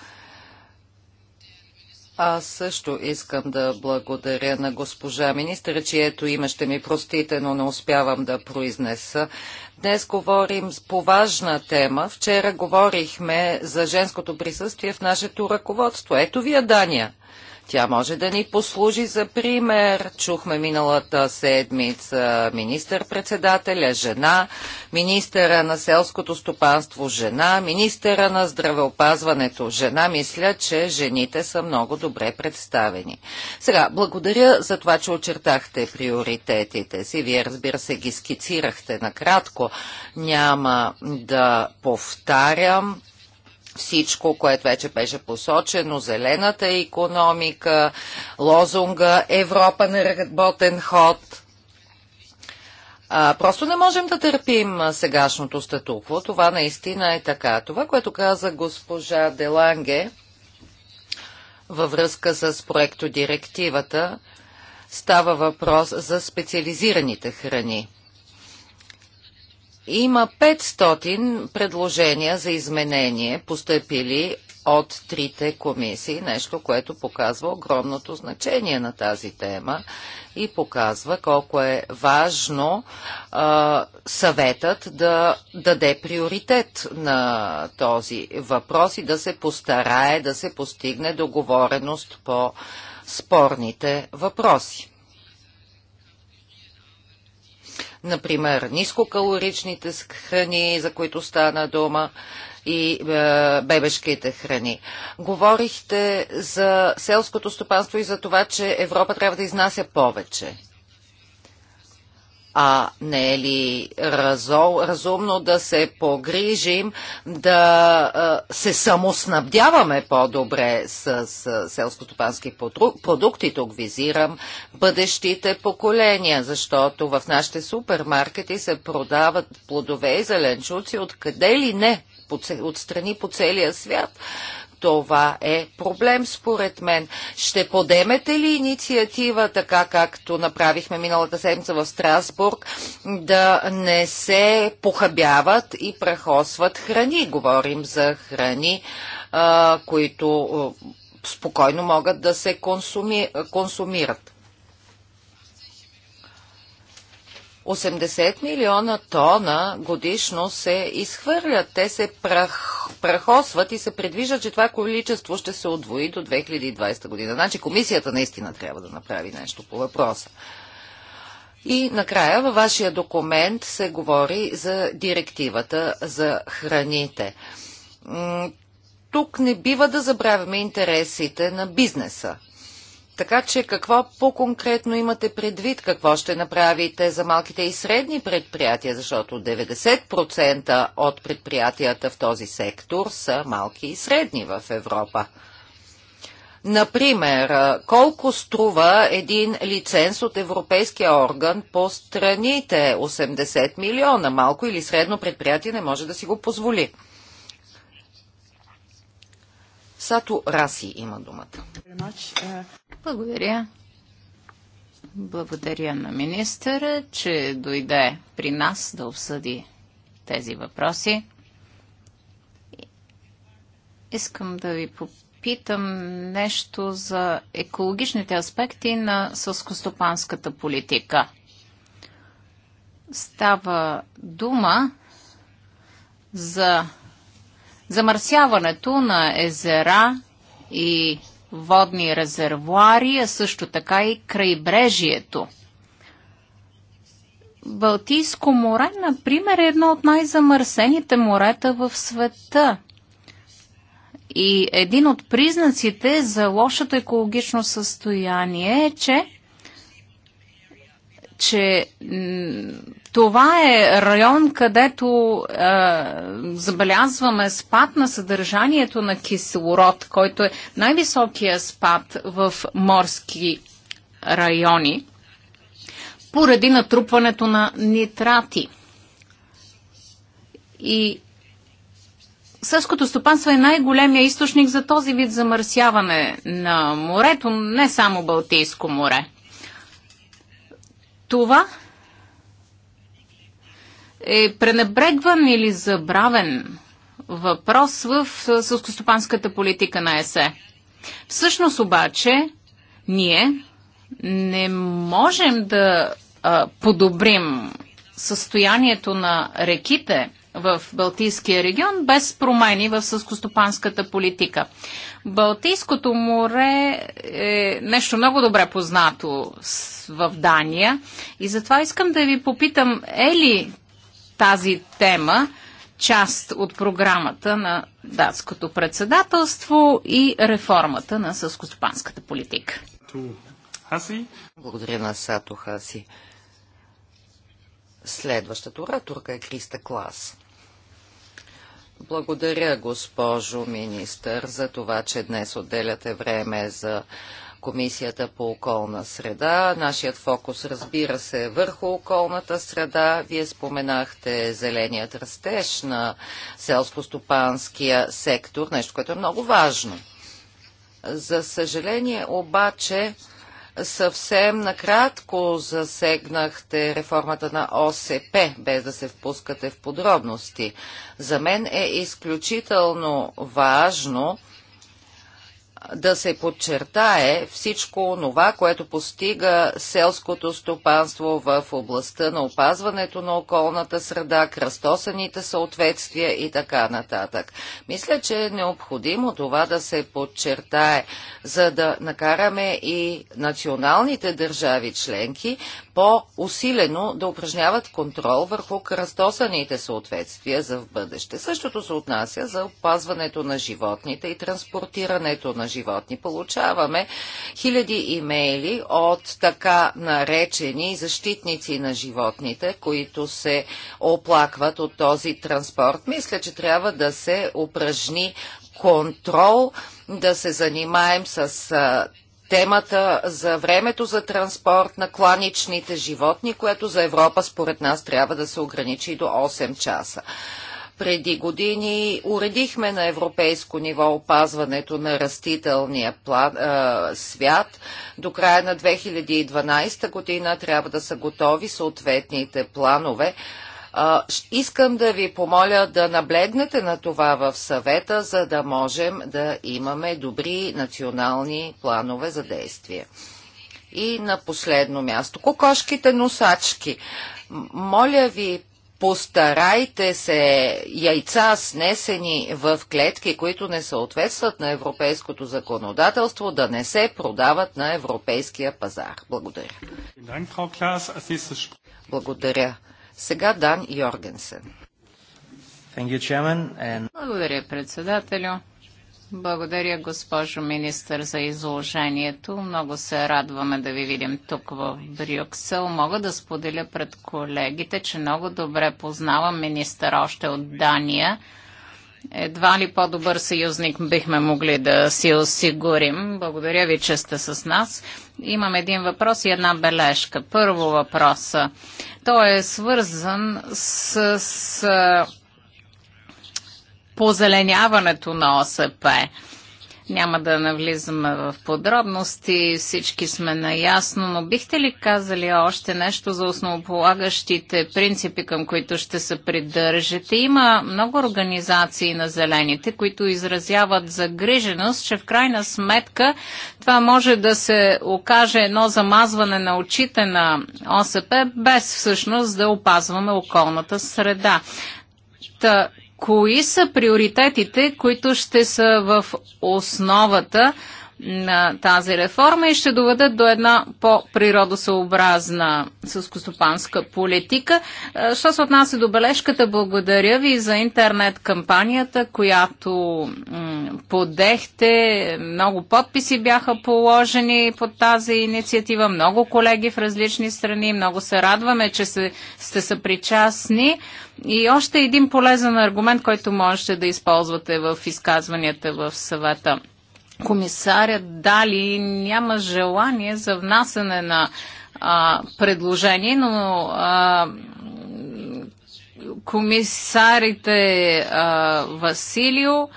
Аз също искам да благодаря на госпожа министър, чието име ще ми простите, но не успявам да произнеса. Днес говорим по важна тема. Вчера говорихме за женското присъствие в нашето ръководство. Ето Ви Дания. Тя може да ни послужи за пример. Чухме миналата седмица министър-председателя жена, министъра на селското стопанство жена, министъра на здравеопазването жена. Мисля, че жените са много добре представени. Сега, благодаря за това, че очертахте приоритетите си. Вие, разбира се, ги скицирахте накратко. Няма да повтарям всичко, което вече беше посочено, зелената економика, лозунга Европа на работен ход. А, просто не можем да търпим сегашното статукво. Това наистина е така. Това, което каза госпожа Деланге във връзка с директивата, става въпрос за специализираните храни – има 500 предложения за изменение, постъпили от трите комисии, нещо, което показва огромното значение на тази тема и показва колко е важно а, съветът да даде приоритет на този въпрос и да се постарае да се постигне договореност по спорните въпроси. например нискокалоричните храни, за които стана дума, и е, бебешките храни. Говорихте за селското стопанство и за това, че Европа трябва да изнася повече. А не е ли разумно да се погрижим да се самоснабдяваме по-добре с селско-то селскостопански продукти? Тук визирам бъдещите поколения, защото в нашите супермаркети се продават плодове и зеленчуци откъде ли не от страни по целия свят това е проблем според мен. Ще подемете ли инициатива, така както направихме миналата седмица в Страсбург, да не се похабяват и прахосват храни? Говорим за храни, които спокойно могат да се консуми, консумират. 80 милиона тона годишно се изхвърлят. Те се прах, прахосват и се предвижат, че това количество ще се отвои до 2020 година. Значи комисията наистина трябва да направи нещо по въпроса. И накрая във вашия документ се говори за директивата за храните. Тук не бива да забравяме интересите на бизнеса. Така че какво по-конкретно имате предвид, какво ще направите за малките и средни предприятия, защото 90% от предприятията в този сектор са малки и средни в Европа. Например, колко струва един лиценз от Европейския орган по страните? 80 милиона. Малко или средно предприятие не може да си го позволи. Сато Раси има думата. Благодаря. Благодаря на министъра, че дойде при нас да обсъди тези въпроси. Искам да ви попитам нещо за екологичните аспекти на сълскостопанската политика. Става дума за замърсяването на езера и водни резервуари, а също така и крайбрежието. Балтийско море, например, е едно от най-замърсените морета в света. И един от признаците за лошото екологично състояние е, че, че това е район, където е, забелязваме спад на съдържанието на кислород, който е най-високия спад в морски райони, поради натрупването на нитрати. И Съското стопанство е най-големия източник за този вид замърсяване на морето, не само Балтийско море. Това е пренебрегван или забравен въпрос в сълскостопанската политика на ЕСЕ. Всъщност обаче, ние не можем да а, подобрим състоянието на реките в Балтийския регион без промени в съскостопанската политика. Балтийското море е нещо много добре познато в Дания и затова искам да ви попитам, е ли тази тема част от програмата на датското председателство и реформата на съскоспанската политика. Благодаря на Сато Хаси. Следващата ораторка е Криста Клас. Благодаря, госпожо министър, за това, че днес отделяте време за Комисията по околна среда. Нашият фокус, разбира се, е върху околната среда. Вие споменахте зеленият растеж на селско-стопанския сектор, нещо, което е много важно. За съжаление обаче, съвсем накратко засегнахте реформата на ОСП, без да се впускате в подробности. За мен е изключително важно, да се подчертае всичко това, което постига селското стопанство в областта на опазването на околната среда, кръстосаните съответствия и така нататък. Мисля, че е необходимо това да се подчертае, за да накараме и националните държави членки по-усилено да упражняват контрол върху кръстосаните съответствия за в бъдеще. Същото се отнася за опазването на животните и транспортирането на животни. Получаваме хиляди имейли от така наречени защитници на животните, които се оплакват от този транспорт. Мисля, че трябва да се упражни контрол, да се занимаем с темата за времето за транспорт на кланичните животни, което за Европа според нас трябва да се ограничи до 8 часа. Преди години уредихме на европейско ниво опазването на растителния план, е, свят. До края на 2012 година трябва да са готови съответните планове искам да ви помоля да наблегнете на това в съвета, за да можем да имаме добри национални планове за действие. И на последно място. Кокошките-носачки. Моля ви, постарайте се яйца, снесени в клетки, които не съответстват на европейското законодателство, да не се продават на европейския пазар. Благодаря. Благодаря. Сега Дан Йоргенсен. Благодаря, председателю. Благодаря, госпожо министър, за изложението. Много се радваме да ви видим тук в Брюксел. Мога да споделя пред колегите, че много добре познавам министър още от Дания едва ли по-добър съюзник бихме могли да си осигурим. Благодаря ви, че сте с нас. Имам един въпрос и една бележка. Първо въпроса. Той е свързан с, с позеленяването на ОСП. Няма да навлизаме в подробности, всички сме наясно, но бихте ли казали още нещо за основополагащите принципи, към които ще се придържате? Има много организации на зелените, които изразяват загриженост, че в крайна сметка това може да се окаже едно замазване на очите на ОСП, без всъщност да опазваме околната среда. Та, Кои са приоритетите, които ще са в основата на тази реформа и ще доведат до една по-природосъобразна съскостопанска политика. Е, що се отнася до бележката, благодаря ви за интернет кампанията, която подехте. Много подписи бяха положени под тази инициатива, много колеги в различни страни. Много се радваме, че се, сте съпричастни. И още един полезен аргумент, който можете да използвате в изказванията в съвета – комисарят Дали няма желание за внасене на а, предложение, но а, комисарите а, Василио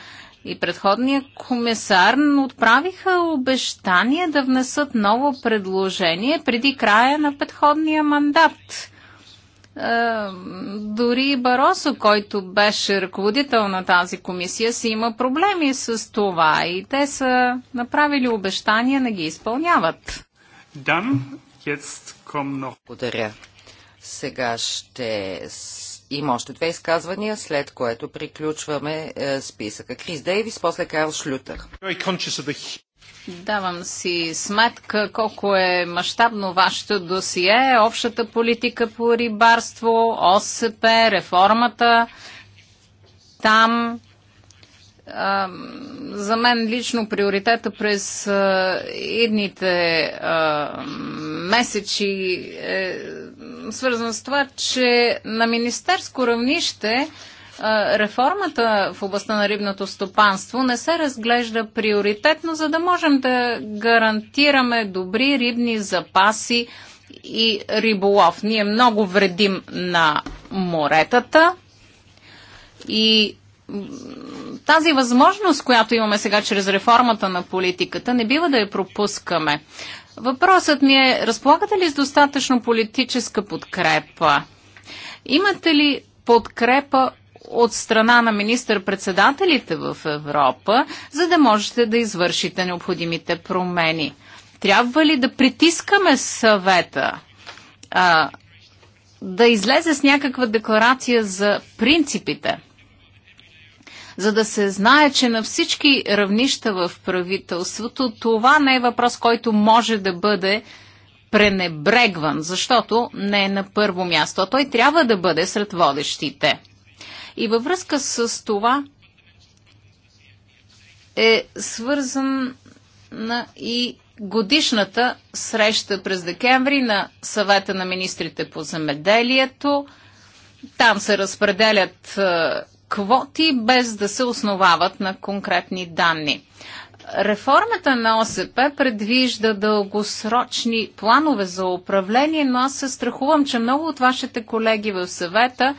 и предходния комисар отправиха обещание да внесат ново предложение преди края на предходния мандат. Е, дори Баросо, който беше ръководител на тази комисия, си има проблеми с това и те са направили обещания, не ги изпълняват. Dann, jetzt noch... Благодаря. Сега ще има още две изказвания, след което приключваме е, списъка. Крис Дейвис, после Карл Шлютер. Давам си сметка колко е мащабно вашето досие, общата политика по рибарство, ОСП, реформата. Там за мен лично приоритета през едните месечи е свързан с това, че на министерско равнище реформата в областта на рибното стопанство не се разглежда приоритетно, за да можем да гарантираме добри рибни запаси и риболов. Ние много вредим на моретата и тази възможност, която имаме сега чрез реформата на политиката, не бива да я пропускаме. Въпросът ми е, разполагате ли с достатъчно политическа подкрепа? Имате ли подкрепа от страна на министър-председателите в Европа, за да можете да извършите необходимите промени? Трябва ли да притискаме съвета а, да излезе с някаква декларация за принципите? за да се знае, че на всички равнища в правителството това не е въпрос, който може да бъде пренебрегван, защото не е на първо място. А той трябва да бъде сред водещите. И във връзка с това е свързан на и годишната среща през декември на съвета на министрите по земеделието. Там се разпределят е, квоти без да се основават на конкретни данни. Реформата на ОСП предвижда дългосрочни планове за управление, но аз се страхувам, че много от вашите колеги в съвета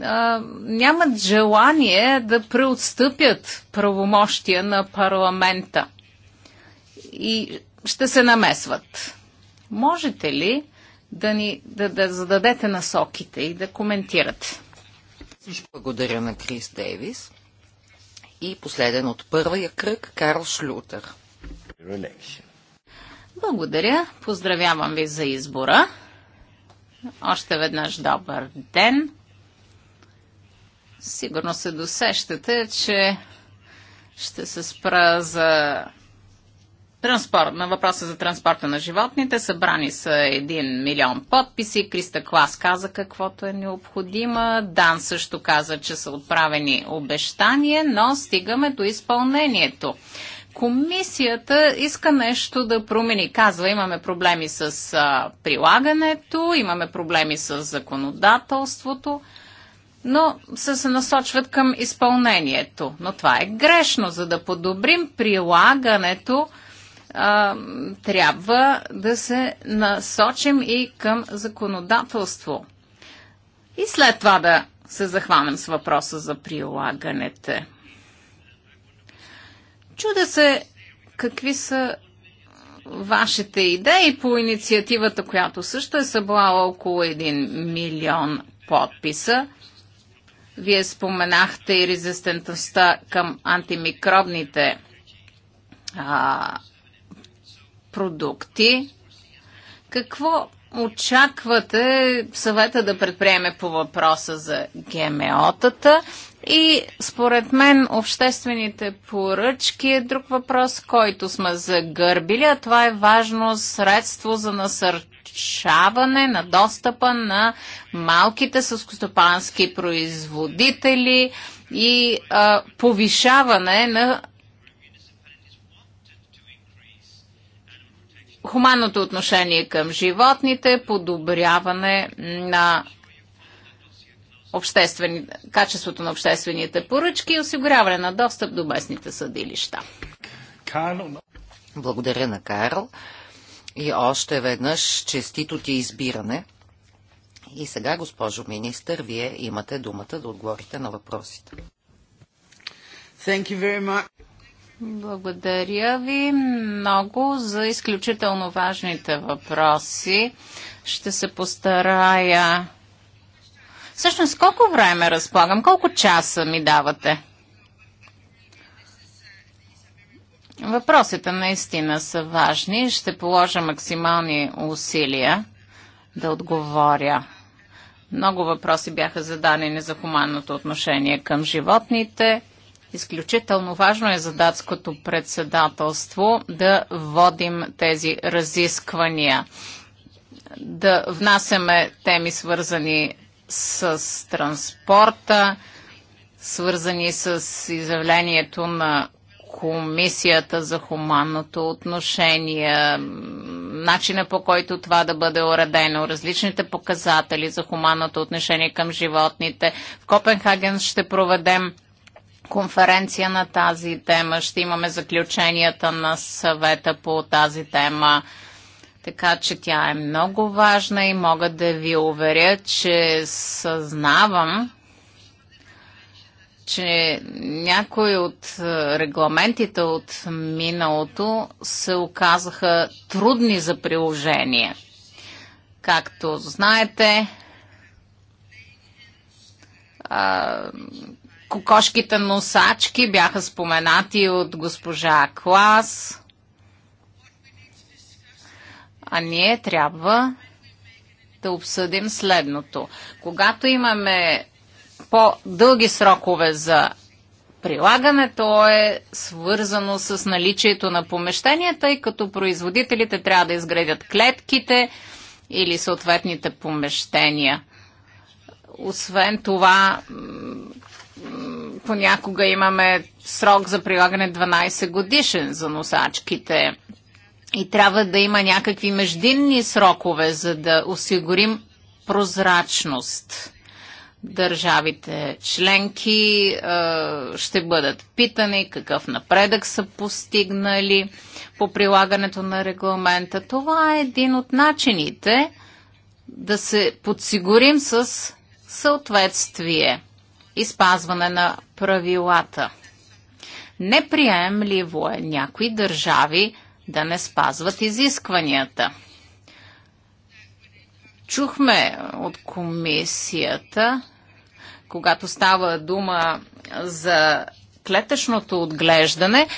а, нямат желание да преотстъпят правомощия на парламента и ще се намесват. Можете ли да ни да, да зададете насоките и да коментирате? Благодаря на Крис Дейвис. И последен от първия кръг Карл Шлютер. Благодаря. Поздравявам ви за избора. Още веднъж добър ден. Сигурно се досещате, че ще се спра за транспорт, на въпроса за транспорта на животните. Събрани са 1 милион подписи. Криста Клас каза каквото е необходимо. Дан също каза, че са отправени обещания, но стигаме до изпълнението. Комисията иска нещо да промени. Казва, имаме проблеми с прилагането, имаме проблеми с законодателството но се, се насочват към изпълнението. Но това е грешно. За да подобрим прилагането, а, трябва да се насочим и към законодателство. И след това да се захванем с въпроса за прилагането. Чуда се какви са вашите идеи по инициативата, която също е събрала около 1 милион подписа – вие споменахте и резистентността към антимикробните а, продукти. Какво очаквате съвета да предприеме по въпроса за ГМО-тата? И според мен обществените поръчки е друг въпрос, който сме загърбили, а това е важно средство за насър облегчаване на достъпа на малките съскостопански производители и а, повишаване на хуманното отношение към животните, подобряване на обществени, качеството на обществените поръчки и осигуряване на достъп до местните съдилища. Благодаря на Карл. И още веднъж честито ти избиране. И сега, госпожо министър, вие имате думата да отговорите на въпросите. Thank you very much. Благодаря ви много за изключително важните въпроси. Ще се постарая. Всъщност, колко време разполагам? Колко часа ми давате? Въпросите наистина са важни. Ще положа максимални усилия да отговоря. Много въпроси бяха зададени за хуманното отношение към животните. Изключително важно е за датското председателство да водим тези разисквания, да внасяме теми свързани с транспорта, свързани с изявлението на Комисията за хуманното отношение, начина по който това да бъде уредено, различните показатели за хуманното отношение към животните. В Копенхаген ще проведем конференция на тази тема, ще имаме заключенията на съвета по тази тема. Така че тя е много важна и мога да ви уверя, че съзнавам, че някои от е, регламентите от миналото се оказаха трудни за приложение. Както знаете, кокошките носачки бяха споменати от госпожа Клас. А ние трябва да обсъдим следното. Когато имаме по-дълги срокове за прилагането е свързано с наличието на помещения, тъй като производителите трябва да изградят клетките или съответните помещения. Освен това, понякога имаме срок за прилагане 12 годишен за носачките и трябва да има някакви междинни срокове, за да осигурим прозрачност. Държавите членки ще бъдат питани какъв напредък са постигнали по прилагането на регламента. Това е един от начините да се подсигурим с съответствие и спазване на правилата. Неприемливо е някои държави да не спазват изискванията. Чухме от комисията, когато става дума за клетъчното отглеждане,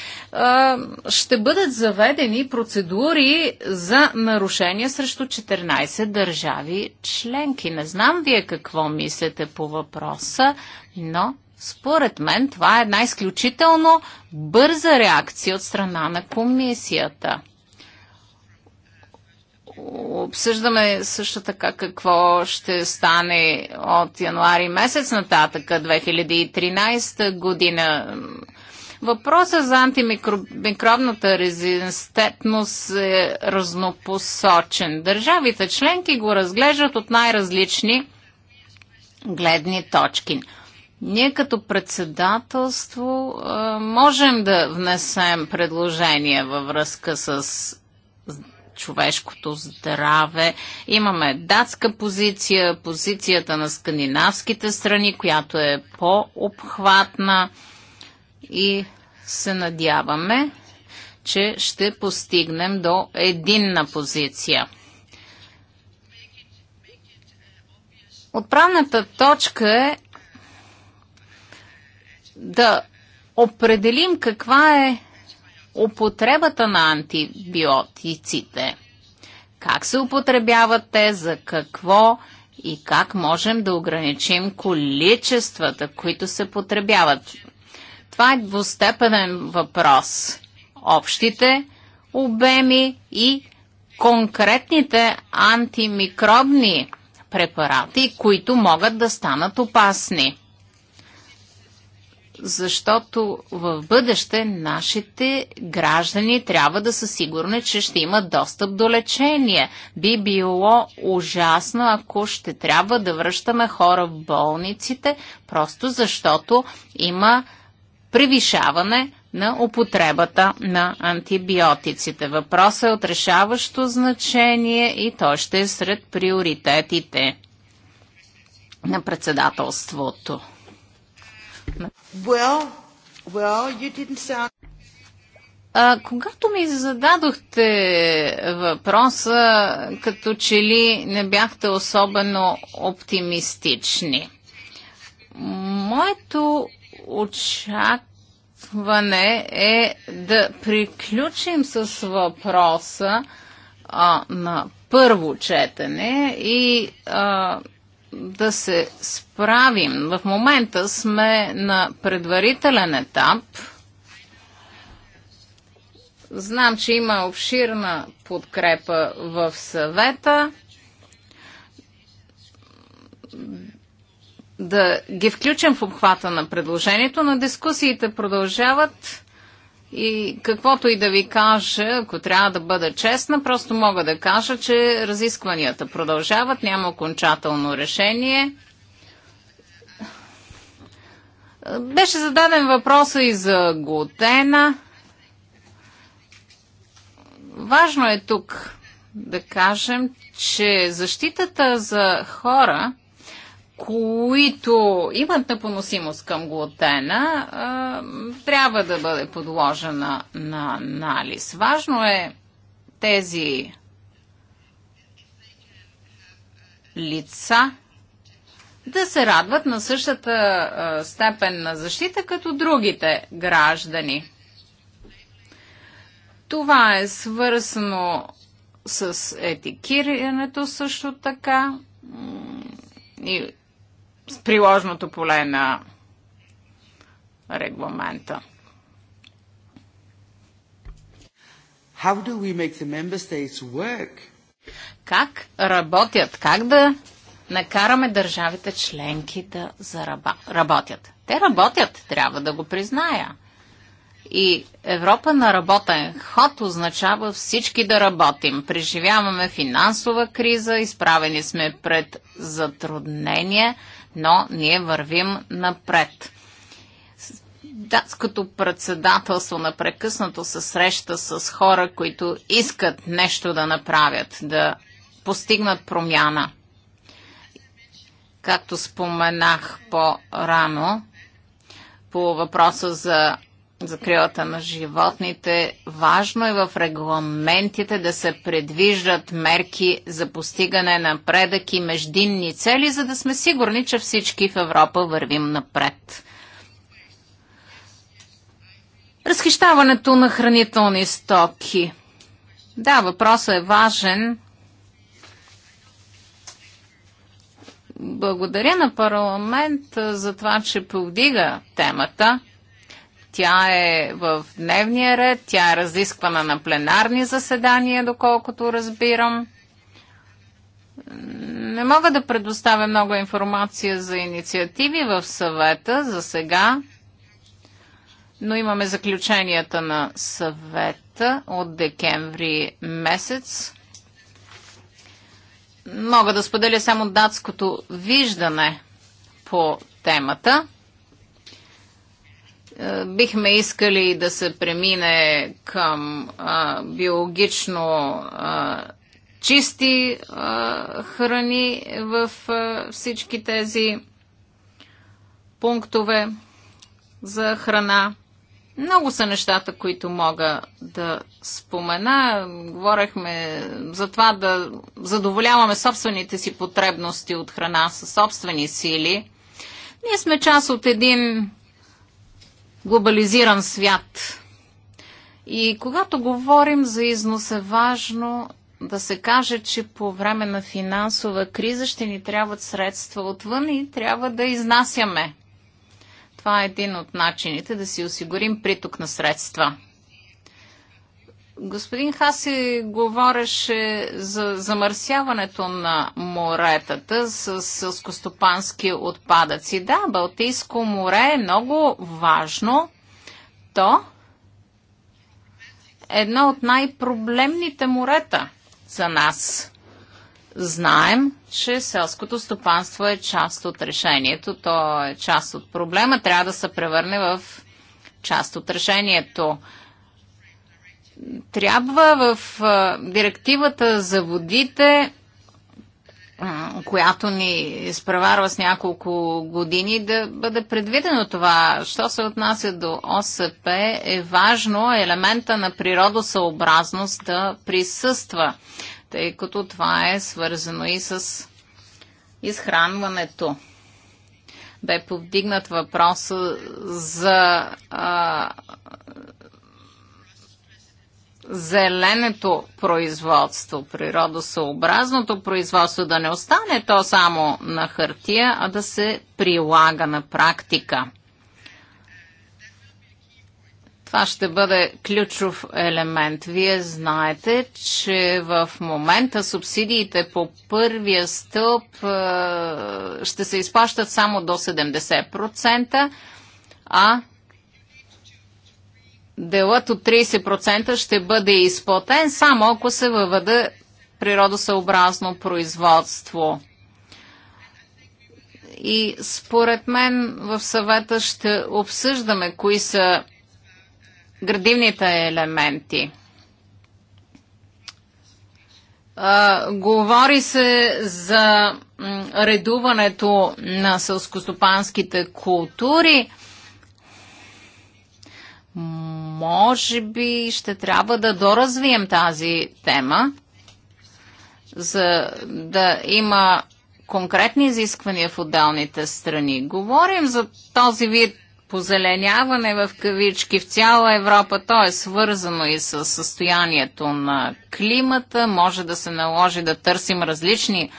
ще бъдат заведени процедури за нарушения срещу 14 държави членки. Не знам вие какво мислите по въпроса, но според мен това е една изключително бърза реакция от страна на комисията. Обсъждаме също така какво ще стане от януари месец нататък 2013 година. Въпроса за антимикробната резистентност е разнопосочен. Държавите членки го разглеждат от най-различни гледни точки. Ние като председателство можем да внесем предложения във връзка с човешкото здраве. Имаме датска позиция, позицията на скандинавските страни, която е по-обхватна и се надяваме, че ще постигнем до единна позиция. Отправната точка е да определим каква е употребата на антибиотиците. Как се употребяват те, за какво и как можем да ограничим количествата, които се потребяват. Това е двустепенен въпрос. Общите обеми и конкретните антимикробни препарати, които могат да станат опасни защото в бъдеще нашите граждани трябва да са сигурни, че ще имат достъп до лечение. Би било ужасно, ако ще трябва да връщаме хора в болниците, просто защото има превишаване на употребата на антибиотиците. Въпросът е от решаващо значение и той ще е сред приоритетите на председателството. Well, well, you didn't sound... А, когато ми зададохте въпроса, като че ли не бяхте особено оптимистични. Моето очакване е да приключим с въпроса а, на първо четене и а, да се справим. В момента сме на предварителен етап. Знам, че има обширна подкрепа в съвета. Да ги включим в обхвата на предложението, но дискусиите продължават. И каквото и да ви кажа, ако трябва да бъда честна, просто мога да кажа, че разискванията продължават, няма окончателно решение. Беше зададен въпроса и за глутена. Важно е тук да кажем, че защитата за хора – които имат непоносимост към глутена, трябва да бъде подложена на анализ. Важно е тези лица да се радват на същата степен на защита като другите граждани. Това е свързано с етикирането също така и с приложното поле на регламента. How do we make the member states work? Как работят? Как да накараме държавите членки да работят? Те работят, трябва да го призная. И Европа на работен ход означава всички да работим. Преживяваме финансова криза, изправени сме пред затруднения – но ние вървим напред. Датското председателство напрекъснато се среща с хора, които искат нещо да направят, да постигнат промяна. Както споменах по-рано, по въпроса за закрилата на животните, важно е в регламентите да се предвиждат мерки за постигане на предък и междинни цели, за да сме сигурни, че всички в Европа вървим напред. Разхищаването на хранителни стоки. Да, въпросът е важен. Благодаря на парламент за това, че повдига темата. Тя е в дневния ред, тя е разисквана на пленарни заседания, доколкото разбирам. Не мога да предоставя много информация за инициативи в съвета за сега, но имаме заключенията на съвета от декември месец. Мога да споделя само датското виждане по темата. Е, бихме искали да се премине към а, биологично а, чисти а, храни в а, всички тези пунктове за храна. Много са нещата, които мога да спомена. Говорехме за това да задоволяваме собствените си потребности от храна със собствени сили. Ние сме част от един глобализиран свят. И когато говорим за износ е важно да се каже, че по време на финансова криза ще ни трябват средства отвън и трябва да изнасяме. Това е един от начините да си осигурим приток на средства – Господин Хаси говореше за замърсяването на моретата с сълскостопански отпадъци. Да, Балтийско море е много важно. То е едно от най-проблемните морета за нас. Знаем, че селското стопанство е част от решението, то е част от проблема, трябва да се превърне в част от решението трябва в директивата за водите, която ни изпреварва с няколко години, да бъде предвидено това. Що се отнася до ОСП, е важно елемента на природосъобразност да присъства, тъй като това е свързано и с изхранването бе повдигнат въпрос за а, зеленото производство, природосъобразното производство, да не остане то само на хартия, а да се прилага на практика. Това ще бъде ключов елемент. Вие знаете, че в момента субсидиите по първия стълб е, ще се изплащат само до 70%, а делът от 30% ще бъде изплатен само ако се въведе природосъобразно производство. И според мен в съвета ще обсъждаме кои са градивните елементи. А, говори се за редуването на сълскостопанските култури. Може би ще трябва да доразвием тази тема, за да има конкретни изисквания в отдалните страни. Говорим за този вид позеленяване в кавички в цяла Европа. То е свързано и с състоянието на климата. Може да се наложи да търсим различни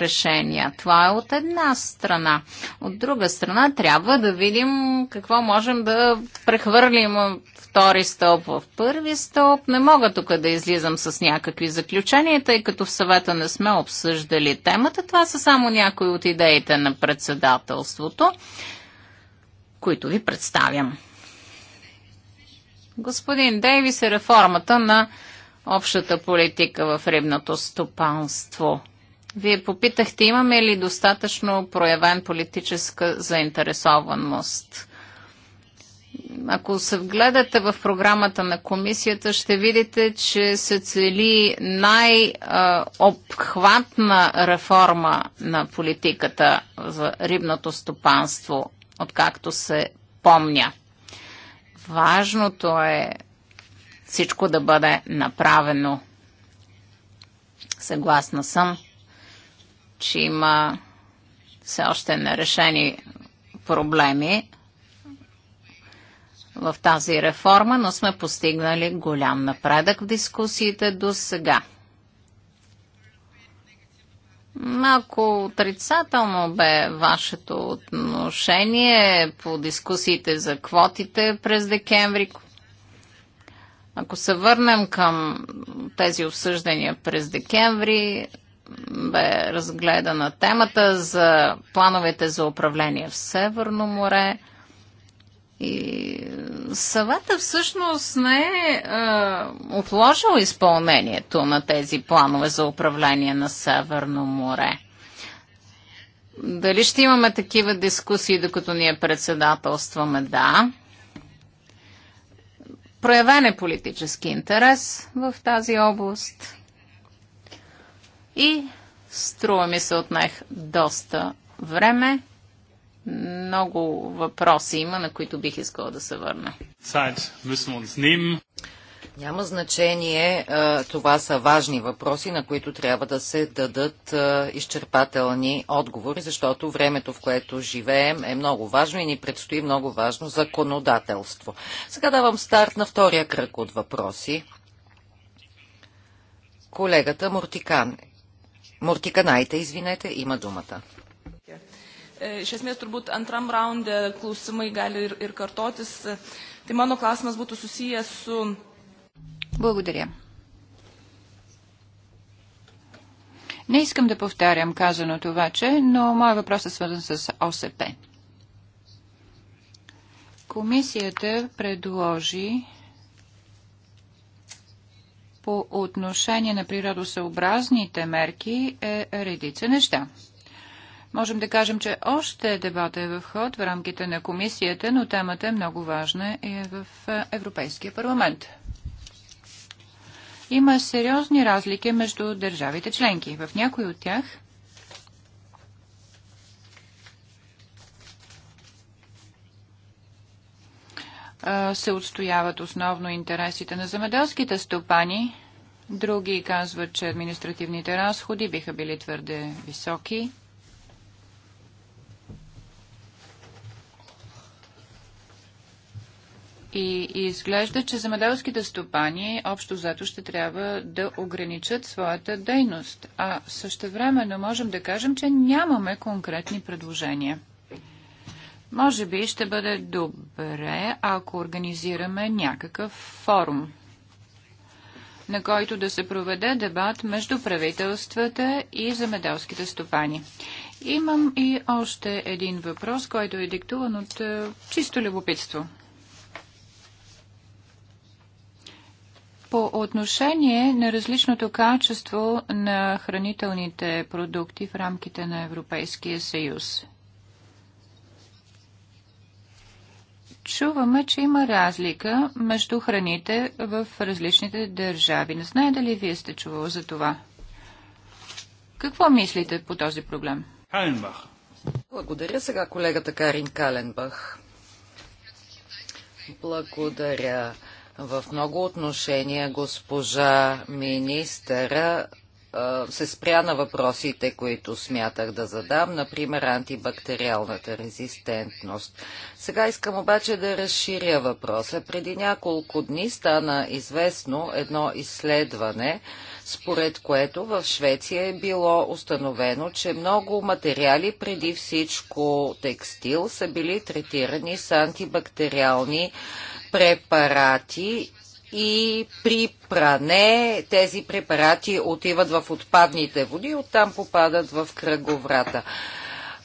решения. Това е от една страна. От друга страна трябва да видим какво можем да прехвърлим втори стълб в първи стълб. Не мога тук да излизам с някакви заключения, тъй като в съвета не сме обсъждали темата. Това са само някои от идеите на председателството, които ви представям. Господин Дейвис е реформата на общата политика в рибното стопанство – вие попитахте, имаме ли достатъчно проявен политическа заинтересованост? Ако се вгледате в програмата на комисията, ще видите, че се цели най-обхватна реформа на политиката за рибното стопанство, откакто се помня. Важното е всичко да бъде направено. Съгласна съм че има все още нерешени проблеми в тази реформа, но сме постигнали голям напредък в дискусиите до сега. Малко отрицателно бе вашето отношение по дискусиите за квотите през декември. Ако се върнем към тези обсъждания през декември, бе разгледана темата за плановете за управление в Северно море. И съвета всъщност не е, отложил изпълнението на тези планове за управление на Северно море. Дали ще имаме такива дискусии, докато ние председателстваме? Да. Проявен е политически интерес в тази област и струва ми се отнех доста време. Много въпроси има, на които бих искала да се върна. Няма значение, това са важни въпроси, на които трябва да се дадат изчерпателни отговори, защото времето, в което живеем, е много важно и ни предстои много важно законодателство. Сега давам старт на втория кръг от въпроси. Колегата Мортикан Мортиканайте, извинете, има думата. Е, iš esmės turbūt antram raunde klausimai gali ir, ir kartotis. Е, tai mano klausimas būtų susijęs su. Благодаря. Не искам да повтарям казаното обаче, но моят въпрос е свързан с ОСП. Комисията предложи по отношение на природосъобразните мерки е редица неща. Можем да кажем, че още дебата е в ход в рамките на комисията, но темата е много важна и е в е, Европейския парламент. Има сериозни разлики между държавите членки. В някои от тях – се отстояват основно интересите на земеделските стопани. Други казват, че административните разходи биха били твърде високи. И изглежда, че земеделските стопани общо зато ще трябва да ограничат своята дейност, а също времено можем да кажем, че нямаме конкретни предложения. Може би ще бъде добре, ако организираме някакъв форум, на който да се проведе дебат между правителствата и замеделските стопани. Имам и още един въпрос, който е диктуван от е, чисто любопитство. По отношение на различното качество на хранителните продукти в рамките на Европейския съюз. чуваме, че има разлика между храните в различните държави. Не знае дали вие сте чували за това. Какво мислите по този проблем? Каленбах. Благодаря сега колегата Карин Каленбах. Благодаря. В много отношения госпожа министъра се спря на въпросите, които смятах да задам, например антибактериалната резистентност. Сега искам обаче да разширя въпроса. Преди няколко дни стана известно едно изследване, според което в Швеция е било установено, че много материали, преди всичко текстил, са били третирани с антибактериални препарати и при пране тези препарати отиват в отпадните води, оттам попадат в кръговрата.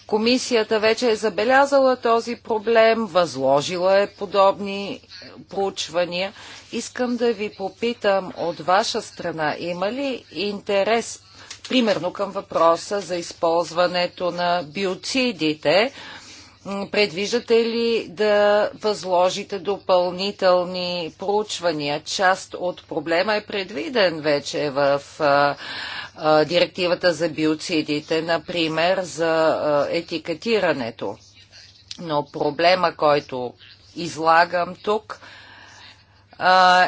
Комисията вече е забелязала този проблем, възложила е подобни проучвания. Искам да ви попитам от ваша страна, има ли интерес, примерно към въпроса за използването на биоцидите, Предвиждате ли да възложите допълнителни проучвания? Част от проблема е предвиден вече в директивата за биоцидите, например за етикетирането. Но проблема, който излагам тук,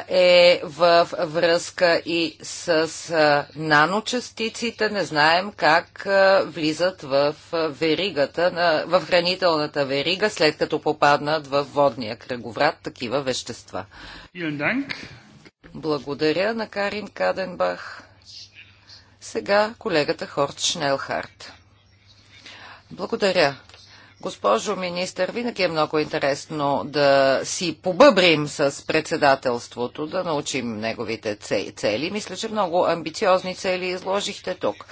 е в връзка и с наночастиците. Не знаем как влизат в веригата, в хранителната верига, след като попаднат в водния кръговрат такива вещества. Благодаря на Карин Каденбах. Сега колегата Хорт Шнелхарт. Благодаря. Госпожо министър, винаги е много интересно да си побъбрим с председателството, да научим неговите цели. Мисля, че много амбициозни цели изложихте тук.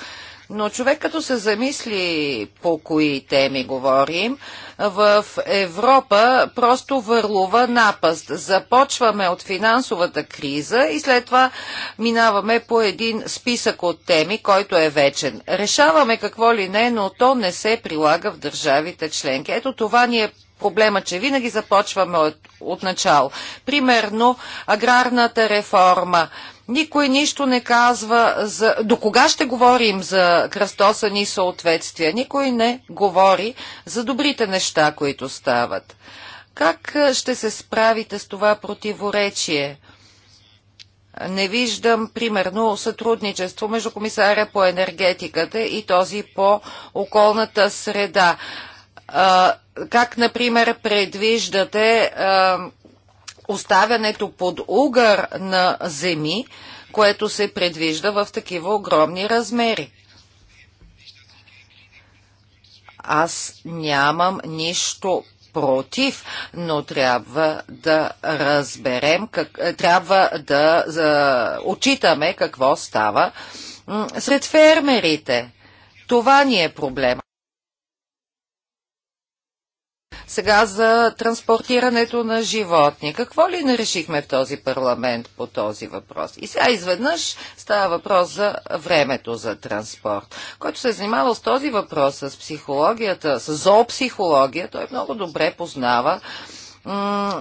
Но човек като се замисли по кои теми говорим, в Европа просто върлува напаст. Започваме от финансовата криза и след това минаваме по един списък от теми, който е вечен. Решаваме какво ли не, но то не се прилага в държавите членки. Ето това ни е проблема, че винаги започваме от, от начало. Примерно аграрната реформа. Никой нищо не казва за... До кога ще говорим за кръстосани съответствия? Никой не говори за добрите неща, които стават. Как е, ще се справите с това противоречие? Не виждам, примерно, сътрудничество между комисаря по енергетиката и този по околната среда. как, например, предвиждате оставянето под угър на земи, което се предвижда в такива огромни размери. Аз нямам нищо против, но трябва да разберем, как, е, трябва да за, отчитаме какво става сред фермерите. Това ни е проблема. Сега за транспортирането на животни. Какво ли не решихме в този парламент по този въпрос? И сега изведнъж става въпрос за времето за транспорт. Който се е занимавал с този въпрос, с психологията, с зоопсихология, той много добре познава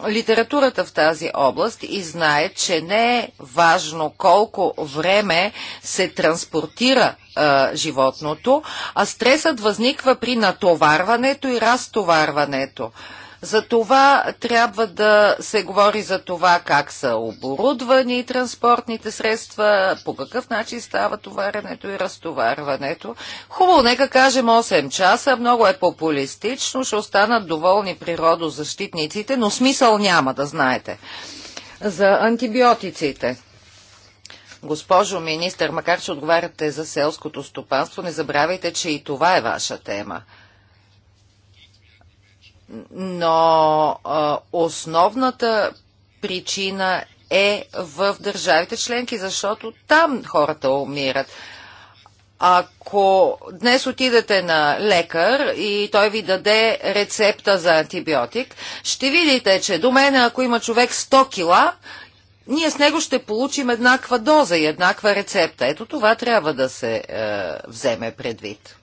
литературата в тази област и знае, че не е важно колко време се транспортира а, животното, а стресът възниква при натоварването и разтоварването. За това трябва да се говори за това как са оборудвани транспортните средства, по какъв начин става товарянето и разтоварването. Хубаво, нека кажем 8 часа, много е популистично, ще останат доволни природозащитниците, но смисъл няма да знаете. За антибиотиците. Госпожо министър, макар че отговаряте за селското стопанство, не забравяйте, че и това е ваша тема но а, основната причина е в държавите членки, защото там хората умират. Ако днес отидете на лекар и той ви даде рецепта за антибиотик, ще видите, че до мен, ако има човек 100 кила, ние с него ще получим еднаква доза и еднаква рецепта. Ето това трябва да се е, вземе предвид.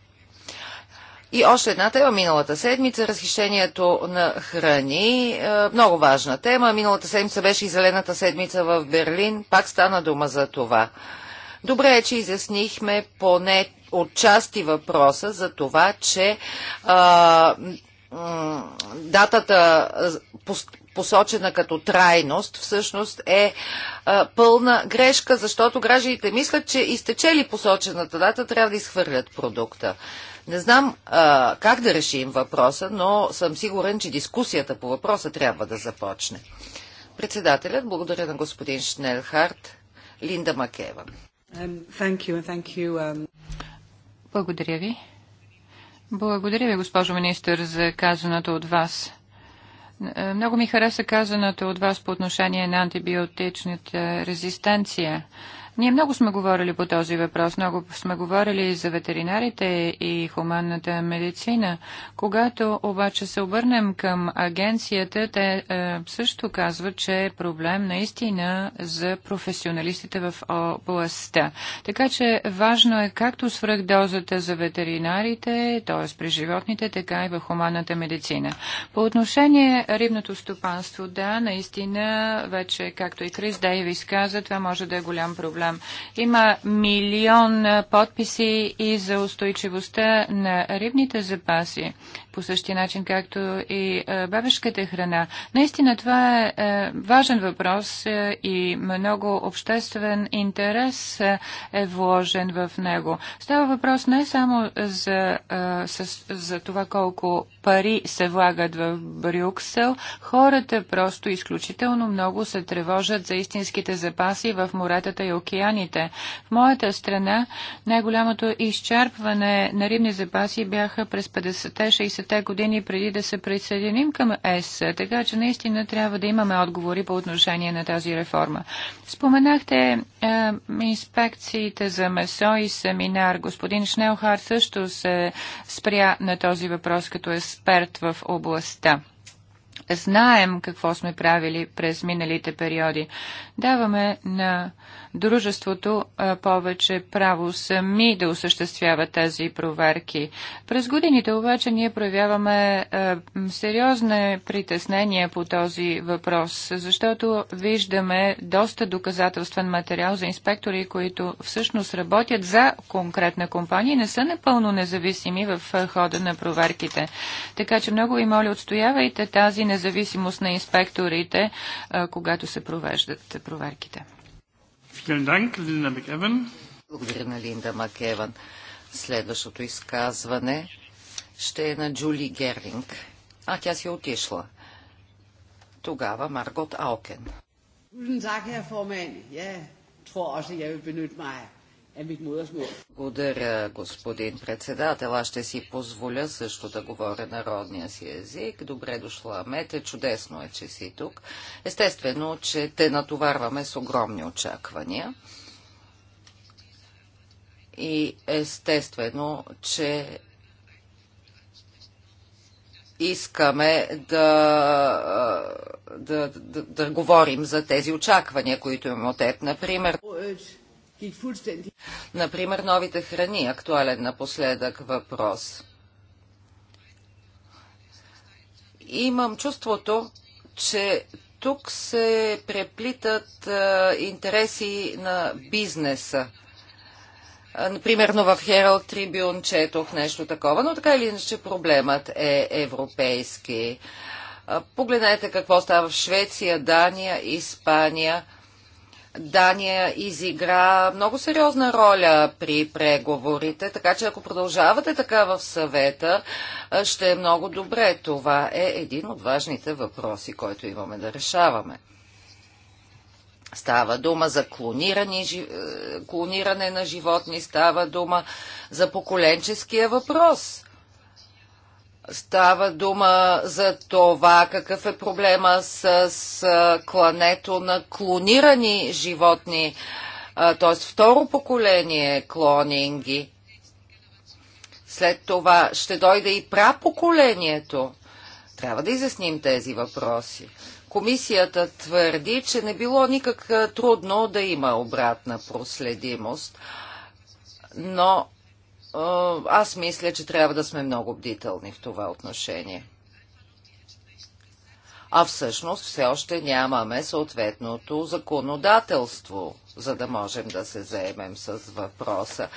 И още една тема миналата седмица разхищението на храни. Е, много важна тема. Миналата седмица беше и Зелената седмица в Берлин. Пак стана дума за това. Добре е, че изяснихме поне отчасти въпроса за това, че а, датата посочена като трайност, всъщност е а, пълна грешка, защото гражданите мислят, че изтечели посочената дата, трябва да изхвърлят продукта. Не знам а, как да решим въпроса, но съм сигурен, че дискусията по въпроса трябва да започне. Председателят, благодаря на господин Шнелхарт, Линда Макева. Um, um, благодаря ви. Благодаря ви, госпожо министър, за казаното от вас. Е, много ми хареса казаното от вас по отношение на антибиотичната резистенция. Ние много сме говорили по този въпрос, много сме говорили за ветеринарите и хуманната медицина. Когато обаче се обърнем към агенцията, те е, също казват, че е проблем наистина за професионалистите в областта. Така че важно е както свръхдозата за ветеринарите, т.е. при животните, така и в хуманната медицина. По отношение рибното стопанство, да, наистина вече, както и Крис Дейвис каза, това може да е голям проблем проблем. Има милион подписи и за устойчивостта на рибните запаси по същия начин, както и е, бабешката храна. Наистина това е, е важен въпрос е, и много обществен интерес е вложен в него. Става въпрос не само за, за това колко пари се влагат в Брюксел, хората просто изключително много се тревожат за истинските запаси в моретата и океаните. В моята страна най-голямото изчерпване на рибни запаси бяха през 50-60 20-те години преди да се присъединим към ЕС, така че наистина трябва да имаме отговори по отношение на тази реформа. Споменахте е, инспекциите за месо и семинар. Господин Шнелхар също се спря на този въпрос като експерт в областта. Знаем какво сме правили през миналите периоди. Даваме на дружеството повече право сами да осъществява тези проверки. През годините обаче ние проявяваме сериозни притеснения по този въпрос, защото виждаме доста доказателствен материал за инспектори, които всъщност работят за конкретна компания и не са напълно независими в хода на проверките. Така че много ви моля, отстоявайте тази независимост на инспекторите, когато се провеждат проверките. Благодаря на Линда Макеван. Следващото изказване ще е на Джули Герлинг. А, тя си е отишла. Тогава Маргот Алкен. Tusind tak, herr formand. Jeg tror også, jeg vil benytte mig благодаря, господин председател. Аз ще си позволя също да говоря народния си език. Добре дошла, Мете. Чудесно е, че си тук. Естествено, че те натоварваме с огромни очаквания. И естествено, че искаме да, да, да, да говорим за тези очаквания, които имаме от теб. Например, е, Например, новите храни, актуален напоследък въпрос. Имам чувството, че тук се преплитат а, интереси на бизнеса. А, примерно в Herald Tribune четох нещо такова, но така или иначе проблемът е европейски. А, погледнете какво става в Швеция, Дания, Испания. Дания изигра много сериозна роля при преговорите, така че ако продължавате така в съвета, ще е много добре. Това е един от важните въпроси, който имаме да решаваме. Става дума за клониране, клониране на животни, става дума за поколенческия въпрос. Става дума за това какъв е проблема с, клането на клонирани животни, т.е. второ поколение клонинги. След това ще дойде и прапоколението. Трябва да изясним тези въпроси. Комисията твърди, че не било никак трудно да има обратна проследимост, но аз мисля, че трябва да сме много бдителни в това отношение. А всъщност все още нямаме съответното законодателство за да можем да се заемем с въпроса.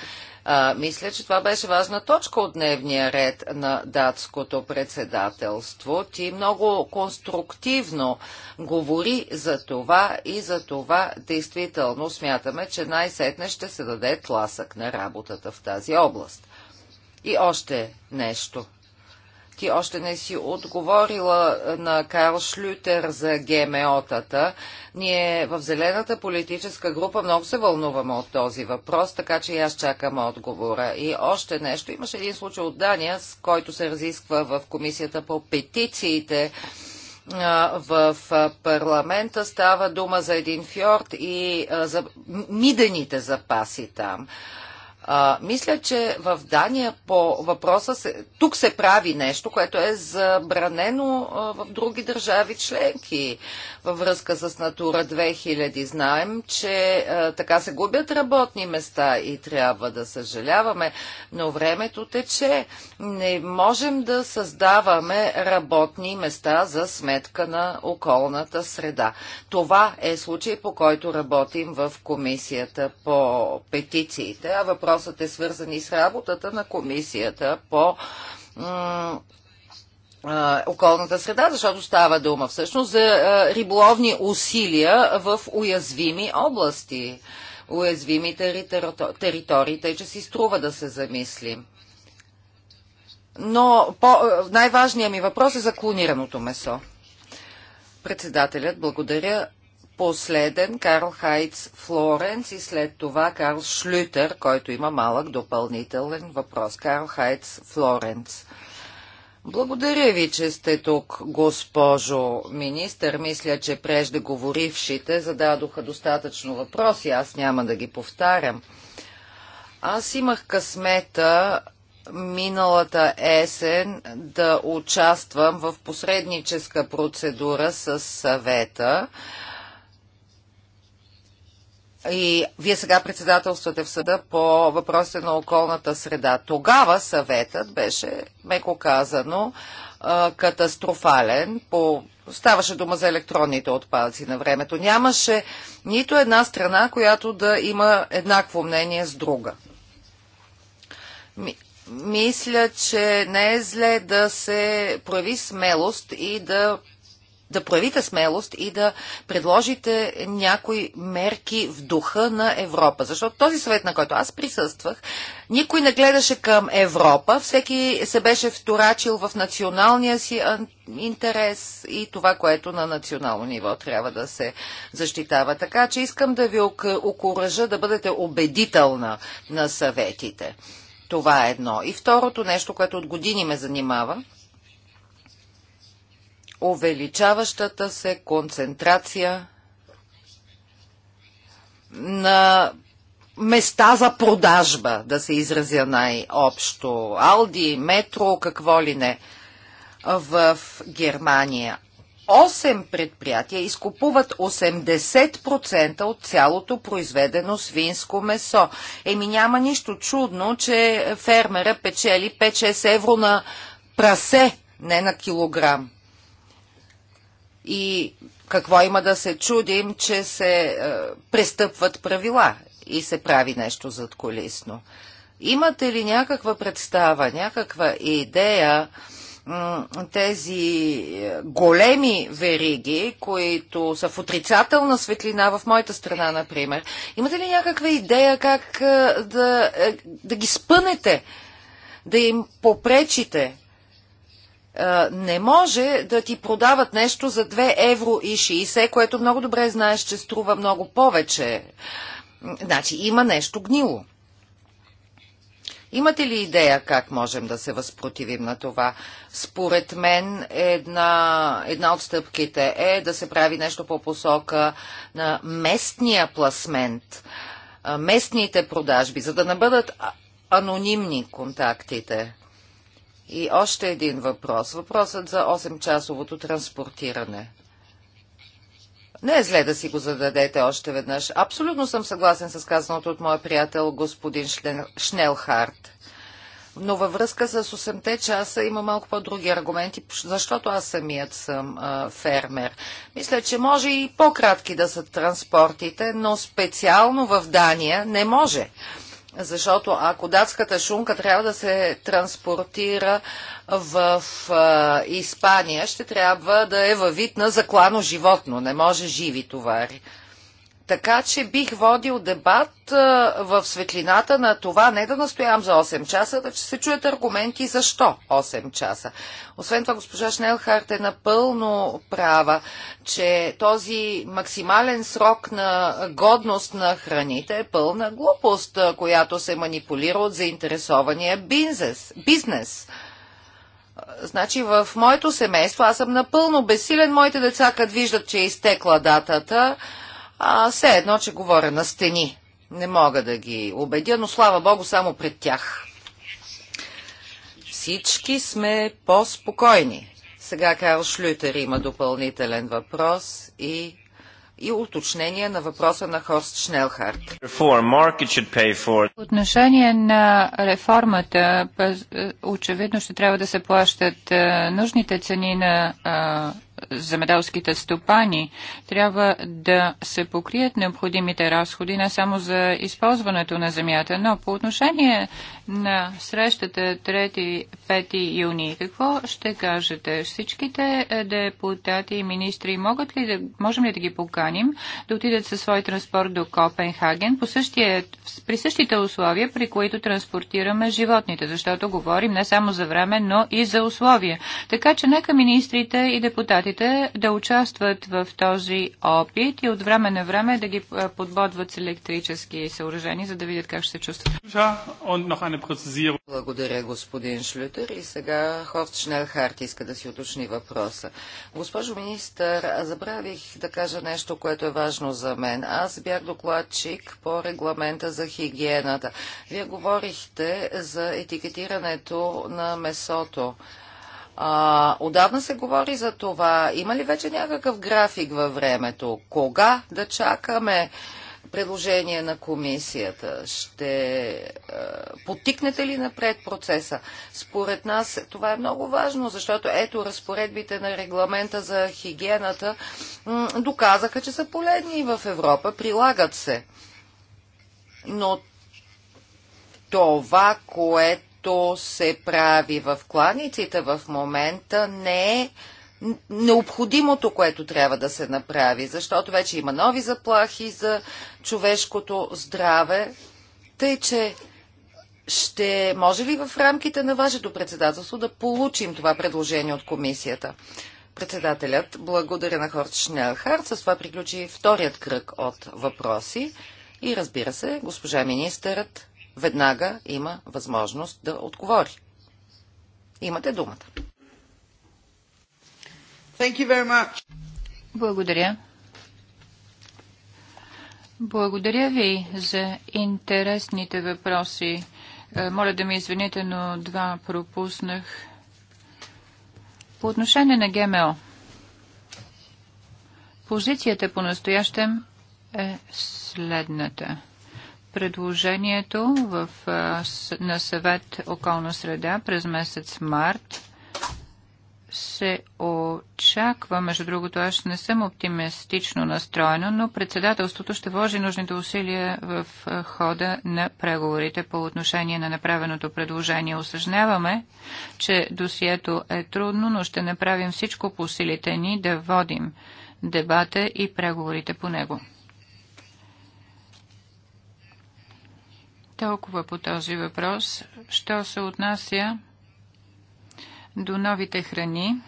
А, мисля, че това беше важна точка от дневния ред на датското председателство. Ти много конструктивно говори за това и за това действително смятаме, че най-сетне ще се даде тласък на работата в тази област. И още нещо – ти още не си отговорила на Карл Шлютер за ГМО-тата. Ние в Зелената политическа група много се вълнуваме от този въпрос, така че и аз чакам отговора. И още нещо. Имаше един случай от Дания, с който се разисква в комисията по петициите в парламента става дума за един фьорд и за мидените запаси там. А, мисля, че в Дания по въпроса се, тук се прави нещо, което е забранено а, в други държави членки във връзка с Натура 2000. Знаем, че а, е, така се губят работни места и трябва да съжаляваме, но времето тече. Не можем да създаваме работни места за сметка на околната среда. Това е случай, по който работим в комисията по петициите, а въпросът е свързан и с работата на комисията по околната среда, защото става дума всъщност за риболовни усилия в уязвими области, уязвими територии, тъй че си струва да се замислим. Но най-важният ми въпрос е за клонираното месо. Председателят, благодаря. Последен Карл Хайц Флоренц и след това Карл Шлютер, който има малък допълнителен въпрос. Карл Хайц Флоренц. Благодаря ви, че сте тук, госпожо министър. Мисля, че преждеговорившите зададоха достатъчно въпроси. Аз няма да ги повтарям. Аз имах късмета миналата есен да участвам в посредническа процедура с съвета и вие сега председателствате в съда по въпросите на околната среда. Тогава съветът беше, меко казано, катастрофален. По... Ставаше дума за електронните отпадъци на времето. Нямаше нито една страна, която да има еднакво мнение с друга. Мисля, че не е зле да се прояви смелост и да да проявите смелост и да предложите някои мерки в духа на Европа. Защото този съвет, на който аз присъствах, никой не гледаше към Европа, всеки се беше вторачил в националния си интерес и това, което на национално ниво трябва да се защитава. Така че искам да ви окоръжа да бъдете убедителна на съветите. Това е едно. И второто нещо, което от години ме занимава, увеличаващата се концентрация на места за продажба, да се изразя най-общо. Алди, метро, какво ли не, в Германия. Осем предприятия изкупуват 80% от цялото произведено свинско месо. Еми няма нищо чудно, че фермера печели 5-6 евро на прасе, не на килограм. И какво има да се чудим, че се е, престъпват правила и се прави нещо зад колисно. Имате ли някаква представа, някаква идея тези е, големи вериги, които са в отрицателна светлина в моята страна, например? Имате ли някаква идея как е, да, е, да ги спънете, да им попречите? не може да ти продават нещо за 2 евро и 60, което много добре знаеш, че струва много повече. Значи има нещо гнило. Имате ли идея как можем да се възпротивим на това? Според мен една, една от стъпките е да се прави нещо по посока на местния пласмент, местните продажби, за да не бъдат анонимни контактите. И още един въпрос. Въпросът за 8-часовото транспортиране. Не е зле да си го зададете още веднъж. Абсолютно съм съгласен с казаното от моя приятел господин Шнелхарт. Но във връзка с 8-те часа има малко по-други аргументи, защото аз самият съм а, фермер. Мисля, че може и по-кратки да са транспортите, но специално в Дания не може. Защото ако датската шунка трябва да се транспортира в Испания, ще трябва да е във вид на заклано животно. Не може живи товари. Така че бих водил дебат в светлината на това не да настоявам за 8 часа, да се чуят аргументи защо 8 часа. Освен това, госпожа Шнелхарт е напълно права, че този максимален срок на годност на храните е пълна глупост, която се манипулира от заинтересования бизнес. бизнес. Значи в моето семейство аз съм напълно безсилен. Моите деца, като виждат, че е изтекла датата, а, все едно, че говоря на стени. Не мога да ги убедя, но слава Богу, само пред тях. Всички сме по-спокойни. Сега Карл Шлютер има допълнителен въпрос и и уточнение на въпроса на Хорст Шнелхарт. Отношение на реформата, е, очевидно ще трябва да се плащат е, нужните цени на е, земеделските стопани, трябва да се покрият необходимите разходи не само за използването на земята, но по отношение на срещата 3-5 юни. Какво ще кажете? Всичките е, депутати и министри могат ли да, можем ли да ги поканим да отидат със свой транспорт до Копенхаген по същия, при същите условия, при които транспортираме животните, защото говорим не само за време, но и за условия. Така че нека министрите и депутати депутатите да участват в този опит и от време на време да ги подбодват с електрически съоръжения, за да видят как ще се чувстват. Благодаря, господин Шлютер. И сега Хофт Шнелхарт иска да си уточни въпроса. Госпожо министър, забравих да кажа нещо, което е важно за мен. Аз бях докладчик по регламента за хигиената. Вие говорихте за етикетирането на месото. А, отдавна се говори за това. Има ли вече някакъв график във времето? Кога да чакаме предложение на комисията? Ще а, потикнете ли напред процеса? Според нас това е много важно, защото ето разпоредбите на регламента за хигиената доказаха, че са полезни в Европа, прилагат се. Но това, което което се прави в кланиците в момента, не е необходимото, което трябва да се направи, защото вече има нови заплахи за човешкото здраве. Тъй, че ще може ли в рамките на вашето председателство да получим това предложение от комисията? Председателят благодаря на Хорт Шнелхард. С това приключи вторият кръг от въпроси. И разбира се, госпожа министърът веднага има възможност да отговори. Имате думата. Thank you very much. Благодаря. Благодаря ви за интересните въпроси. Е, моля да ми извините, но два пропуснах. По отношение на ГМО, позицията по настоящем е следната предложението в, на съвет околна среда през месец март се очаква, между другото аз не съм оптимистично настроена, но председателството ще вложи нужните усилия в хода на преговорите по отношение на направеното предложение. Осъжняваме, че досието е трудно, но ще направим всичко по силите ни да водим дебата и преговорите по него. Толкова по този въпрос. Що се отнася до новите храни?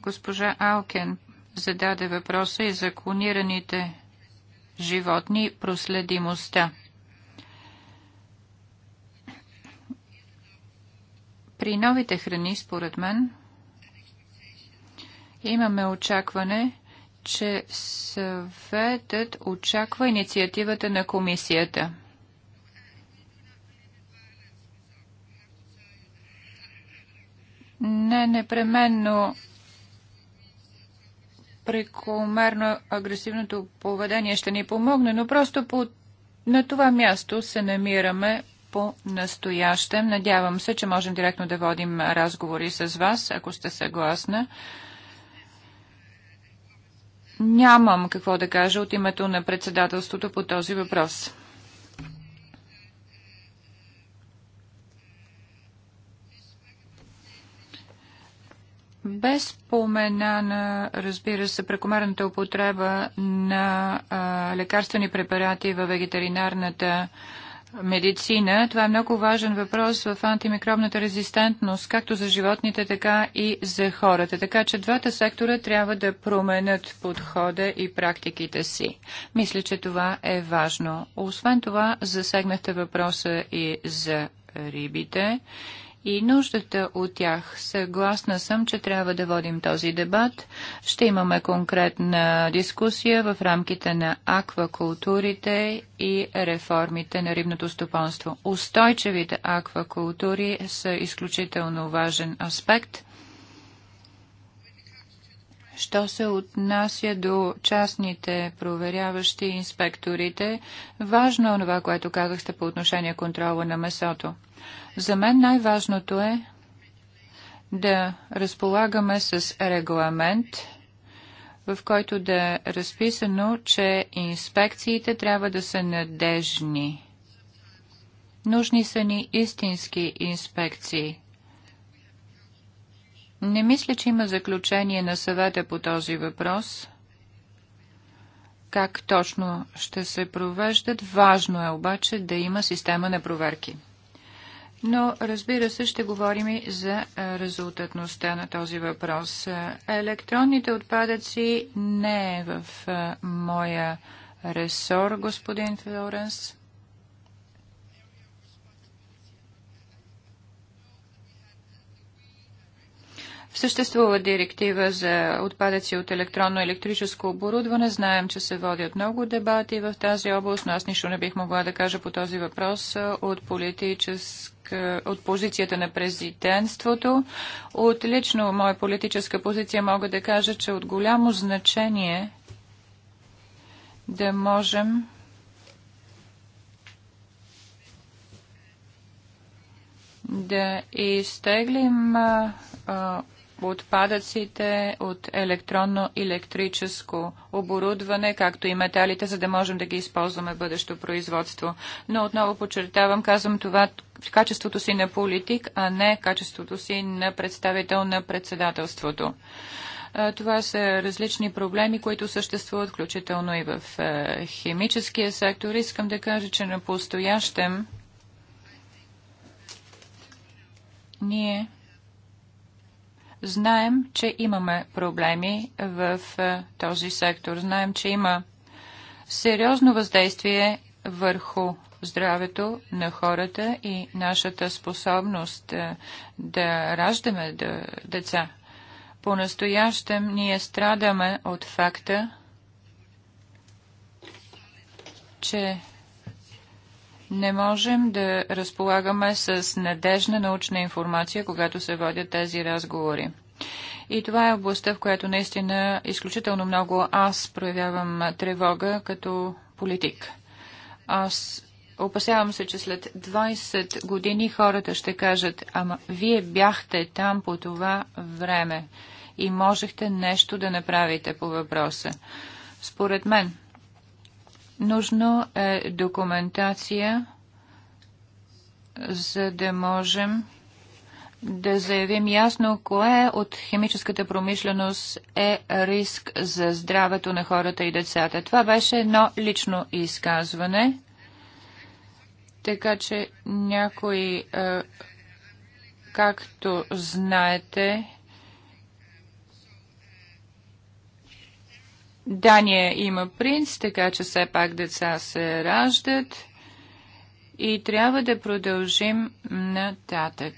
Госпожа Алкен зададе въпроса и за клонираните животни проследимостта. При новите храни, според мен, имаме очакване, че съветът очаква инициативата на комисията. Не непременно прекомерно агресивното поведение ще ни помогне, но просто по, на това място се намираме по настоящем. Надявам се, че можем директно да водим разговори с вас, ако сте съгласна. Нямам какво да кажа от името на председателството по този въпрос. Без спомена на, разбира се, прекомерната употреба на а, лекарствени препарати във вегетаринарната а, медицина. Това е много важен въпрос в антимикробната резистентност, както за животните, така и за хората. Така че двата сектора трябва да променят подхода и практиките си. Мисля, че това е важно. Освен това, засегнахте въпроса и за рибите и нуждата от тях. Съгласна съм, че трябва да водим този дебат. Ще имаме конкретна дискусия в рамките на аквакултурите и реформите на рибното стопанство. Устойчивите аквакултури са изключително важен аспект Що се отнася до частните проверяващи инспекторите, важно е това, което казахте по отношение контрола на месото. За мен най-важното е да разполагаме с регламент, в който да е разписано, че инспекциите трябва да са надежни. Нужни са ни истински инспекции. Не мисля, че има заключение на съвета по този въпрос. Как точно ще се провеждат? Важно е обаче да има система на проверки. Но разбира се, ще говорим и за резултатността на този въпрос. Електронните отпадъци не е в моя ресор, господин Флоренс. Съществува директива за отпадъци от електронно-електрическо оборудване. Знаем, че се водят много дебати в тази област, но аз нищо не бих могла да кажа по този въпрос от политическа от позицията на президентството. От лично моя политическа позиция мога да кажа, че от голямо значение да можем да изтеглим а, отпадъците от електронно-електрическо оборудване, както и металите, за да можем да ги използваме в бъдещо производство. Но отново подчертавам, казвам това в качеството си на политик, а не в качеството си на представител на председателството. Това са различни проблеми, които съществуват, включително и в химическия сектор. Искам да кажа, че на постоящем ние Знаем, че имаме проблеми в е, този сектор. Знаем, че има сериозно въздействие върху здравето на хората и нашата способност е, да раждаме деца. По-настоящем ние страдаме от факта, че не можем да разполагаме с надежна научна информация, когато се водят тези разговори. И това е областта, в която наистина изключително много аз проявявам тревога като политик. Аз опасявам се, че след 20 години хората ще кажат, ама вие бяхте там по това време и можехте нещо да направите по въпроса. Според мен, Нужно е документация, за да можем да заявим ясно кое от химическата промишленост е риск за здравето на хората и децата. Това беше едно лично изказване, така че някои, е, както знаете, Дания има принц, така че все пак деца се раждат и трябва да продължим нататък.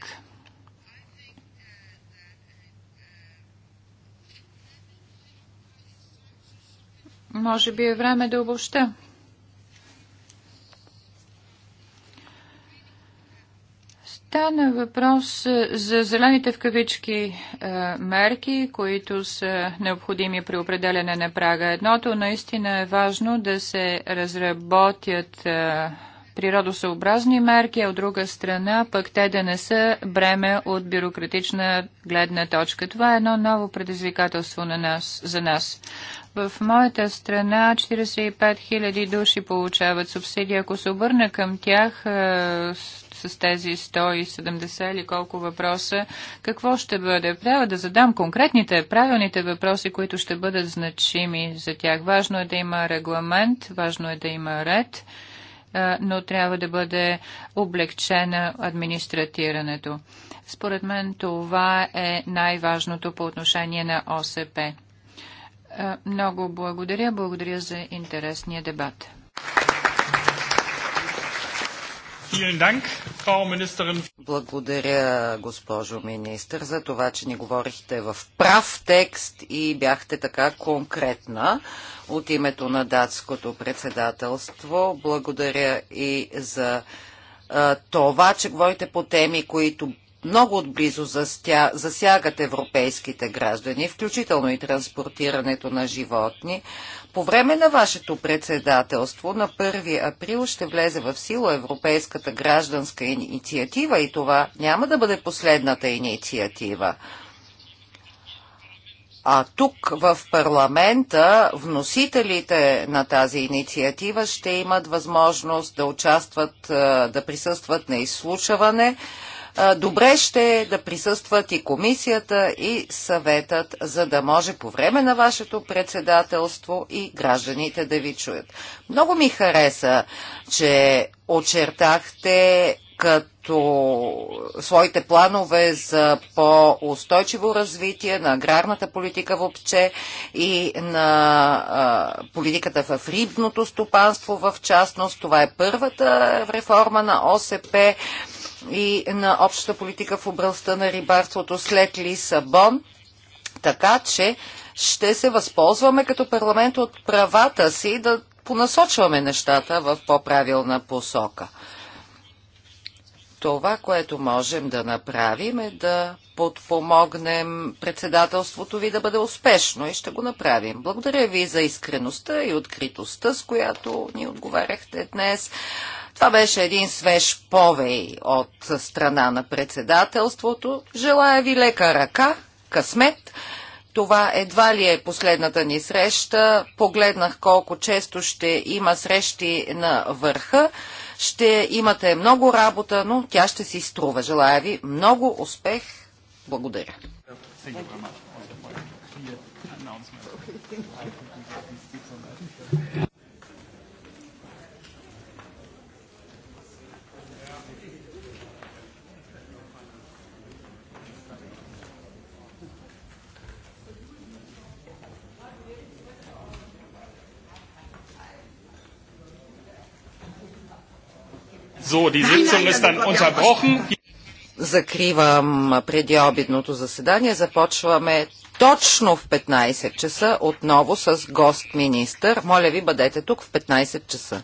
Може би е време да обобща. на въпрос е, за зелените в кавички е, мерки, които са необходими при определене на прага. Едното наистина е важно да се разработят е, природосъобразни мерки, а от друга страна пък те да не са бреме от бюрократична гледна точка. Това е едно ново предизвикателство на нас, за нас. В моята страна 45 000 души получават субсидия. Ако се обърна към тях, с тези 170 или колко въпроса, какво ще бъде? Трябва да задам конкретните, правилните въпроси, които ще бъдат значими за тях. Важно е да има регламент, важно е да има ред, но трябва да бъде облегчена администратирането. Според мен това е най-важното по отношение на ОСП. Много благодаря. Благодаря за интересния дебат. Благодаря, госпожо министър, за това, че ни говорихте в прав текст и бяхте така конкретна от името на датското председателство. Благодаря и за а, това, че говорите по теми, които много отблизо засягат европейските граждани, включително и транспортирането на животни. По време на вашето председателство на 1 април ще влезе в сила Европейската гражданска инициатива и това няма да бъде последната инициатива. А тук в парламента вносителите на тази инициатива ще имат възможност да участват, е, да присъстват на изслушаване добре ще е да присъстват и комисията, и съветът, за да може по време на вашето председателство и гражданите да ви чуят. Много ми хареса, че очертахте като своите планове за по-устойчиво развитие на аграрната политика въобще и на а, политиката в рибното стопанство в частност. Това е първата реформа на ОСП и на общата политика в областта на рибарството след Лисабон. Така че ще се възползваме като парламент от правата си да понасочваме нещата в по-правилна посока. Това, което можем да направим е да подпомогнем председателството ви да бъде успешно и ще го направим. Благодаря ви за искреността и откритостта, с която ни отговаряхте днес. Това беше един свеж повей от страна на председателството. Желая ви лека ръка, късмет. Това едва ли е последната ни среща. Погледнах колко често ще има срещи на върха. Ще имате много работа, но тя ще си струва. Желая ви много успех. Благодаря. So, die Sitzung ist dann unterbrochen. Закривам предиобедното заседание. Започваме точно в 15 часа, отново с гост-министър. Моля ви, бъдете тук в 15 часа.